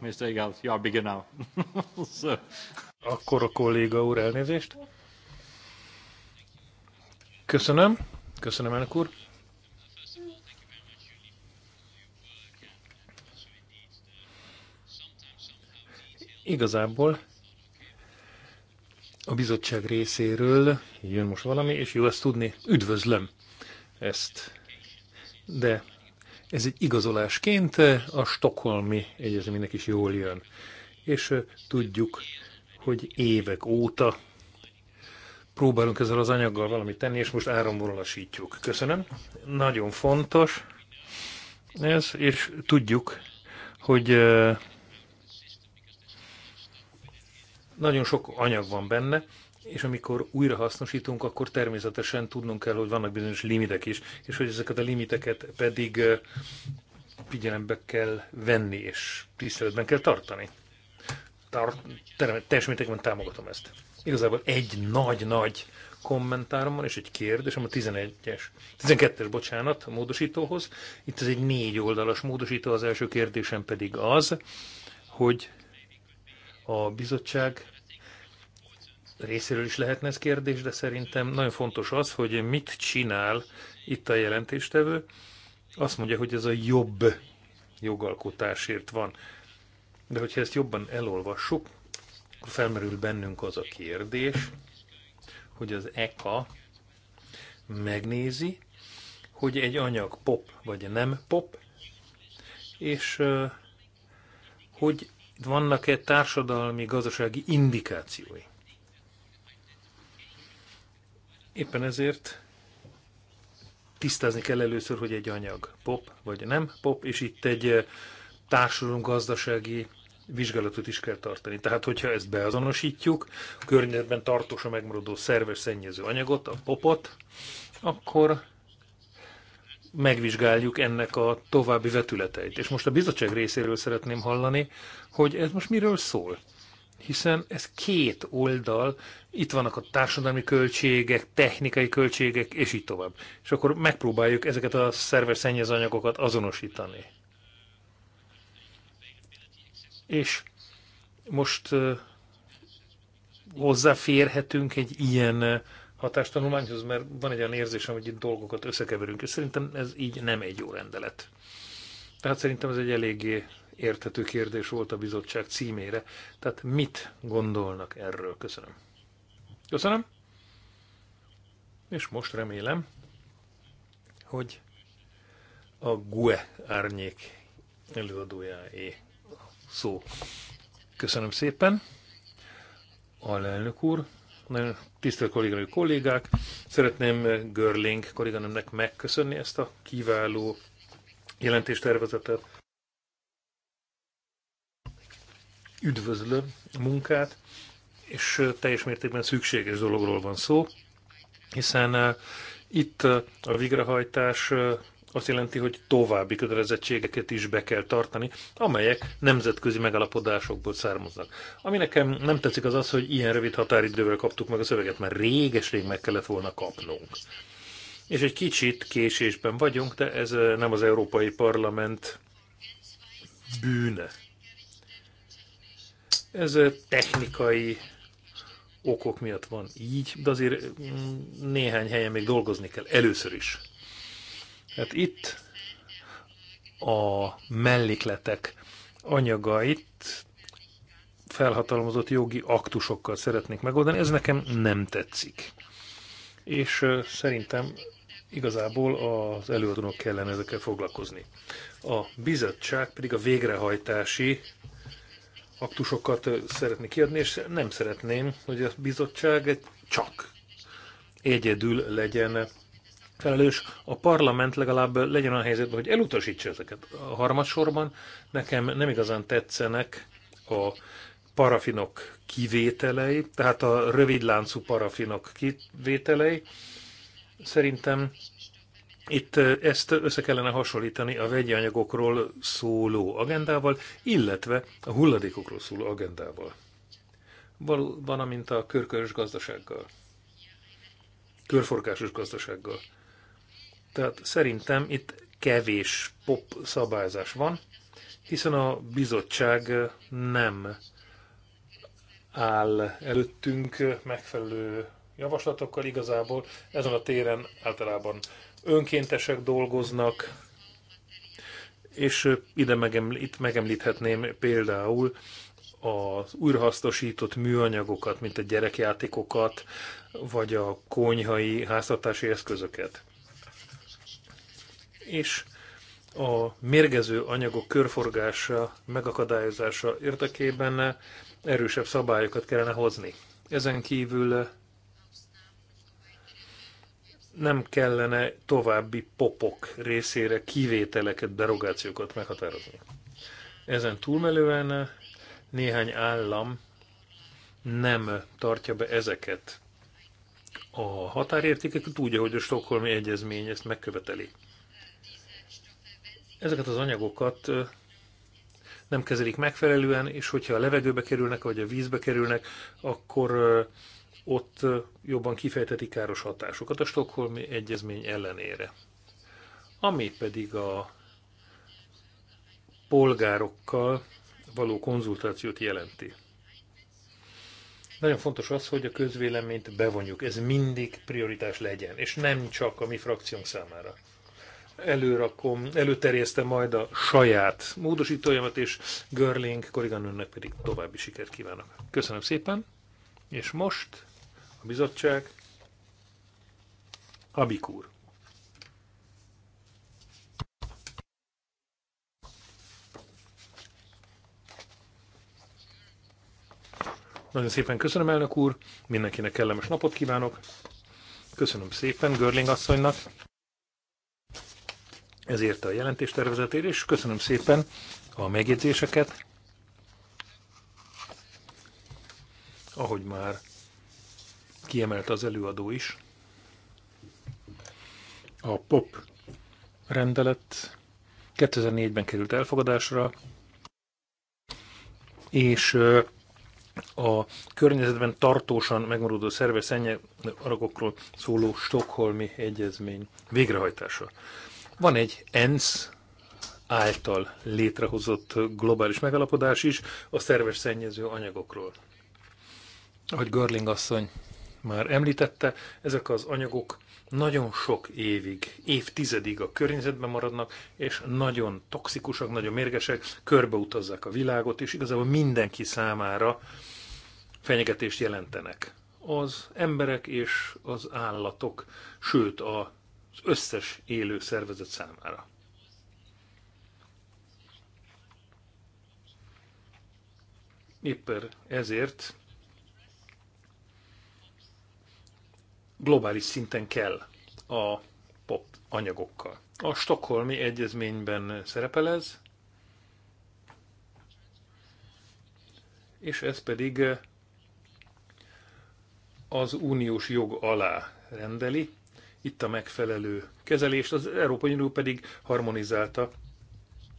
Mr. Eagles, you are bigger now. so. Akkor a kolléga úr elnézést. Köszönöm. Köszönöm, elnök úr. Igazából a bizottság részéről jön most valami, és jó ezt tudni, üdvözlöm ezt. De ez egy igazolásként a stokholmi egyezménynek is jól jön. És tudjuk, hogy évek óta próbálunk ezzel az anyaggal valamit tenni, és most áramvonalasítjuk. Köszönöm. Nagyon fontos ez, és tudjuk, hogy nagyon sok anyag van benne, és amikor újra hasznosítunk, akkor természetesen tudnunk kell, hogy vannak bizonyos limitek is, és hogy ezeket a limiteket pedig figyelembe kell venni, és tiszteletben kell tartani. Tar- teljes mértékben támogatom ezt. Igazából egy nagy-nagy kommentárom van, és egy kérdésem a 11-es, 12-es, bocsánat, a módosítóhoz. Itt ez egy négy oldalas módosító, az első kérdésem pedig az, hogy a bizottság részéről is lehetne ez kérdés, de szerintem nagyon fontos az, hogy mit csinál itt a jelentéstevő. Azt mondja, hogy ez a jobb jogalkotásért van. De hogyha ezt jobban elolvassuk, akkor felmerül bennünk az a kérdés, hogy az ECA megnézi, hogy egy anyag pop vagy nem pop, és hogy itt vannak-e társadalmi, gazdasági indikációi. Éppen ezért tisztázni kell először, hogy egy anyag pop vagy nem pop, és itt egy eh, társadalom-gazdasági vizsgálatot is kell tartani. Tehát, hogyha ezt beazonosítjuk, környezetben tartósan megmaradó szerves szennyező anyagot, a popot, akkor megvizsgáljuk ennek a további vetületeit. És most a bizottság részéről szeretném hallani, hogy ez most miről szól. Hiszen ez két oldal, itt vannak a társadalmi költségek, technikai költségek, és így tovább. És akkor megpróbáljuk ezeket a szerves szennyezőanyagokat azonosítani. És most hozzáférhetünk egy ilyen hatástanulmányhoz, mert van egy olyan érzésem, hogy itt dolgokat összekeverünk, és szerintem ez így nem egy jó rendelet. Tehát szerintem ez egy eléggé érthető kérdés volt a bizottság címére. Tehát mit gondolnak erről? Köszönöm. Köszönöm. És most remélem, hogy a GUE árnyék előadójáé szó. Köszönöm szépen. Alelnök úr, nagyon tisztelt kolléganő kollégák, szeretném Görling kolléganőmnek megköszönni ezt a kiváló jelentéstervezetet. Üdvözlöm a munkát, és teljes mértékben szükséges dologról van szó, hiszen eh, itt eh, a végrehajtás eh, azt jelenti, hogy további kötelezettségeket is be kell tartani, amelyek nemzetközi megalapodásokból származnak. Ami nekem nem tetszik az az, hogy ilyen rövid határidővel kaptuk meg a szöveget, mert réges-rég meg kellett volna kapnunk. És egy kicsit késésben vagyunk, de ez eh, nem az Európai Parlament bűne. Ez eh, technikai okok miatt van így, de azért mm, néhány helyen még dolgozni kell, először is. Hát itt a mellékletek anyagait felhatalmazott jogi aktusokkal szeretnék megoldani, ez nekem nem tetszik. És szerintem igazából az előadónak kellene ezekkel foglalkozni. A bizottság pedig a végrehajtási aktusokat szeretné kiadni, és nem szeretném, hogy a bizottság csak egyedül legyen felelős, a parlament legalább legyen olyan helyzetben, hogy elutasítsa ezeket. A harmadsorban nekem nem igazán tetszenek a parafinok kivételei, tehát a rövidláncú parafinok kivételei. Szerintem itt ezt össze kellene hasonlítani a vegyi anyagokról szóló agendával, illetve a hulladékokról szóló agendával. Valóban, amint a körkörös gazdasággal. Körforgásos gazdasággal. Tehát szerintem itt kevés pop szabályzás van, hiszen a bizottság nem áll előttünk megfelelő javaslatokkal igazából. Ezen a téren általában önkéntesek dolgoznak, és ide megeml- itt megemlíthetném például az újrahasznosított műanyagokat, mint a gyerekjátékokat, vagy a konyhai háztartási eszközöket és a mérgező anyagok körforgása megakadályozása érdekében erősebb szabályokat kellene hozni. Ezen kívül nem kellene további popok részére kivételeket, derogációkat meghatározni. Ezen túlmelően néhány állam nem tartja be ezeket a határértékeket úgy, ahogy a Stockholmi Egyezmény ezt megköveteli ezeket az anyagokat nem kezelik megfelelően, és hogyha a levegőbe kerülnek, vagy a vízbe kerülnek, akkor ott jobban kifejtetik káros hatásokat a Stockholmi Egyezmény ellenére. Ami pedig a polgárokkal való konzultációt jelenti. Nagyon fontos az, hogy a közvéleményt bevonjuk. Ez mindig prioritás legyen, és nem csak a mi frakciónk számára előrakom, előterjesztem majd a saját módosítójamat, és Görling kolléganőnnek pedig további sikert kívánok. Köszönöm szépen, és most a bizottság Abik úr. Nagyon szépen köszönöm, elnök úr, mindenkinek kellemes napot kívánok. Köszönöm szépen Görling asszonynak ezért a jelentéstervezetért, és köszönöm szépen a megjegyzéseket. Ahogy már kiemelt az előadó is, a POP rendelet 2004-ben került elfogadásra, és a környezetben tartósan megmaradó szerves arakokról szóló Stockholmi Egyezmény végrehajtása. Van egy ENSZ által létrehozott globális megalapodás is a szerves szennyező anyagokról. Ahogy Görling asszony már említette, ezek az anyagok nagyon sok évig, évtizedig a környezetben maradnak, és nagyon toxikusak, nagyon mérgesek, körbeutazzák a világot, és igazából mindenki számára fenyegetést jelentenek. Az emberek és az állatok, sőt a az összes élő szervezet számára. Éppen ezért globális szinten kell a pop anyagokkal. A Stockholmi Egyezményben szerepel ez, és ez pedig az uniós jog alá rendeli, itt a megfelelő kezelést, az Európai Unió pedig harmonizálta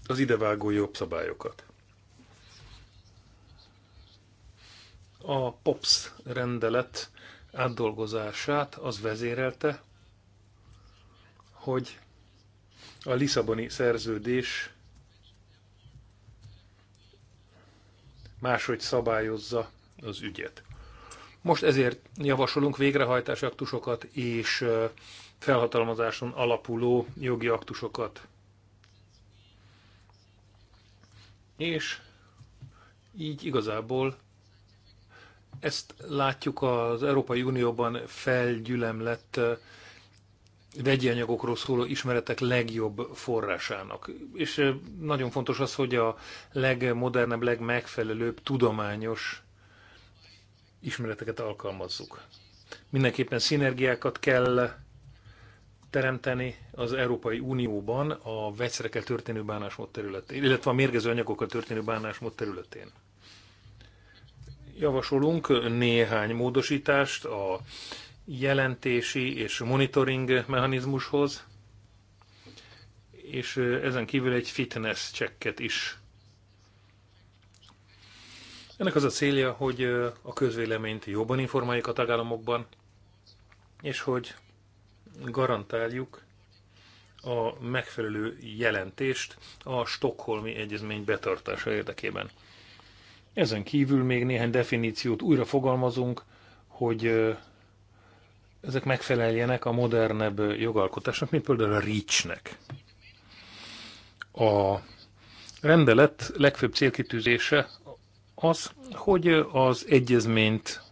az idevágó szabályokat. A POPS rendelet átdolgozását az vezérelte, hogy a Lisszaboni szerződés máshogy szabályozza az ügyet. Most ezért javasolunk végrehajtási aktusokat és felhatalmazáson alapuló jogi aktusokat. És így igazából ezt látjuk az Európai Unióban felgyülemlett vegyi anyagokról szóló ismeretek legjobb forrásának. És nagyon fontos az, hogy a legmodernebb, legmegfelelőbb tudományos ismereteket alkalmazzuk. Mindenképpen szinergiákat kell teremteni az Európai Unióban a vegyszerekkel történő bánásmód területén, illetve a mérgező anyagokkal történő bánásmód területén. Javasolunk néhány módosítást a jelentési és monitoring mechanizmushoz, és ezen kívül egy fitness checket is ennek az a célja, hogy a közvéleményt jobban informáljuk a tagállamokban, és hogy garantáljuk a megfelelő jelentést a Stockholmi Egyezmény betartása érdekében. Ezen kívül még néhány definíciót újra fogalmazunk, hogy ezek megfeleljenek a modernebb jogalkotásnak, mint például a REACH-nek. A rendelet legfőbb célkitűzése az, hogy az egyezményt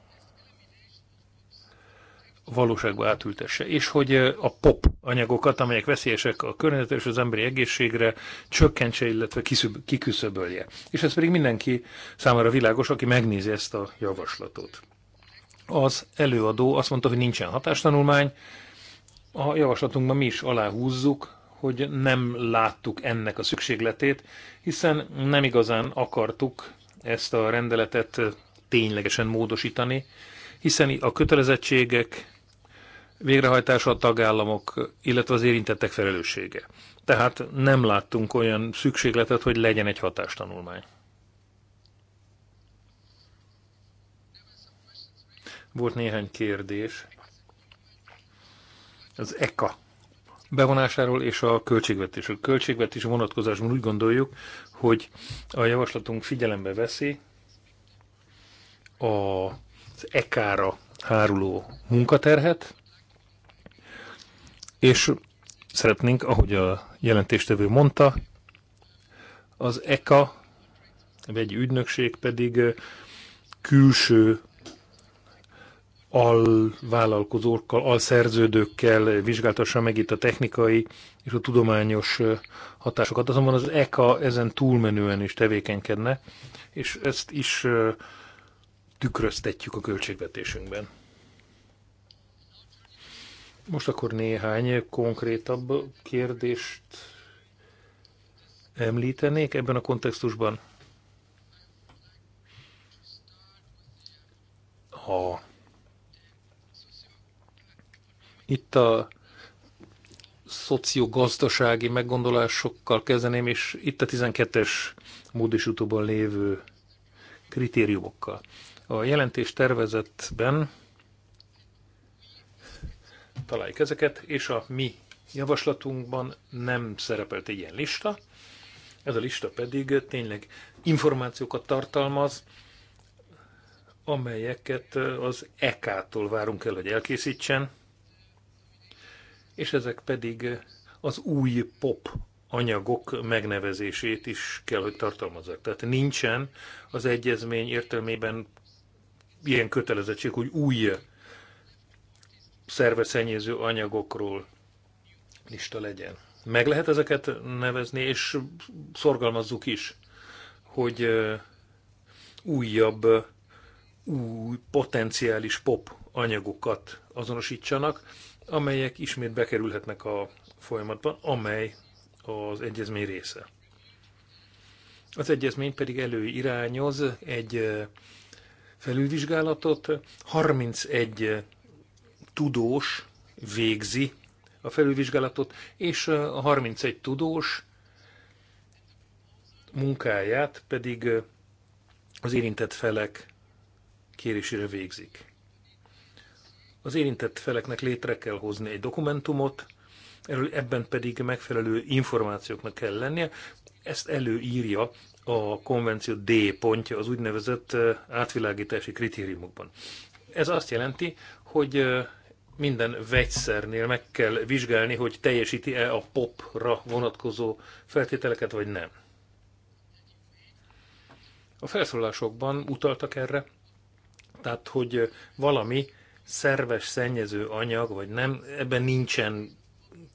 valóságba átültesse, és hogy a pop anyagokat, amelyek veszélyesek a környezetre és az emberi egészségre, csökkentse, illetve kiszüb, kiküszöbölje. És ez pedig mindenki számára világos, aki megnézi ezt a javaslatot. Az előadó azt mondta, hogy nincsen hatástanulmány, a javaslatunkban mi is aláhúzzuk, hogy nem láttuk ennek a szükségletét, hiszen nem igazán akartuk ezt a rendeletet ténylegesen módosítani, hiszen a kötelezettségek végrehajtása a tagállamok, illetve az érintettek felelőssége. Tehát nem láttunk olyan szükségletet, hogy legyen egy hatástanulmány. Volt néhány kérdés. Az ECA bevonásáról és a költségvetésről. költségvetés vonatkozásban úgy gondoljuk, hogy a javaslatunk figyelembe veszi az ekára háruló munkaterhet, és szeretnénk, ahogy a jelentéstevő mondta, az ECA, egy ügynökség pedig külső alvállalkozókkal, alszerződőkkel vizsgáltassa meg itt a technikai és a tudományos hatásokat. Azonban az ECA ezen túlmenően is tevékenykedne, és ezt is tükröztetjük a költségvetésünkben. Most akkor néhány konkrétabb kérdést említenék ebben a kontextusban. A itt a szociogazdasági meggondolásokkal kezdeném, és itt a 12-es módosítóban lévő kritériumokkal. A jelentés tervezetben találjuk ezeket, és a mi javaslatunkban nem szerepelt egy ilyen lista. Ez a lista pedig tényleg információkat tartalmaz, amelyeket az EK-tól várunk el, hogy elkészítsen, és ezek pedig az új pop anyagok megnevezését is kell, hogy tartalmazzák. Tehát nincsen az egyezmény értelmében ilyen kötelezettség, hogy új szerveszennyező anyagokról lista legyen. Meg lehet ezeket nevezni, és szorgalmazzuk is, hogy újabb, új potenciális pop anyagokat azonosítsanak, amelyek ismét bekerülhetnek a folyamatba, amely az egyezmény része. Az egyezmény pedig előirányoz egy felülvizsgálatot, 31 tudós végzi a felülvizsgálatot, és a 31 tudós munkáját pedig az érintett felek kérésére végzik. Az érintett feleknek létre kell hozni egy dokumentumot, erről ebben pedig megfelelő információknak kell lennie. Ezt előírja a konvenció D pontja az úgynevezett átvilágítási kritériumokban. Ez azt jelenti, hogy minden vegyszernél meg kell vizsgálni, hogy teljesíti-e a popra vonatkozó feltételeket, vagy nem. A felszólásokban utaltak erre, tehát hogy valami szerves szennyező anyag, vagy nem, ebben nincsen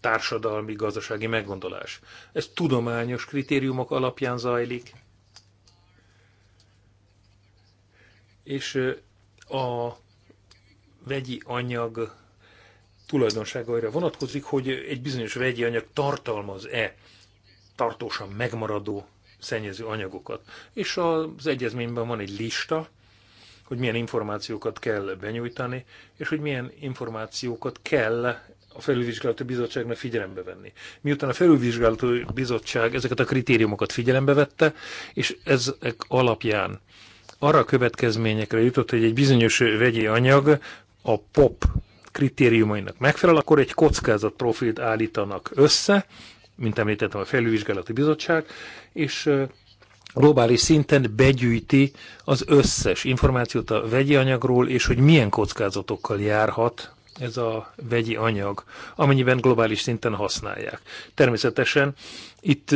társadalmi, gazdasági meggondolás. Ez tudományos kritériumok alapján zajlik, és a vegyi anyag tulajdonságaira vonatkozik, hogy egy bizonyos vegyi anyag tartalmaz-e tartósan megmaradó szennyező anyagokat. És az egyezményben van egy lista, hogy milyen információkat kell benyújtani, és hogy milyen információkat kell a felülvizsgálati bizottságnak figyelembe venni. Miután a felülvizsgálati bizottság ezeket a kritériumokat figyelembe vette, és ezek alapján arra a következményekre jutott, hogy egy bizonyos vegyi anyag a POP kritériumainak megfelel, akkor egy kockázatprofilt állítanak össze, mint említettem, a felülvizsgálati bizottság, és globális szinten begyűjti az összes információt a vegyi anyagról, és hogy milyen kockázatokkal járhat ez a vegyi anyag, amennyiben globális szinten használják. Természetesen itt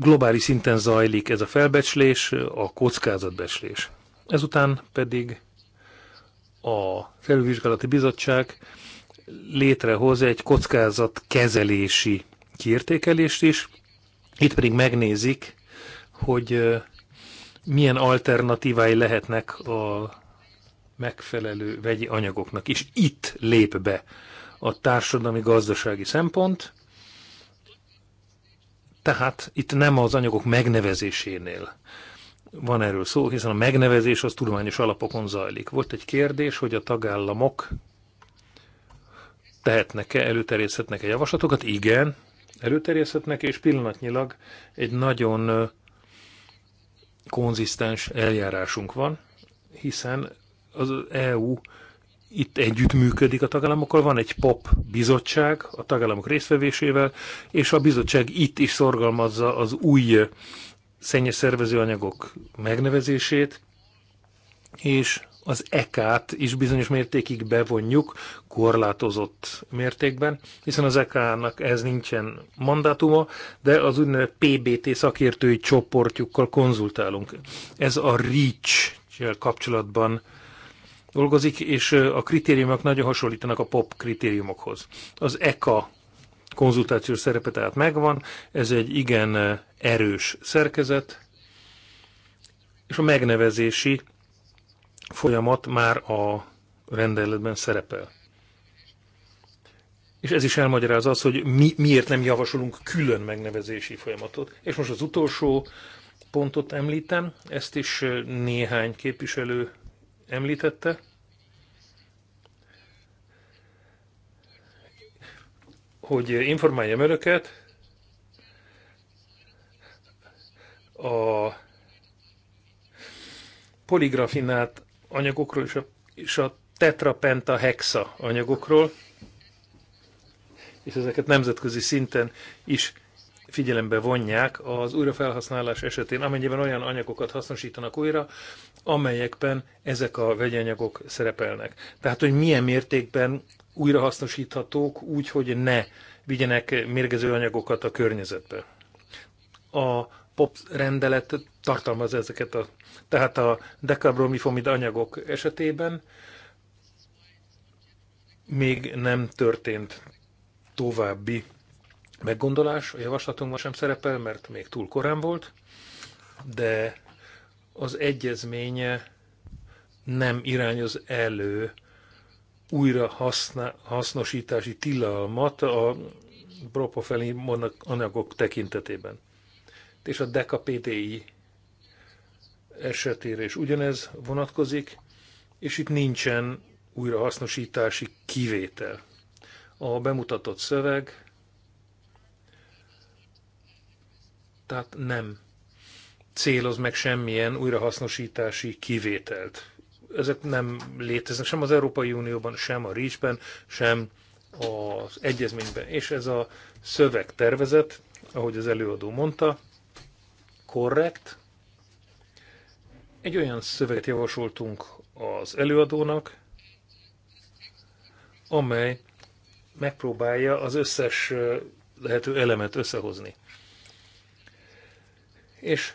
globális szinten zajlik ez a felbecslés, a kockázatbecslés. Ezután pedig a felülvizsgálati bizottság létrehoz egy kockázatkezelési kiértékelést is, itt pedig megnézik, hogy milyen alternatívái lehetnek a megfelelő vegyi anyagoknak, és itt lép be a társadalmi gazdasági szempont, tehát itt nem az anyagok megnevezésénél van erről szó, hiszen a megnevezés az tudományos alapokon zajlik. Volt egy kérdés, hogy a tagállamok tehetnek-e, előterjeszthetnek-e javaslatokat? Igen, előterjeszthetnek, és pillanatnyilag egy nagyon konzisztens eljárásunk van, hiszen az EU itt együttműködik a tagállamokkal, van egy POP bizottság a tagállamok részvevésével, és a bizottság itt is szorgalmazza az új szennyes szervezőanyagok megnevezését, és az EK-t is bizonyos mértékig bevonjuk, korlátozott mértékben, hiszen az EK-nak ez nincsen mandátuma, de az úgynevezett PBT szakértői csoportjukkal konzultálunk. Ez a reach kapcsolatban dolgozik, és a kritériumok nagyon hasonlítanak a POP kritériumokhoz. Az EKA konzultációs szerepe tehát megvan, ez egy igen erős szerkezet, és a megnevezési folyamat már a rendeletben szerepel. És ez is elmagyarázza az, hogy mi, miért nem javasolunk külön megnevezési folyamatot. És most az utolsó pontot említem, ezt is néhány képviselő említette. Hogy informáljam önöket, a poligrafinát anyagokról és a, és a hexa anyagokról, és ezeket nemzetközi szinten is figyelembe vonják az újrafelhasználás esetén, amennyiben olyan anyagokat hasznosítanak újra, amelyekben ezek a vegyanyagok szerepelnek. Tehát, hogy milyen mértékben újrahasznosíthatók úgy, hogy ne vigyenek mérgező anyagokat a környezetbe. A POP rendelet tartalmaz ezeket a, tehát a dekabromifomid anyagok esetében még nem történt további meggondolás, a javaslatunkban sem szerepel, mert még túl korán volt, de az egyezménye nem irányoz elő újra haszna, hasznosítási tilalmat a propofeli anyagok tekintetében és a DECA PDI esetére is ugyanez vonatkozik, és itt nincsen újrahasznosítási kivétel. A bemutatott szöveg tehát nem céloz meg semmilyen újrahasznosítási kivételt. Ezek nem léteznek sem az Európai Unióban, sem a Rícsben sem az egyezményben. És ez a szövegtervezet, ahogy az előadó mondta, korrekt. Egy olyan szöveget javasoltunk az előadónak, amely megpróbálja az összes lehető elemet összehozni. És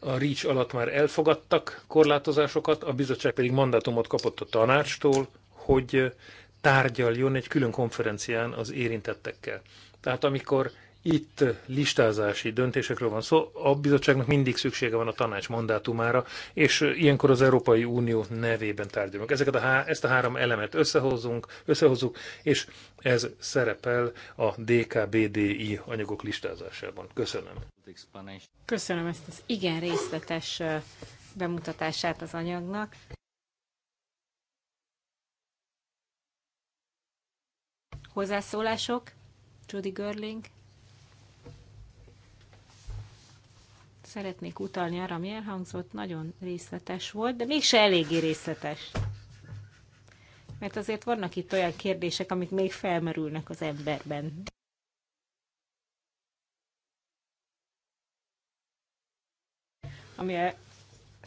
a REACH alatt már elfogadtak korlátozásokat, a bizottság pedig mandátumot kapott a tanácstól, hogy tárgyaljon egy külön konferencián az érintettekkel. Tehát amikor itt listázási döntésekről van szó, a bizottságnak mindig szüksége van a tanács mandátumára, és ilyenkor az Európai Unió nevében tárgyalunk. Ezeket a, há ezt a három elemet összehozunk, összehozzuk, és ez szerepel a DKBDI anyagok listázásában. Köszönöm. Köszönöm ezt az igen részletes bemutatását az anyagnak. Hozzászólások? Judy Görling? szeretnék utalni arra, ami elhangzott, nagyon részletes volt, de mégse eléggé részletes. Mert azért vannak itt olyan kérdések, amik még felmerülnek az emberben. Ami a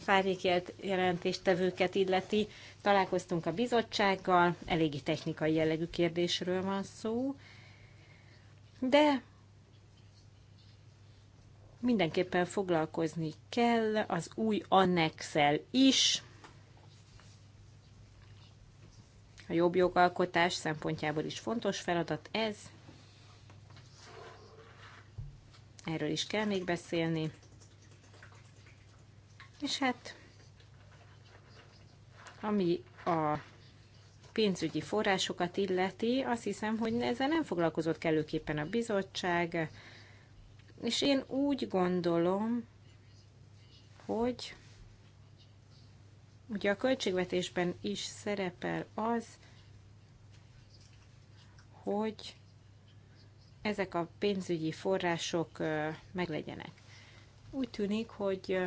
szárnyékjelt jelentéstevőket illeti, találkoztunk a bizottsággal, eléggé technikai jellegű kérdésről van szó, de mindenképpen foglalkozni kell az új annexel is, a jobb jogalkotás szempontjából is fontos feladat ez. Erről is kell még beszélni. És hát, ami a pénzügyi forrásokat illeti, azt hiszem, hogy ezzel nem foglalkozott kellőképpen a bizottság, és én úgy gondolom, hogy ugye a költségvetésben is szerepel az, hogy ezek a pénzügyi források meglegyenek. Úgy tűnik, hogy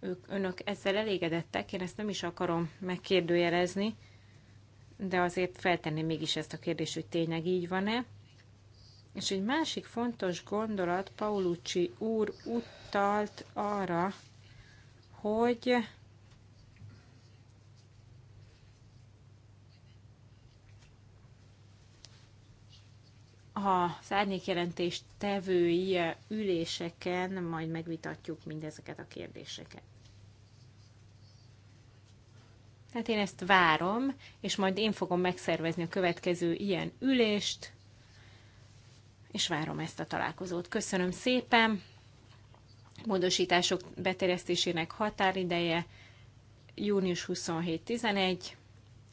ők, önök ezzel elégedettek, én ezt nem is akarom megkérdőjelezni, de azért feltenném mégis ezt a kérdést, hogy tényleg így van-e. És egy másik fontos gondolat, Paulucci úr utalt arra, hogy a szárnyékjelentés tevői üléseken majd megvitatjuk mindezeket a kérdéseket. Tehát én ezt várom, és majd én fogom megszervezni a következő ilyen ülést, és várom ezt a találkozót. Köszönöm szépen! Módosítások beterjesztésének határideje június 27-11,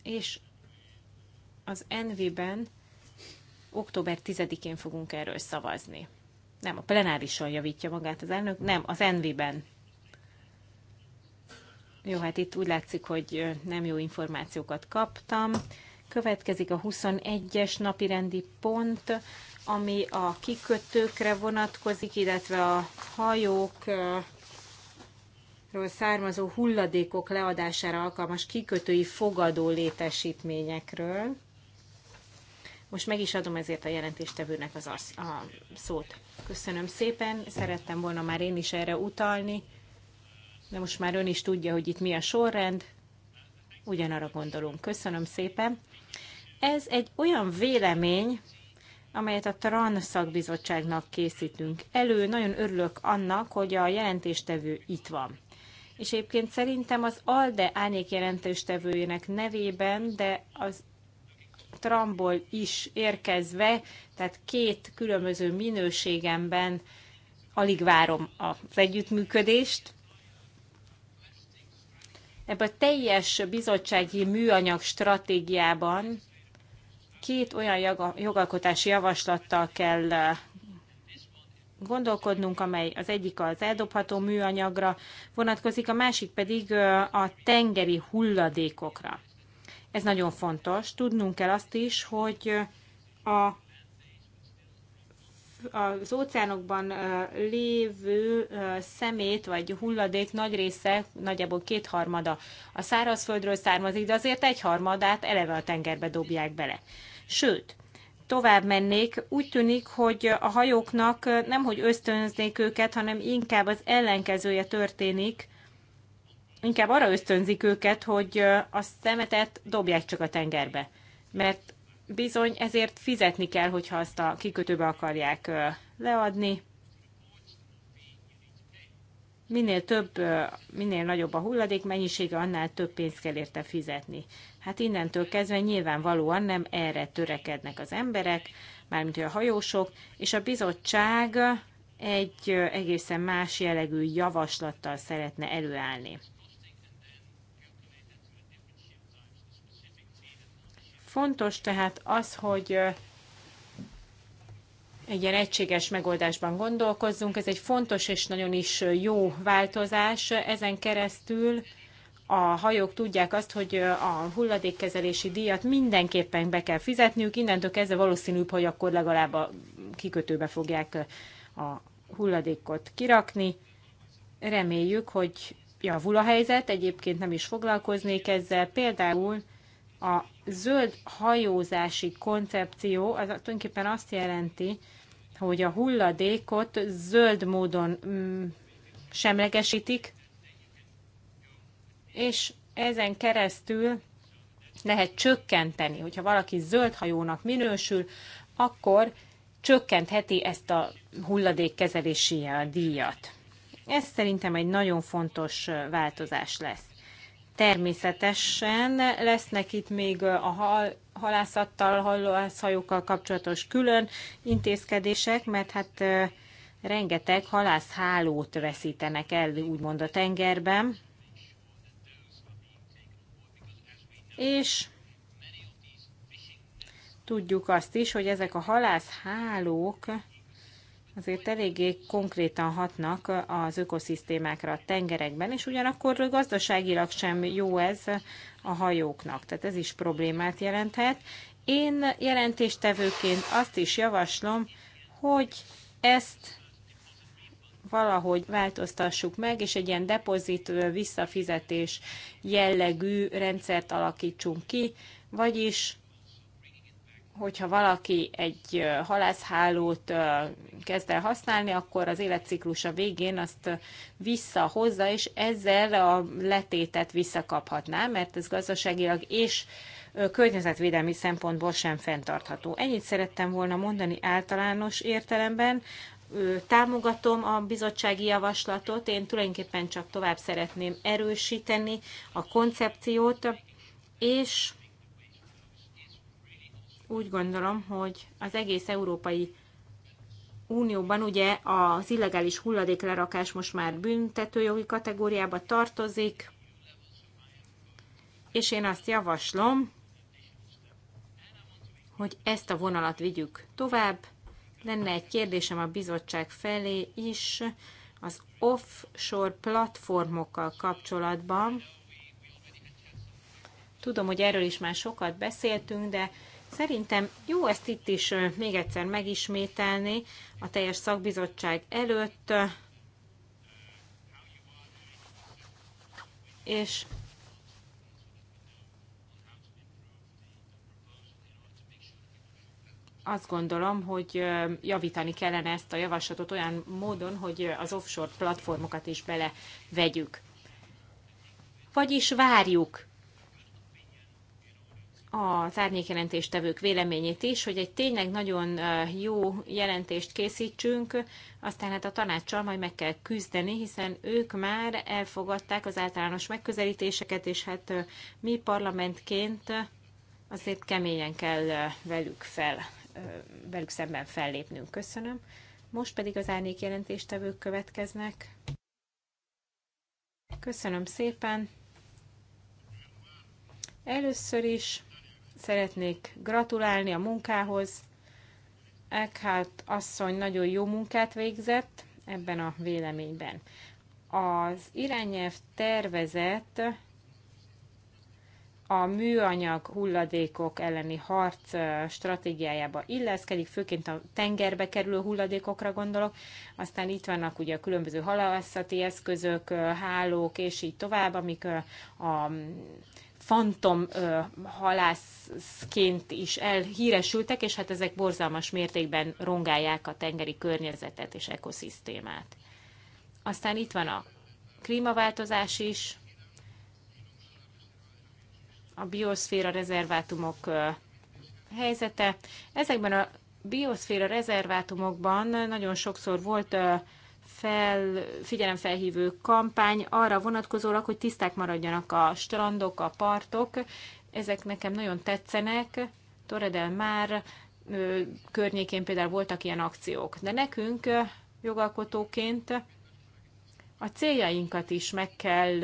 és az NV-ben október 10-én fogunk erről szavazni. Nem, a plenárison javítja magát az elnök, nem, az NV-ben. Jó, hát itt úgy látszik, hogy nem jó információkat kaptam. Következik a 21-es napirendi pont, ami a kikötőkre vonatkozik, illetve a hajókról származó hulladékok leadására alkalmas kikötői fogadó létesítményekről. Most meg is adom ezért a jelentéstevőnek az a szót. Köszönöm szépen, szerettem volna már én is erre utalni, de most már ön is tudja, hogy itt mi a sorrend. Ugyanarra gondolunk. Köszönöm szépen. Ez egy olyan vélemény, amelyet a TRAN szakbizottságnak készítünk elő. Nagyon örülök annak, hogy a jelentéstevő itt van. És egyébként szerintem az ALDE árnyék jelentéstevőjének nevében, de az Tramból is érkezve, tehát két különböző minőségemben alig várom az együttműködést. Ebben a teljes bizottsági műanyag stratégiában két olyan jogalkotási javaslattal kell gondolkodnunk, amely az egyik az eldobható műanyagra vonatkozik, a másik pedig a tengeri hulladékokra. Ez nagyon fontos. Tudnunk kell azt is, hogy a az óceánokban lévő szemét vagy hulladék nagy része, nagyjából kétharmada a szárazföldről származik, de azért egyharmadát eleve a tengerbe dobják bele. Sőt, tovább mennék, úgy tűnik, hogy a hajóknak nem hogy ösztönznék őket, hanem inkább az ellenkezője történik, inkább arra ösztönzik őket, hogy a szemetet dobják csak a tengerbe. Mert bizony ezért fizetni kell, hogyha azt a kikötőbe akarják leadni minél több, minél nagyobb a hulladék mennyisége, annál több pénzt kell érte fizetni. Hát innentől kezdve nyilvánvalóan nem erre törekednek az emberek, mármint a hajósok, és a bizottság egy egészen más jellegű javaslattal szeretne előállni. Fontos tehát az, hogy egy ilyen egységes megoldásban gondolkozzunk. Ez egy fontos és nagyon is jó változás. Ezen keresztül a hajók tudják azt, hogy a hulladékkezelési díjat mindenképpen be kell fizetniük, innentől kezdve valószínűbb, hogy akkor legalább a kikötőbe fogják a hulladékot kirakni. Reméljük, hogy javul a helyzet, egyébként nem is foglalkoznék ezzel. Például a zöld hajózási koncepció az tulajdonképpen azt jelenti, hogy a hulladékot zöld módon mm, semlegesítik, és ezen keresztül lehet csökkenteni. Hogyha valaki zöldhajónak minősül, akkor csökkentheti ezt a hulladékkezelési díjat. Ez szerintem egy nagyon fontos változás lesz. Természetesen lesznek itt még a hal halászattal, halászhajókkal kapcsolatos külön intézkedések, mert hát rengeteg halászhálót veszítenek el, úgymond a tengerben. És tudjuk azt is, hogy ezek a halászhálók azért eléggé konkrétan hatnak az ökoszisztémákra a tengerekben, és ugyanakkor gazdaságilag sem jó ez a hajóknak, tehát ez is problémát jelenthet. Én jelentéstevőként azt is javaslom, hogy ezt valahogy változtassuk meg, és egy ilyen depozit visszafizetés jellegű rendszert alakítsunk ki, vagyis hogyha valaki egy halászhálót kezd el használni, akkor az életciklusa végén azt visszahozza, és ezzel a letétet visszakaphatná, mert ez gazdaságilag és környezetvédelmi szempontból sem fenntartható. Ennyit szerettem volna mondani általános értelemben. Támogatom a bizottsági javaslatot, én tulajdonképpen csak tovább szeretném erősíteni a koncepciót, és úgy gondolom, hogy az egész Európai Unióban ugye az illegális hulladéklerakás most már büntetőjogi kategóriába tartozik, és én azt javaslom, hogy ezt a vonalat vigyük tovább. Lenne egy kérdésem a bizottság felé is az offshore platformokkal kapcsolatban. Tudom, hogy erről is már sokat beszéltünk, de Szerintem jó ezt itt is még egyszer megismételni a teljes szakbizottság előtt, és azt gondolom, hogy javítani kellene ezt a javaslatot olyan módon, hogy az offshore platformokat is bele vegyük. Vagyis várjuk az árnyékjelentéstevők véleményét is, hogy egy tényleg nagyon jó jelentést készítsünk, aztán hát a tanácssal majd meg kell küzdeni, hiszen ők már elfogadták az általános megközelítéseket, és hát mi parlamentként azért keményen kell velük, fel, velük szemben fellépnünk. Köszönöm. Most pedig az árnyékjelentéstevők következnek. Köszönöm szépen. Először is szeretnék gratulálni a munkához. Eckhart asszony nagyon jó munkát végzett ebben a véleményben. Az irányelv tervezett a műanyag hulladékok elleni harc stratégiájába illeszkedik, főként a tengerbe kerülő hulladékokra gondolok, aztán itt vannak ugye a különböző halászati eszközök, hálók és így tovább, amik a fantom halászként is elhíresültek, és hát ezek borzalmas mértékben rongálják a tengeri környezetet és ekoszisztémát. Aztán itt van a klímaváltozás is, a bioszféra rezervátumok helyzete. Ezekben a bioszféra rezervátumokban nagyon sokszor volt fel, figyelemfelhívő kampány arra vonatkozólag, hogy tiszták maradjanak a strandok, a partok. Ezek nekem nagyon tetszenek. Toredel már környékén például voltak ilyen akciók. De nekünk jogalkotóként a céljainkat is meg kell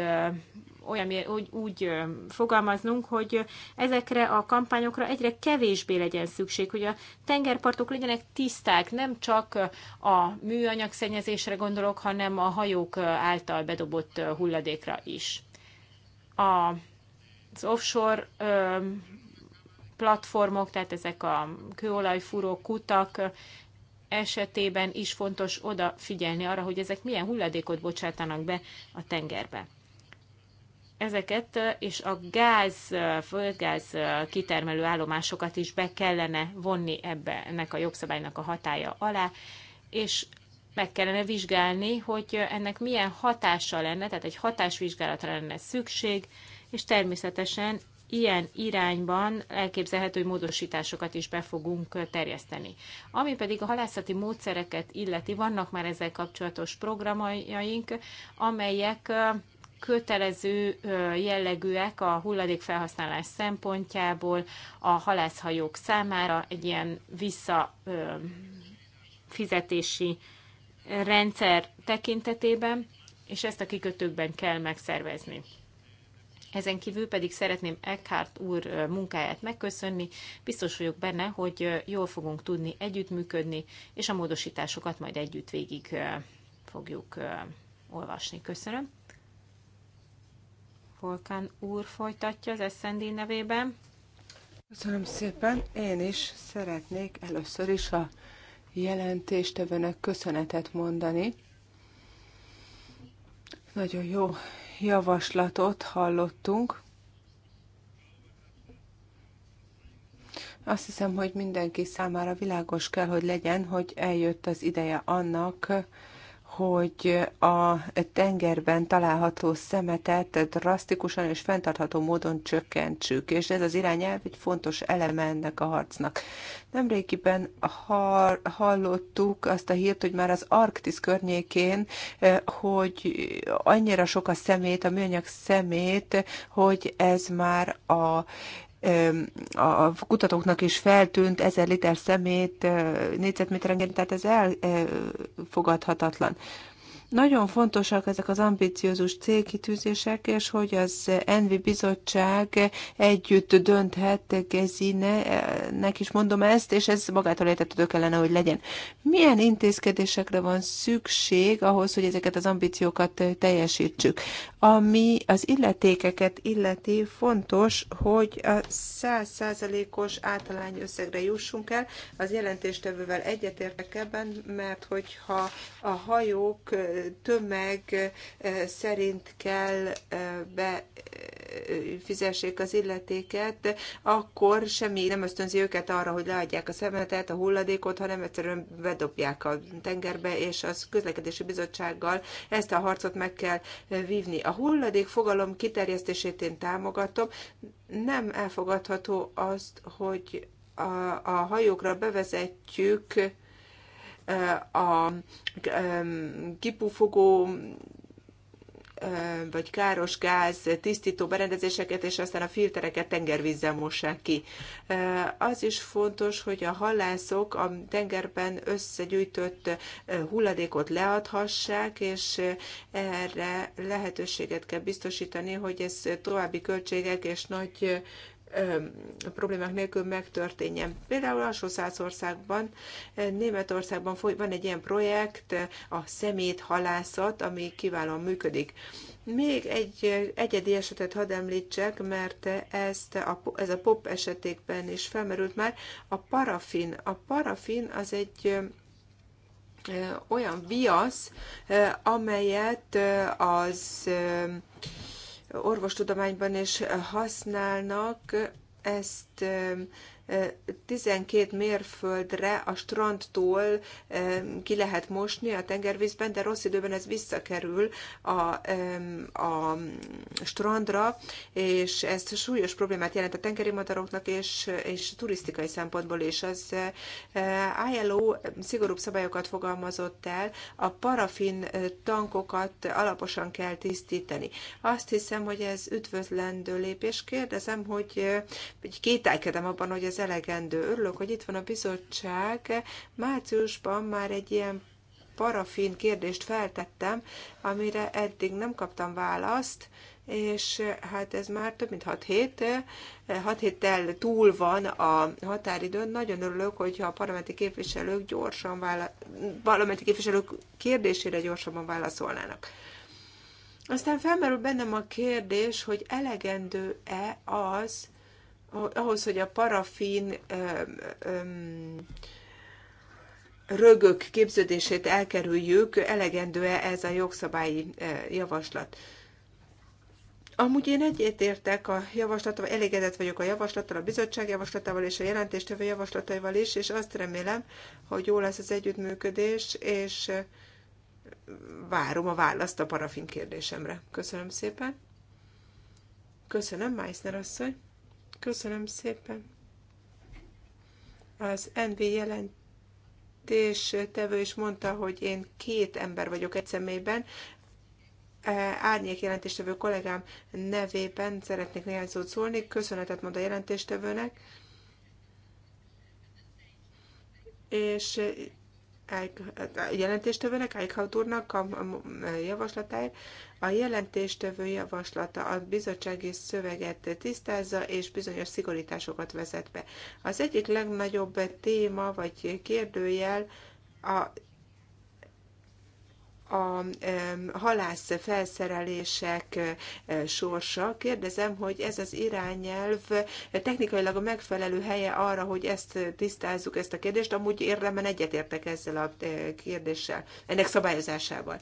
olyan, úgy, úgy fogalmaznunk, hogy ezekre a kampányokra egyre kevésbé legyen szükség, hogy a tengerpartok legyenek tiszták, nem csak a műanyag szennyezésre gondolok, hanem a hajók által bedobott hulladékra is. A, az offshore platformok, tehát ezek a kőolajfúró kutak esetében is fontos odafigyelni arra, hogy ezek milyen hulladékot bocsátanak be a tengerbe ezeket és a gáz, földgáz kitermelő állomásokat is be kellene vonni ebbe ennek a jogszabálynak a hatája alá, és meg kellene vizsgálni, hogy ennek milyen hatása lenne, tehát egy hatásvizsgálatra lenne szükség, és természetesen ilyen irányban elképzelhető, hogy módosításokat is be fogunk terjeszteni. Ami pedig a halászati módszereket illeti, vannak már ezzel kapcsolatos programjaink, amelyek kötelező jellegűek a hulladékfelhasználás szempontjából a halászhajók számára egy ilyen visszafizetési rendszer tekintetében, és ezt a kikötőkben kell megszervezni. Ezen kívül pedig szeretném Eckhart úr munkáját megköszönni. Biztos vagyok benne, hogy jól fogunk tudni együttműködni, és a módosításokat majd együtt végig fogjuk olvasni. Köszönöm. Polkán úr folytatja az SZND nevében. Köszönöm szépen. Én is szeretnék először is a jelentéstevőnek köszönetet mondani. Nagyon jó javaslatot hallottunk. Azt hiszem, hogy mindenki számára világos kell, hogy legyen, hogy eljött az ideje annak, hogy a tengerben található szemetet drasztikusan és fenntartható módon csökkentsük, és ez az irányelv egy fontos eleme ennek a harcnak. Nemrégiben hallottuk azt a hírt, hogy már az Arktisz környékén, eh, hogy annyira sok a szemét, a műanyag szemét, hogy ez már a a kutatóknak is feltűnt ezer liter szemét négyzetméterenként, tehát ez elfogadhatatlan. Nagyon fontosak ezek az ambiciózus célkitűzések, és hogy az Envi Bizottság együtt dönthet Gezinek is mondom ezt, és ez magától értetődő kellene, hogy legyen. Milyen intézkedésekre van szükség ahhoz, hogy ezeket az ambíciókat teljesítsük? Ami az illetékeket illeti, fontos, hogy a 100 általány összegre jussunk el. Az jelentéstevővel egyetértek ebben, mert hogyha a hajók tömeg eh, szerint kell eh, eh, fizessék az illetéket, akkor semmi nem ösztönzi őket arra, hogy leadják a szemetet, a hulladékot, hanem egyszerűen bedobják a tengerbe, és az közlekedési bizottsággal ezt a harcot meg kell vívni. A hulladék fogalom kiterjesztését én támogatom. Nem elfogadható azt, hogy a, a hajókra bevezetjük a kipufogó vagy káros gáz tisztító berendezéseket, és aztán a filtereket tengervízzel mossák ki. Az is fontos, hogy a halászok a tengerben összegyűjtött hulladékot leadhassák, és erre lehetőséget kell biztosítani, hogy ez további költségek és nagy problémák nélkül megtörténjen. Például a országban, Németországban van egy ilyen projekt, a szemét halászat, ami kiválóan működik. Még egy egyedi esetet hadd említsek, mert ezt a, ez a pop esetékben is felmerült már. A parafin. A parafin az egy olyan viasz, amelyet az orvostudományban is használnak, ezt 12 mérföldre a strandtól ki lehet mosni a tengervízben, de rossz időben ez visszakerül a, a strandra, és ez súlyos problémát jelent a tengeri madaroknak és, és turisztikai szempontból is. Az ILO szigorúbb szabályokat fogalmazott el, a parafin tankokat alaposan kell tisztítani. Azt hiszem, hogy ez üdvözlendő lépés. Kérdezem, hogy, hogy kételkedem abban, hogy ez ez elegendő. Örülök, hogy itt van a bizottság. Márciusban már egy ilyen parafin kérdést feltettem, amire eddig nem kaptam választ, és hát ez már több mint 6 hét, 6 héttel túl van a határidőn. Nagyon örülök, hogyha a parlamenti képviselők gyorsan vála- parlamenti képviselők kérdésére gyorsabban válaszolnának. Aztán felmerül bennem a kérdés, hogy elegendő-e az, ahhoz, hogy a parafin rögök képződését elkerüljük, elegendő-e ez a jogszabályi javaslat. Amúgy én egyetértek a javaslatával, elégedett vagyok a javaslattal, a bizottság javaslatával és a jelentéstevő javaslataival is, és azt remélem, hogy jó lesz az együttműködés, és várom a választ a parafin kérdésemre. Köszönöm szépen. Köszönöm, Meissner asszony. Köszönöm szépen. Az NV jelentés tevő is mondta, hogy én két ember vagyok egy személyben. E, árnyék jelentéstevő kollégám nevében szeretnék néhány szót szólni. Köszönetet mond a jelentéstevőnek. És jelentéstevőnek, Eichhaut úrnak a javaslatáért. A jelentéstevő javaslata a bizottsági szöveget tisztázza, és bizonyos szigorításokat vezet be. Az egyik legnagyobb téma vagy kérdőjel a a halász felszerelések sorsa. Kérdezem, hogy ez az irányelv technikailag a megfelelő helye arra, hogy ezt tisztázzuk, ezt a kérdést. Amúgy érdemben egyetértek ezzel a kérdéssel, ennek szabályozásával.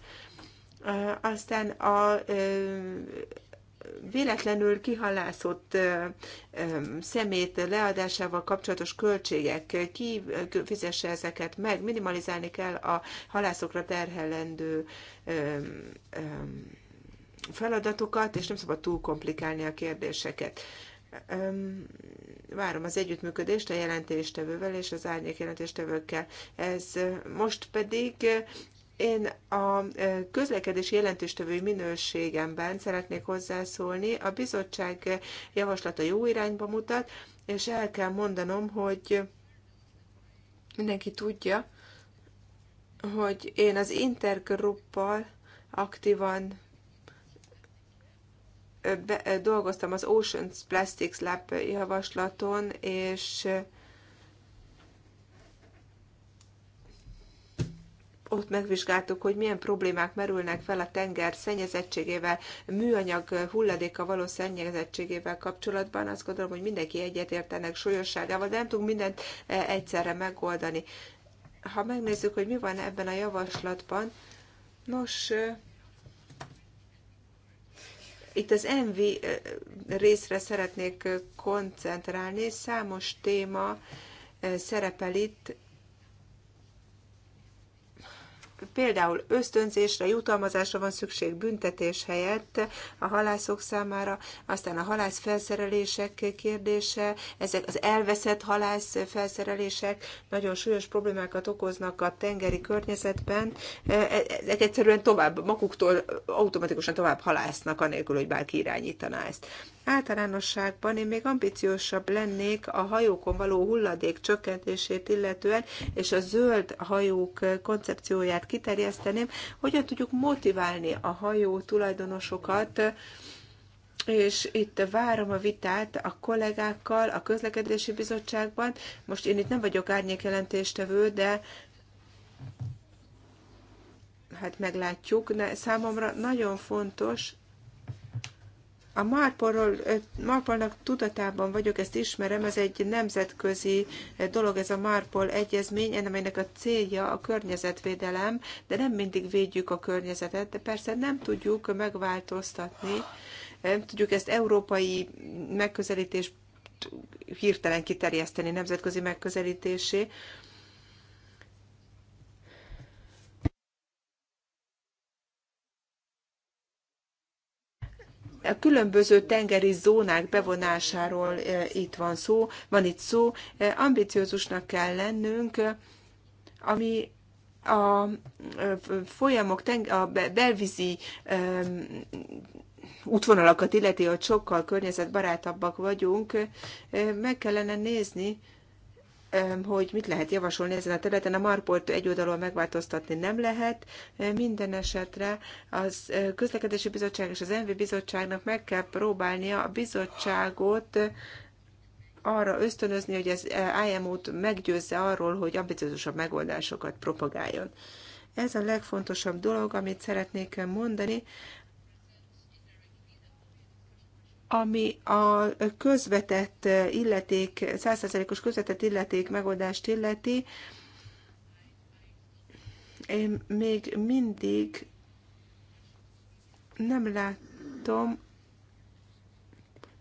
Aztán a véletlenül kihalászott szemét leadásával kapcsolatos költségek, ki fizesse ezeket meg, minimalizálni kell a halászokra terhelendő feladatokat, és nem szabad túl komplikálni a kérdéseket. Várom az együttműködést a jelentéstevővel és az árnyék jelentéstevőkkel. Ez most pedig én a közlekedési jelentéstevői minőségemben szeretnék hozzászólni. A bizottság javaslata jó irányba mutat, és el kell mondanom, hogy mindenki tudja, hogy én az intergruppal aktívan be, dolgoztam az Oceans Plastics Lab javaslaton, és ott megvizsgáltuk, hogy milyen problémák merülnek fel a tenger szennyezettségével, műanyag hulladéka való szennyezettségével kapcsolatban. Azt gondolom, hogy mindenki egyetért ennek súlyosságával, de nem tudunk mindent e, egyszerre megoldani. Ha megnézzük, hogy mi van ebben a javaslatban, nos, e, itt az MV e, részre szeretnék koncentrálni, számos téma szerepel itt, például ösztönzésre, jutalmazásra van szükség büntetés helyett a halászok számára, aztán a halász felszerelések kérdése, ezek az elveszett halász felszerelések nagyon súlyos problémákat okoznak a tengeri környezetben, e, e, ezek egyszerűen tovább, maguktól automatikusan tovább halásznak, anélkül, hogy bárki irányítaná ezt. Általánosságban én még ambiciósabb lennék a hajókon való hulladék csökkentését illetően, és a zöld hajók koncepcióját kiterjeszteném, hogyan tudjuk motiválni a hajó tulajdonosokat, és itt várom a vitát a kollégákkal a közlekedési bizottságban. Most én itt nem vagyok árnyékjelentéstevő, de hát meglátjuk, de számomra nagyon fontos a Marpolról, Marpolnak tudatában vagyok, ezt ismerem, ez egy nemzetközi dolog, ez a Marpol egyezmény, amelynek a célja a környezetvédelem, de nem mindig védjük a környezetet, de persze nem tudjuk megváltoztatni, nem tudjuk ezt európai megközelítés hirtelen kiterjeszteni nemzetközi megközelítésé, A különböző tengeri zónák bevonásáról e, itt van szó, van itt szó, e, ambiciózusnak kell lennünk, e, ami a folyamok, a belvízi útvonalakat illeti, hogy sokkal környezetbarátabbak vagyunk, meg kellene nézni, hogy mit lehet javasolni ezen a területen. A marport egy oldalon megváltoztatni nem lehet. Minden esetre az közlekedési bizottság és az NV bizottságnak meg kell próbálnia a bizottságot arra ösztönözni, hogy az e, IMO-t meggyőzze arról, hogy ambiciózusabb megoldásokat propagáljon. Ez a legfontosabb dolog, amit szeretnék mondani ami a közvetett illeték, 100%-os közvetett illeték megoldást illeti, én még mindig nem látom,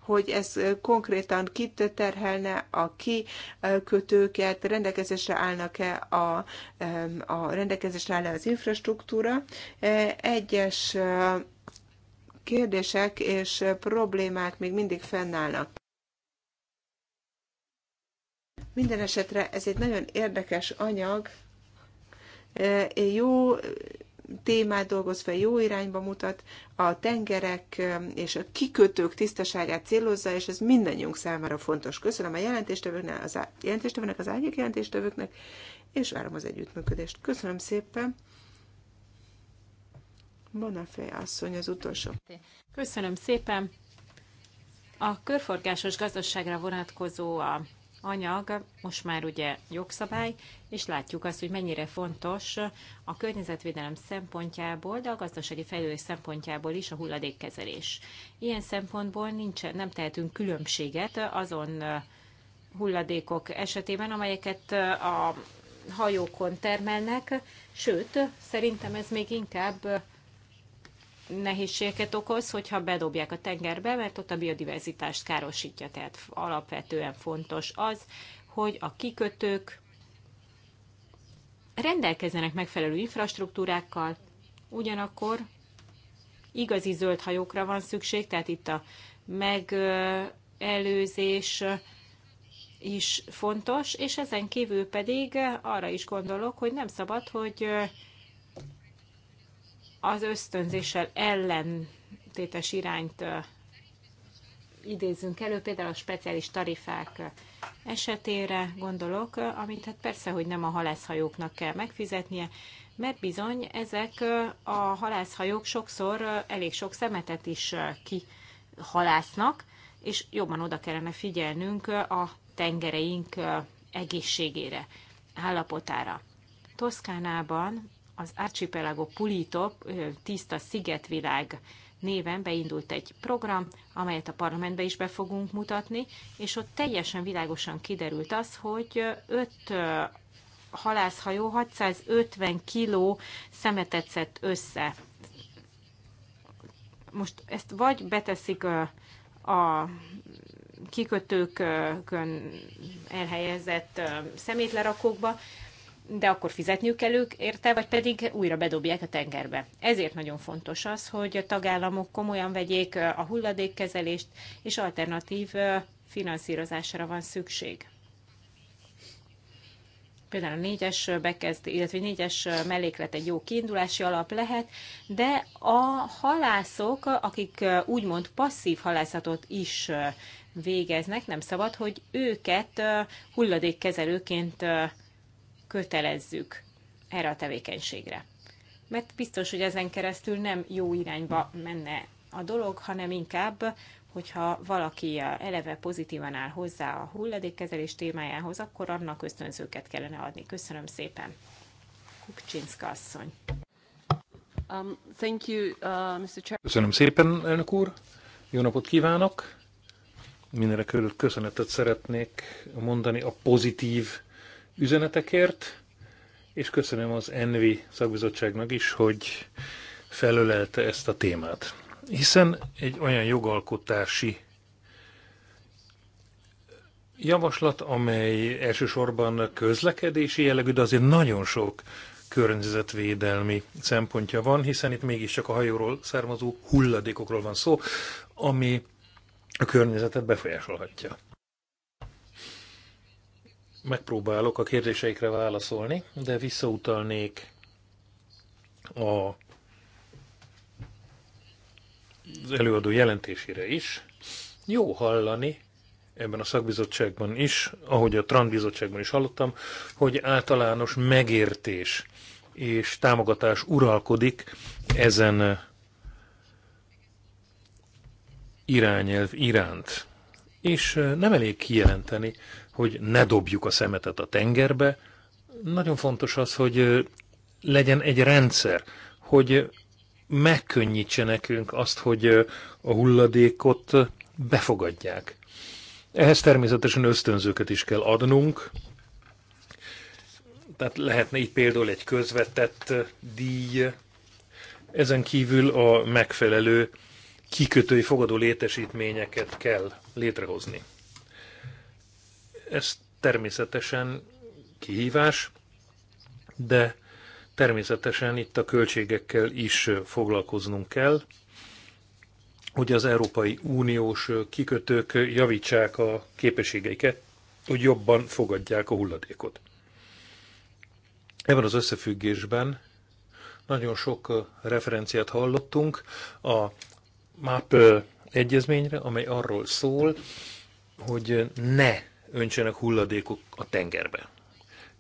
hogy ez konkrétan kit terhelne, a kikötőket, rendelkezésre állnak-e a, a rendelkezésre áll -e az infrastruktúra. Egyes kérdések és problémák még mindig fennállnak. Minden esetre ez egy nagyon érdekes anyag, e, jó témát dolgoz fel, jó irányba mutat, a tengerek e, és a kikötők tisztaságát célozza, és ez mindannyiunk számára fontos. Köszönöm a jelentéstevőknek, az, jelentéstevőnek, az árnyék jelentéstevőknek, és várom az együttműködést. Köszönöm szépen! Bonafé asszony az utolsó. Köszönöm szépen. A körforgásos gazdaságra vonatkozó a anyag most már ugye jogszabály, és látjuk azt, hogy mennyire fontos a környezetvédelem szempontjából, de a gazdasági fejlődés szempontjából is a hulladékkezelés. Ilyen szempontból nincs, nem tehetünk különbséget azon hulladékok esetében, amelyeket a hajókon termelnek, sőt, szerintem ez még inkább nehézségeket okoz, hogyha bedobják a tengerbe, mert ott a biodiverzitást károsítja. Tehát alapvetően fontos az, hogy a kikötők rendelkezzenek megfelelő infrastruktúrákkal, ugyanakkor igazi zöld hajókra van szükség, tehát itt a megelőzés is fontos, és ezen kívül pedig arra is gondolok, hogy nem szabad, hogy az ösztönzéssel ellentétes irányt idézünk elő, például a speciális tarifák esetére gondolok, amit hát persze, hogy nem a halászhajóknak kell megfizetnie, mert bizony ezek a halászhajók sokszor elég sok szemetet is kihalásznak, és jobban oda kellene figyelnünk a tengereink egészségére, állapotára. Toszkánában az Archipelago Pulito tiszta szigetvilág néven beindult egy program, amelyet a parlamentbe is be fogunk mutatni, és ott teljesen világosan kiderült az, hogy öt halászhajó 650 kiló szemetet szed össze. Most ezt vagy beteszik a, a kikötőkön elhelyezett szemétlerakókba, de akkor fizetniük kell ők érte, vagy pedig újra bedobják a tengerbe. Ezért nagyon fontos az, hogy a tagállamok komolyan vegyék a hulladékkezelést, és alternatív finanszírozásra van szükség. Például a négyes bekezd, illetve négyes melléklet egy jó kiindulási alap lehet, de a halászok, akik úgymond passzív halászatot is végeznek, nem szabad, hogy őket hulladékkezelőként kötelezzük erre a tevékenységre. Mert biztos, hogy ezen keresztül nem jó irányba menne a dolog, hanem inkább, hogyha valaki eleve pozitívan áll hozzá a hulladékkezelés témájához, akkor annak ösztönzőket kellene adni. Köszönöm szépen. Kukcsinszka asszony. Um, thank you, uh, Mr. Chair. Köszönöm szépen, elnök úr. Jó napot kívánok. Mindenek körül köszönetet szeretnék mondani a pozitív üzenetekért, és köszönöm az Envi szakbizottságnak is, hogy felölelte ezt a témát. Hiszen egy olyan jogalkotási javaslat, amely elsősorban közlekedési jellegű, de azért nagyon sok környezetvédelmi szempontja van, hiszen itt mégiscsak a hajóról származó hulladékokról van szó, ami a környezetet befolyásolhatja megpróbálok a kérdéseikre válaszolni, de visszautalnék a az előadó jelentésére is. Jó hallani ebben a szakbizottságban is, ahogy a Trant bizottságban is hallottam, hogy általános megértés és támogatás uralkodik ezen irányelv iránt. És eh, nem elég kijelenteni, hogy ne dobjuk a szemetet a tengerbe. Nagyon fontos az, hogy legyen egy rendszer, hogy megkönnyítse nekünk azt, hogy a hulladékot befogadják. Ehhez természetesen ösztönzőket is kell adnunk, tehát lehetne így például egy közvetett díj, ezen kívül a megfelelő kikötői fogadó létesítményeket kell létrehozni. Ez természetesen kihívás, de természetesen itt a költségekkel is foglalkoznunk kell, hogy az Európai Uniós kikötők javítsák a képességeiket, hogy jobban fogadják a hulladékot. Ebben az összefüggésben nagyon sok referenciát hallottunk a MAP egyezményre, amely arról szól, hogy ne öntsenek hulladékok a tengerbe.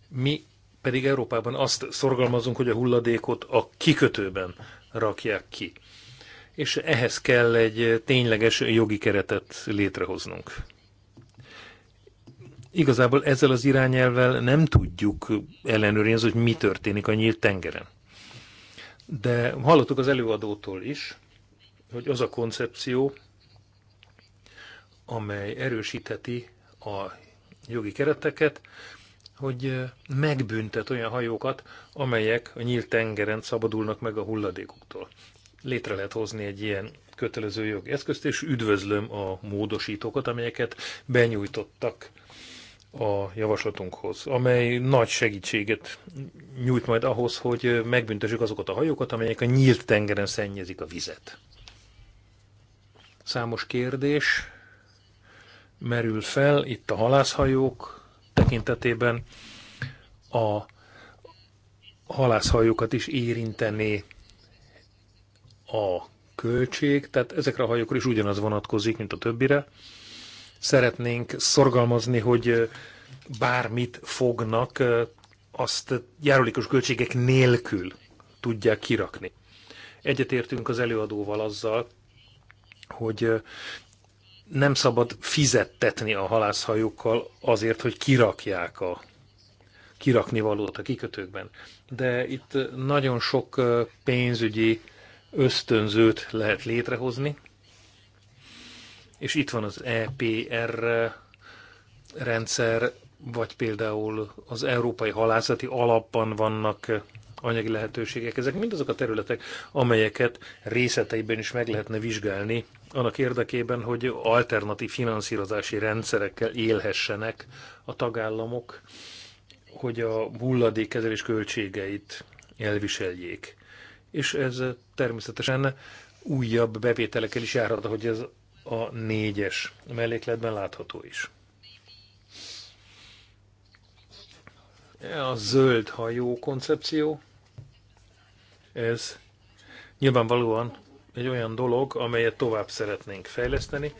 Mi pedig Európában azt szorgalmazunk, hogy a hulladékot a kikötőben rakják ki. És ehhez kell egy tényleges jogi keretet létrehoznunk. Igazából ezzel az irányelvel nem tudjuk ellenőrizni, hogy mi történik a nyílt tengeren. De hallottuk az előadótól is, hogy az a koncepció, amely erősítheti a jogi kereteket, hogy eh, megbüntet olyan hajókat, amelyek a nyílt tengeren szabadulnak meg a hulladékuktól. Létre lehet hozni egy ilyen kötelező jogi eszközt, és üdvözlöm a módosítókat, amelyeket benyújtottak a javaslatunkhoz, amely nagy segítséget nyújt majd ahhoz, hogy eh, megbüntessük azokat a hajókat, amelyek a nyílt tengeren szennyezik a vizet. Számos kérdés merül fel, itt a halászhajók tekintetében a halászhajókat is érinteni a költség, tehát ezekre a hajókra is ugyanaz vonatkozik, mint a többire. Szeretnénk szorgalmazni, hogy bármit fognak, azt járulékos költségek nélkül tudják kirakni. Egyetértünk az előadóval azzal, hogy nem szabad fizettetni a halászhajókkal azért, hogy kirakják a kirakni valót a kikötőkben. De itt nagyon sok pénzügyi ösztönzőt lehet létrehozni, és itt van az EPR rendszer, vagy például az Európai Halászati Alapban vannak anyagi lehetőségek. Ezek mind azok a területek, amelyeket részleteiben is meg lehetne vizsgálni, annak érdekében, hogy alternatív finanszírozási rendszerekkel élhessenek a tagállamok, hogy a hulladékkezelés költségeit elviseljék. És ez természetesen újabb bevételekkel is járhat, hogy ez a négyes mellékletben látható is. A zöld hajó koncepció ez nyilvánvalóan egy olyan dolog, amelyet tovább szeretnénk fejleszteni,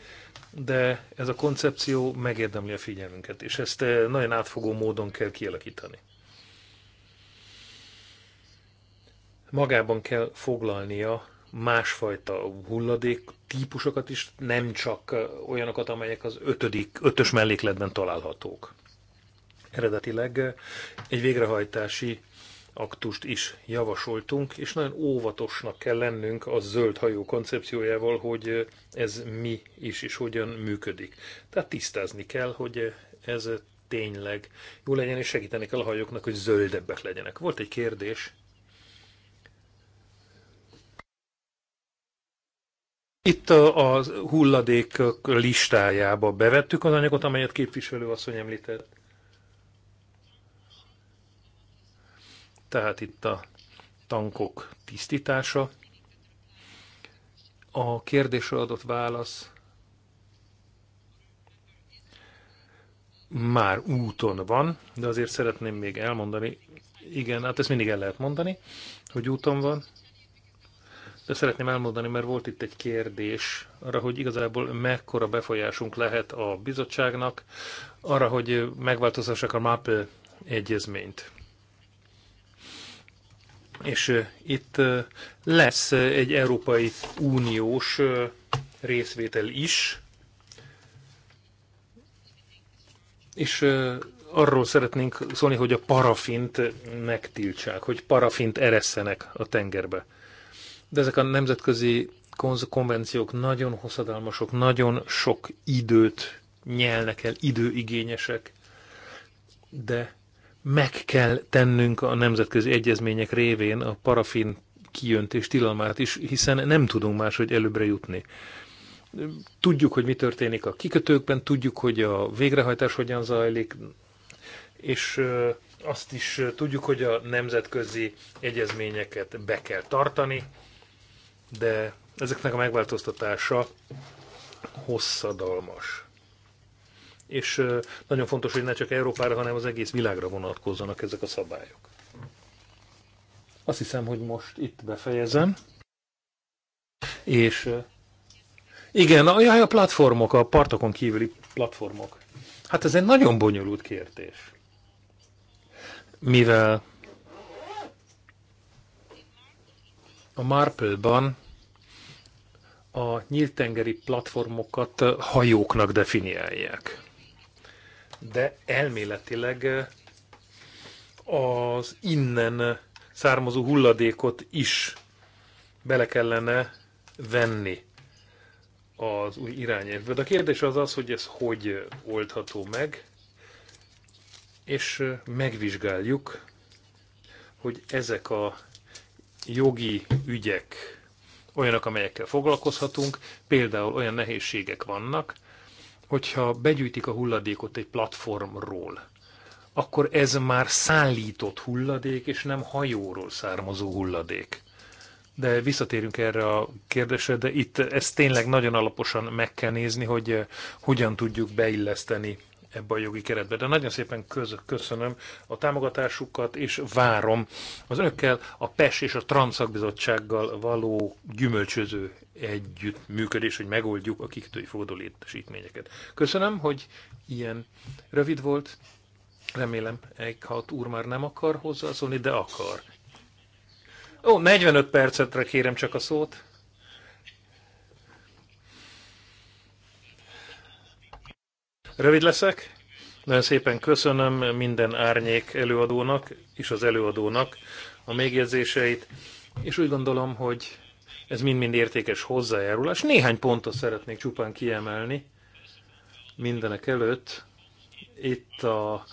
de ez a koncepció megérdemli a figyelmünket, és ezt eh, nagyon átfogó módon kell kialakítani. Magában kell foglalnia másfajta hulladék típusokat is, nem csak eh, olyanokat, amelyek az ötödik, ötös mellékletben találhatók. Eredetileg eh, egy végrehajtási aktust is javasoltunk, és nagyon óvatosnak kell lennünk a zöld hajó koncepciójával, hogy ez mi is és hogyan működik. Tehát tisztázni kell, hogy ez tényleg jó legyen, és segíteni kell a hajóknak, hogy zöldebbek legyenek. Volt egy kérdés. Itt a, a hulladék listájába bevettük az anyagot, amelyet képviselő asszony említett Tehát itt a tankok tisztítása. A kérdésre adott válasz már úton van, de azért szeretném még elmondani, igen, hát ezt mindig el lehet mondani, hogy úton van, de szeretném elmondani, mert volt itt egy kérdés arra, hogy igazából mekkora befolyásunk lehet a bizottságnak arra, hogy megváltoztassák a MAP egyezményt. És itt lesz egy Európai Uniós részvétel is, és arról szeretnénk szólni, hogy a parafint megtiltsák, hogy parafint eresszenek a tengerbe. De ezek a nemzetközi konvenciók nagyon hosszadalmasok, nagyon sok időt nyelnek el, időigényesek, de meg kell tennünk a nemzetközi egyezmények révén a parafin kijöntés tilalmát is, hiszen nem tudunk máshogy előbbre jutni. Tudjuk, hogy mi történik a kikötőkben, tudjuk, hogy a végrehajtás hogyan zajlik, és azt is tudjuk, hogy a nemzetközi egyezményeket be kell tartani, de ezeknek a megváltoztatása hosszadalmas és nagyon fontos, hogy ne csak Európára, hanem az egész világra vonatkozzanak ezek a szabályok. Azt hiszem, hogy most itt befejezem. És igen, a, a platformok, a partokon kívüli platformok. Hát ez egy nagyon bonyolult kérdés. Mivel a Marple-ban a nyíltengeri platformokat hajóknak definiálják de elméletileg eh, az innen származó hulladékot is bele kellene venni az új irányelvbe. De a kérdés az az, hogy ez hogy oldható meg, és eh, megvizsgáljuk, hogy ezek a jogi ügyek olyanok, amelyekkel foglalkozhatunk, például olyan nehézségek vannak, hogyha begyűjtik a hulladékot egy platformról, akkor ez már szállított hulladék, és nem hajóról származó hulladék. De visszatérünk erre a kérdésre, de itt ezt tényleg nagyon alaposan meg kell nézni, hogy eh, hogyan tudjuk beilleszteni ebbe a jogi keretbe. De nagyon szépen köz, köszönöm a támogatásukat, és várom az önökkel a PES és a Transzakbizottsággal való gyümölcsöző együttműködés, hogy megoldjuk a kikötői fogadó létesítményeket. Köszönöm, hogy ilyen rövid volt. Remélem, Eichhardt úr már nem akar hozzászólni, de akar. Ó, 45 percetre kérem csak a szót. Rövid leszek. Nagyon szépen köszönöm minden árnyék előadónak és az előadónak a megjegyzéseit, és úgy gondolom, hogy ez mind-mind értékes hozzájárulás. Néhány pontot szeretnék csupán kiemelni mindenek előtt. Itt a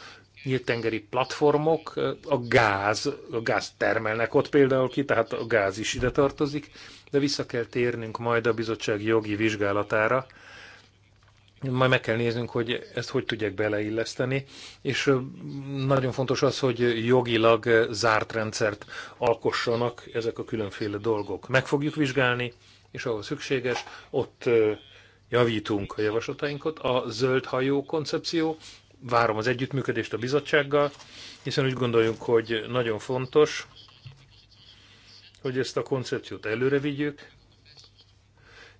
nyílt tengeri platformok, a gáz, a gáz termelnek ott például ki, tehát a gáz is ide tartozik, de vissza kell térnünk majd a bizottság jogi vizsgálatára, majd meg kell néznünk, hogy ezt hogy tudják beleilleszteni, és nagyon fontos az, hogy jogilag zárt rendszert alkossanak ezek a különféle dolgok. Meg fogjuk vizsgálni, és ahol szükséges, ott javítunk a javaslatainkat. A zöld hajó koncepció, várom az együttműködést a bizottsággal, hiszen úgy gondoljuk, hogy nagyon fontos, hogy ezt a koncepciót előre vigyük,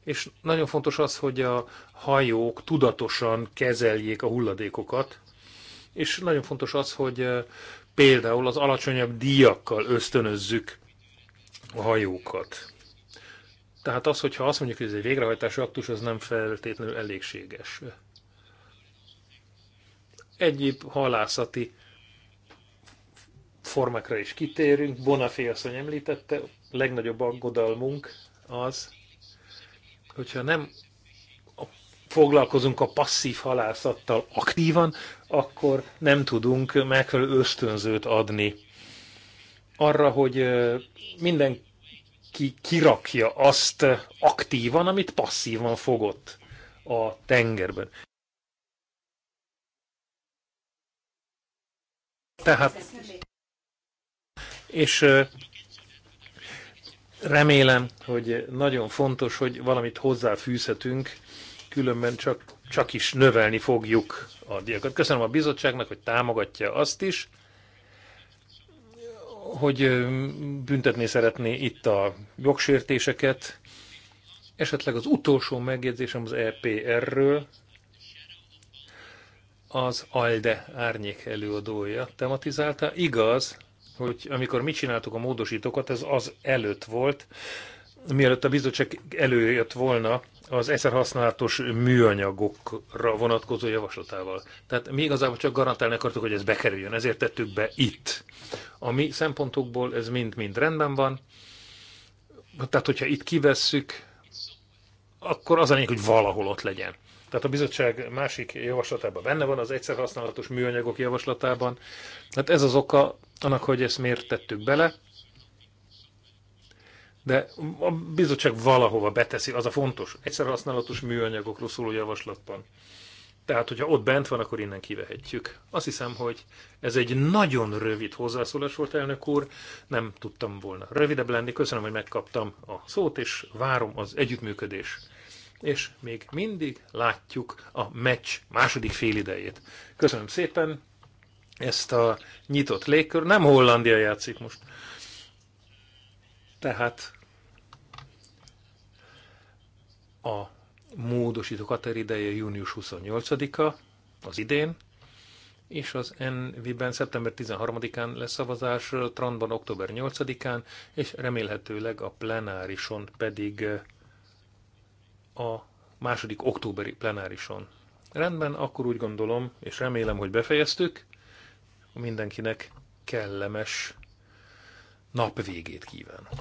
és nagyon fontos az, hogy a hajók tudatosan kezeljék a hulladékokat, és nagyon fontos az, hogy például az alacsonyabb díjakkal ösztönözzük a hajókat. Tehát az, hogyha azt mondjuk, hogy ez egy végrehajtási aktus, az nem feltétlenül elégséges. Egyéb halászati formákra is kitérünk. Bonafé asszony említette, legnagyobb aggodalmunk az, hogyha nem foglalkozunk a passzív halászattal aktívan, akkor nem tudunk megfelelő ösztönzőt adni arra, hogy mindenki kirakja azt aktívan, amit passzívan fogott a tengerben. Tehát, és Remélem, hogy nagyon fontos, hogy valamit hozzáfűzhetünk, különben csak, csak is növelni fogjuk a diakat. Köszönöm a bizottságnak, hogy támogatja azt is, hogy büntetni szeretné itt a jogsértéseket. Esetleg az utolsó megjegyzésem az EPR-ről, az ALDE árnyék előadója tematizálta. Igaz, hogy amikor mi csináltuk a módosítókat, ez az előtt volt, mielőtt a bizottság előjött volna az egyszer használatos műanyagokra vonatkozó javaslatával. Tehát mi igazából csak garantálni akartuk, hogy ez bekerüljön, ezért tettük be itt. A mi szempontokból ez mind-mind rendben van, tehát hogyha itt kivesszük, akkor az a lényeg, hogy valahol ott legyen. Tehát a bizottság másik javaslatában benne van, az egyszer használatos műanyagok javaslatában. Hát ez az oka annak, hogy ezt miért tettük bele. De a bizottság valahova beteszi, az a fontos, egyszer használatos műanyagokról szóló javaslatban. Tehát, hogyha ott bent van, akkor innen kivehetjük. Azt hiszem, hogy ez egy nagyon rövid hozzászólás volt, elnök úr. Nem tudtam volna rövidebb lenni. Köszönöm, hogy megkaptam a szót, és várom az együttműködés és még mindig látjuk a meccs második félidejét. Köszönöm szépen ezt a nyitott légkör. Nem Hollandia játszik most. Tehát a módosító ideje június 28-a az idén, és az NV-ben szeptember 13-án lesz szavazás, Trandban október 8-án, és remélhetőleg a plenárison pedig a második októberi plenárison. Rendben, akkor úgy gondolom, és remélem, hogy befejeztük. Mindenkinek kellemes napvégét kívánok.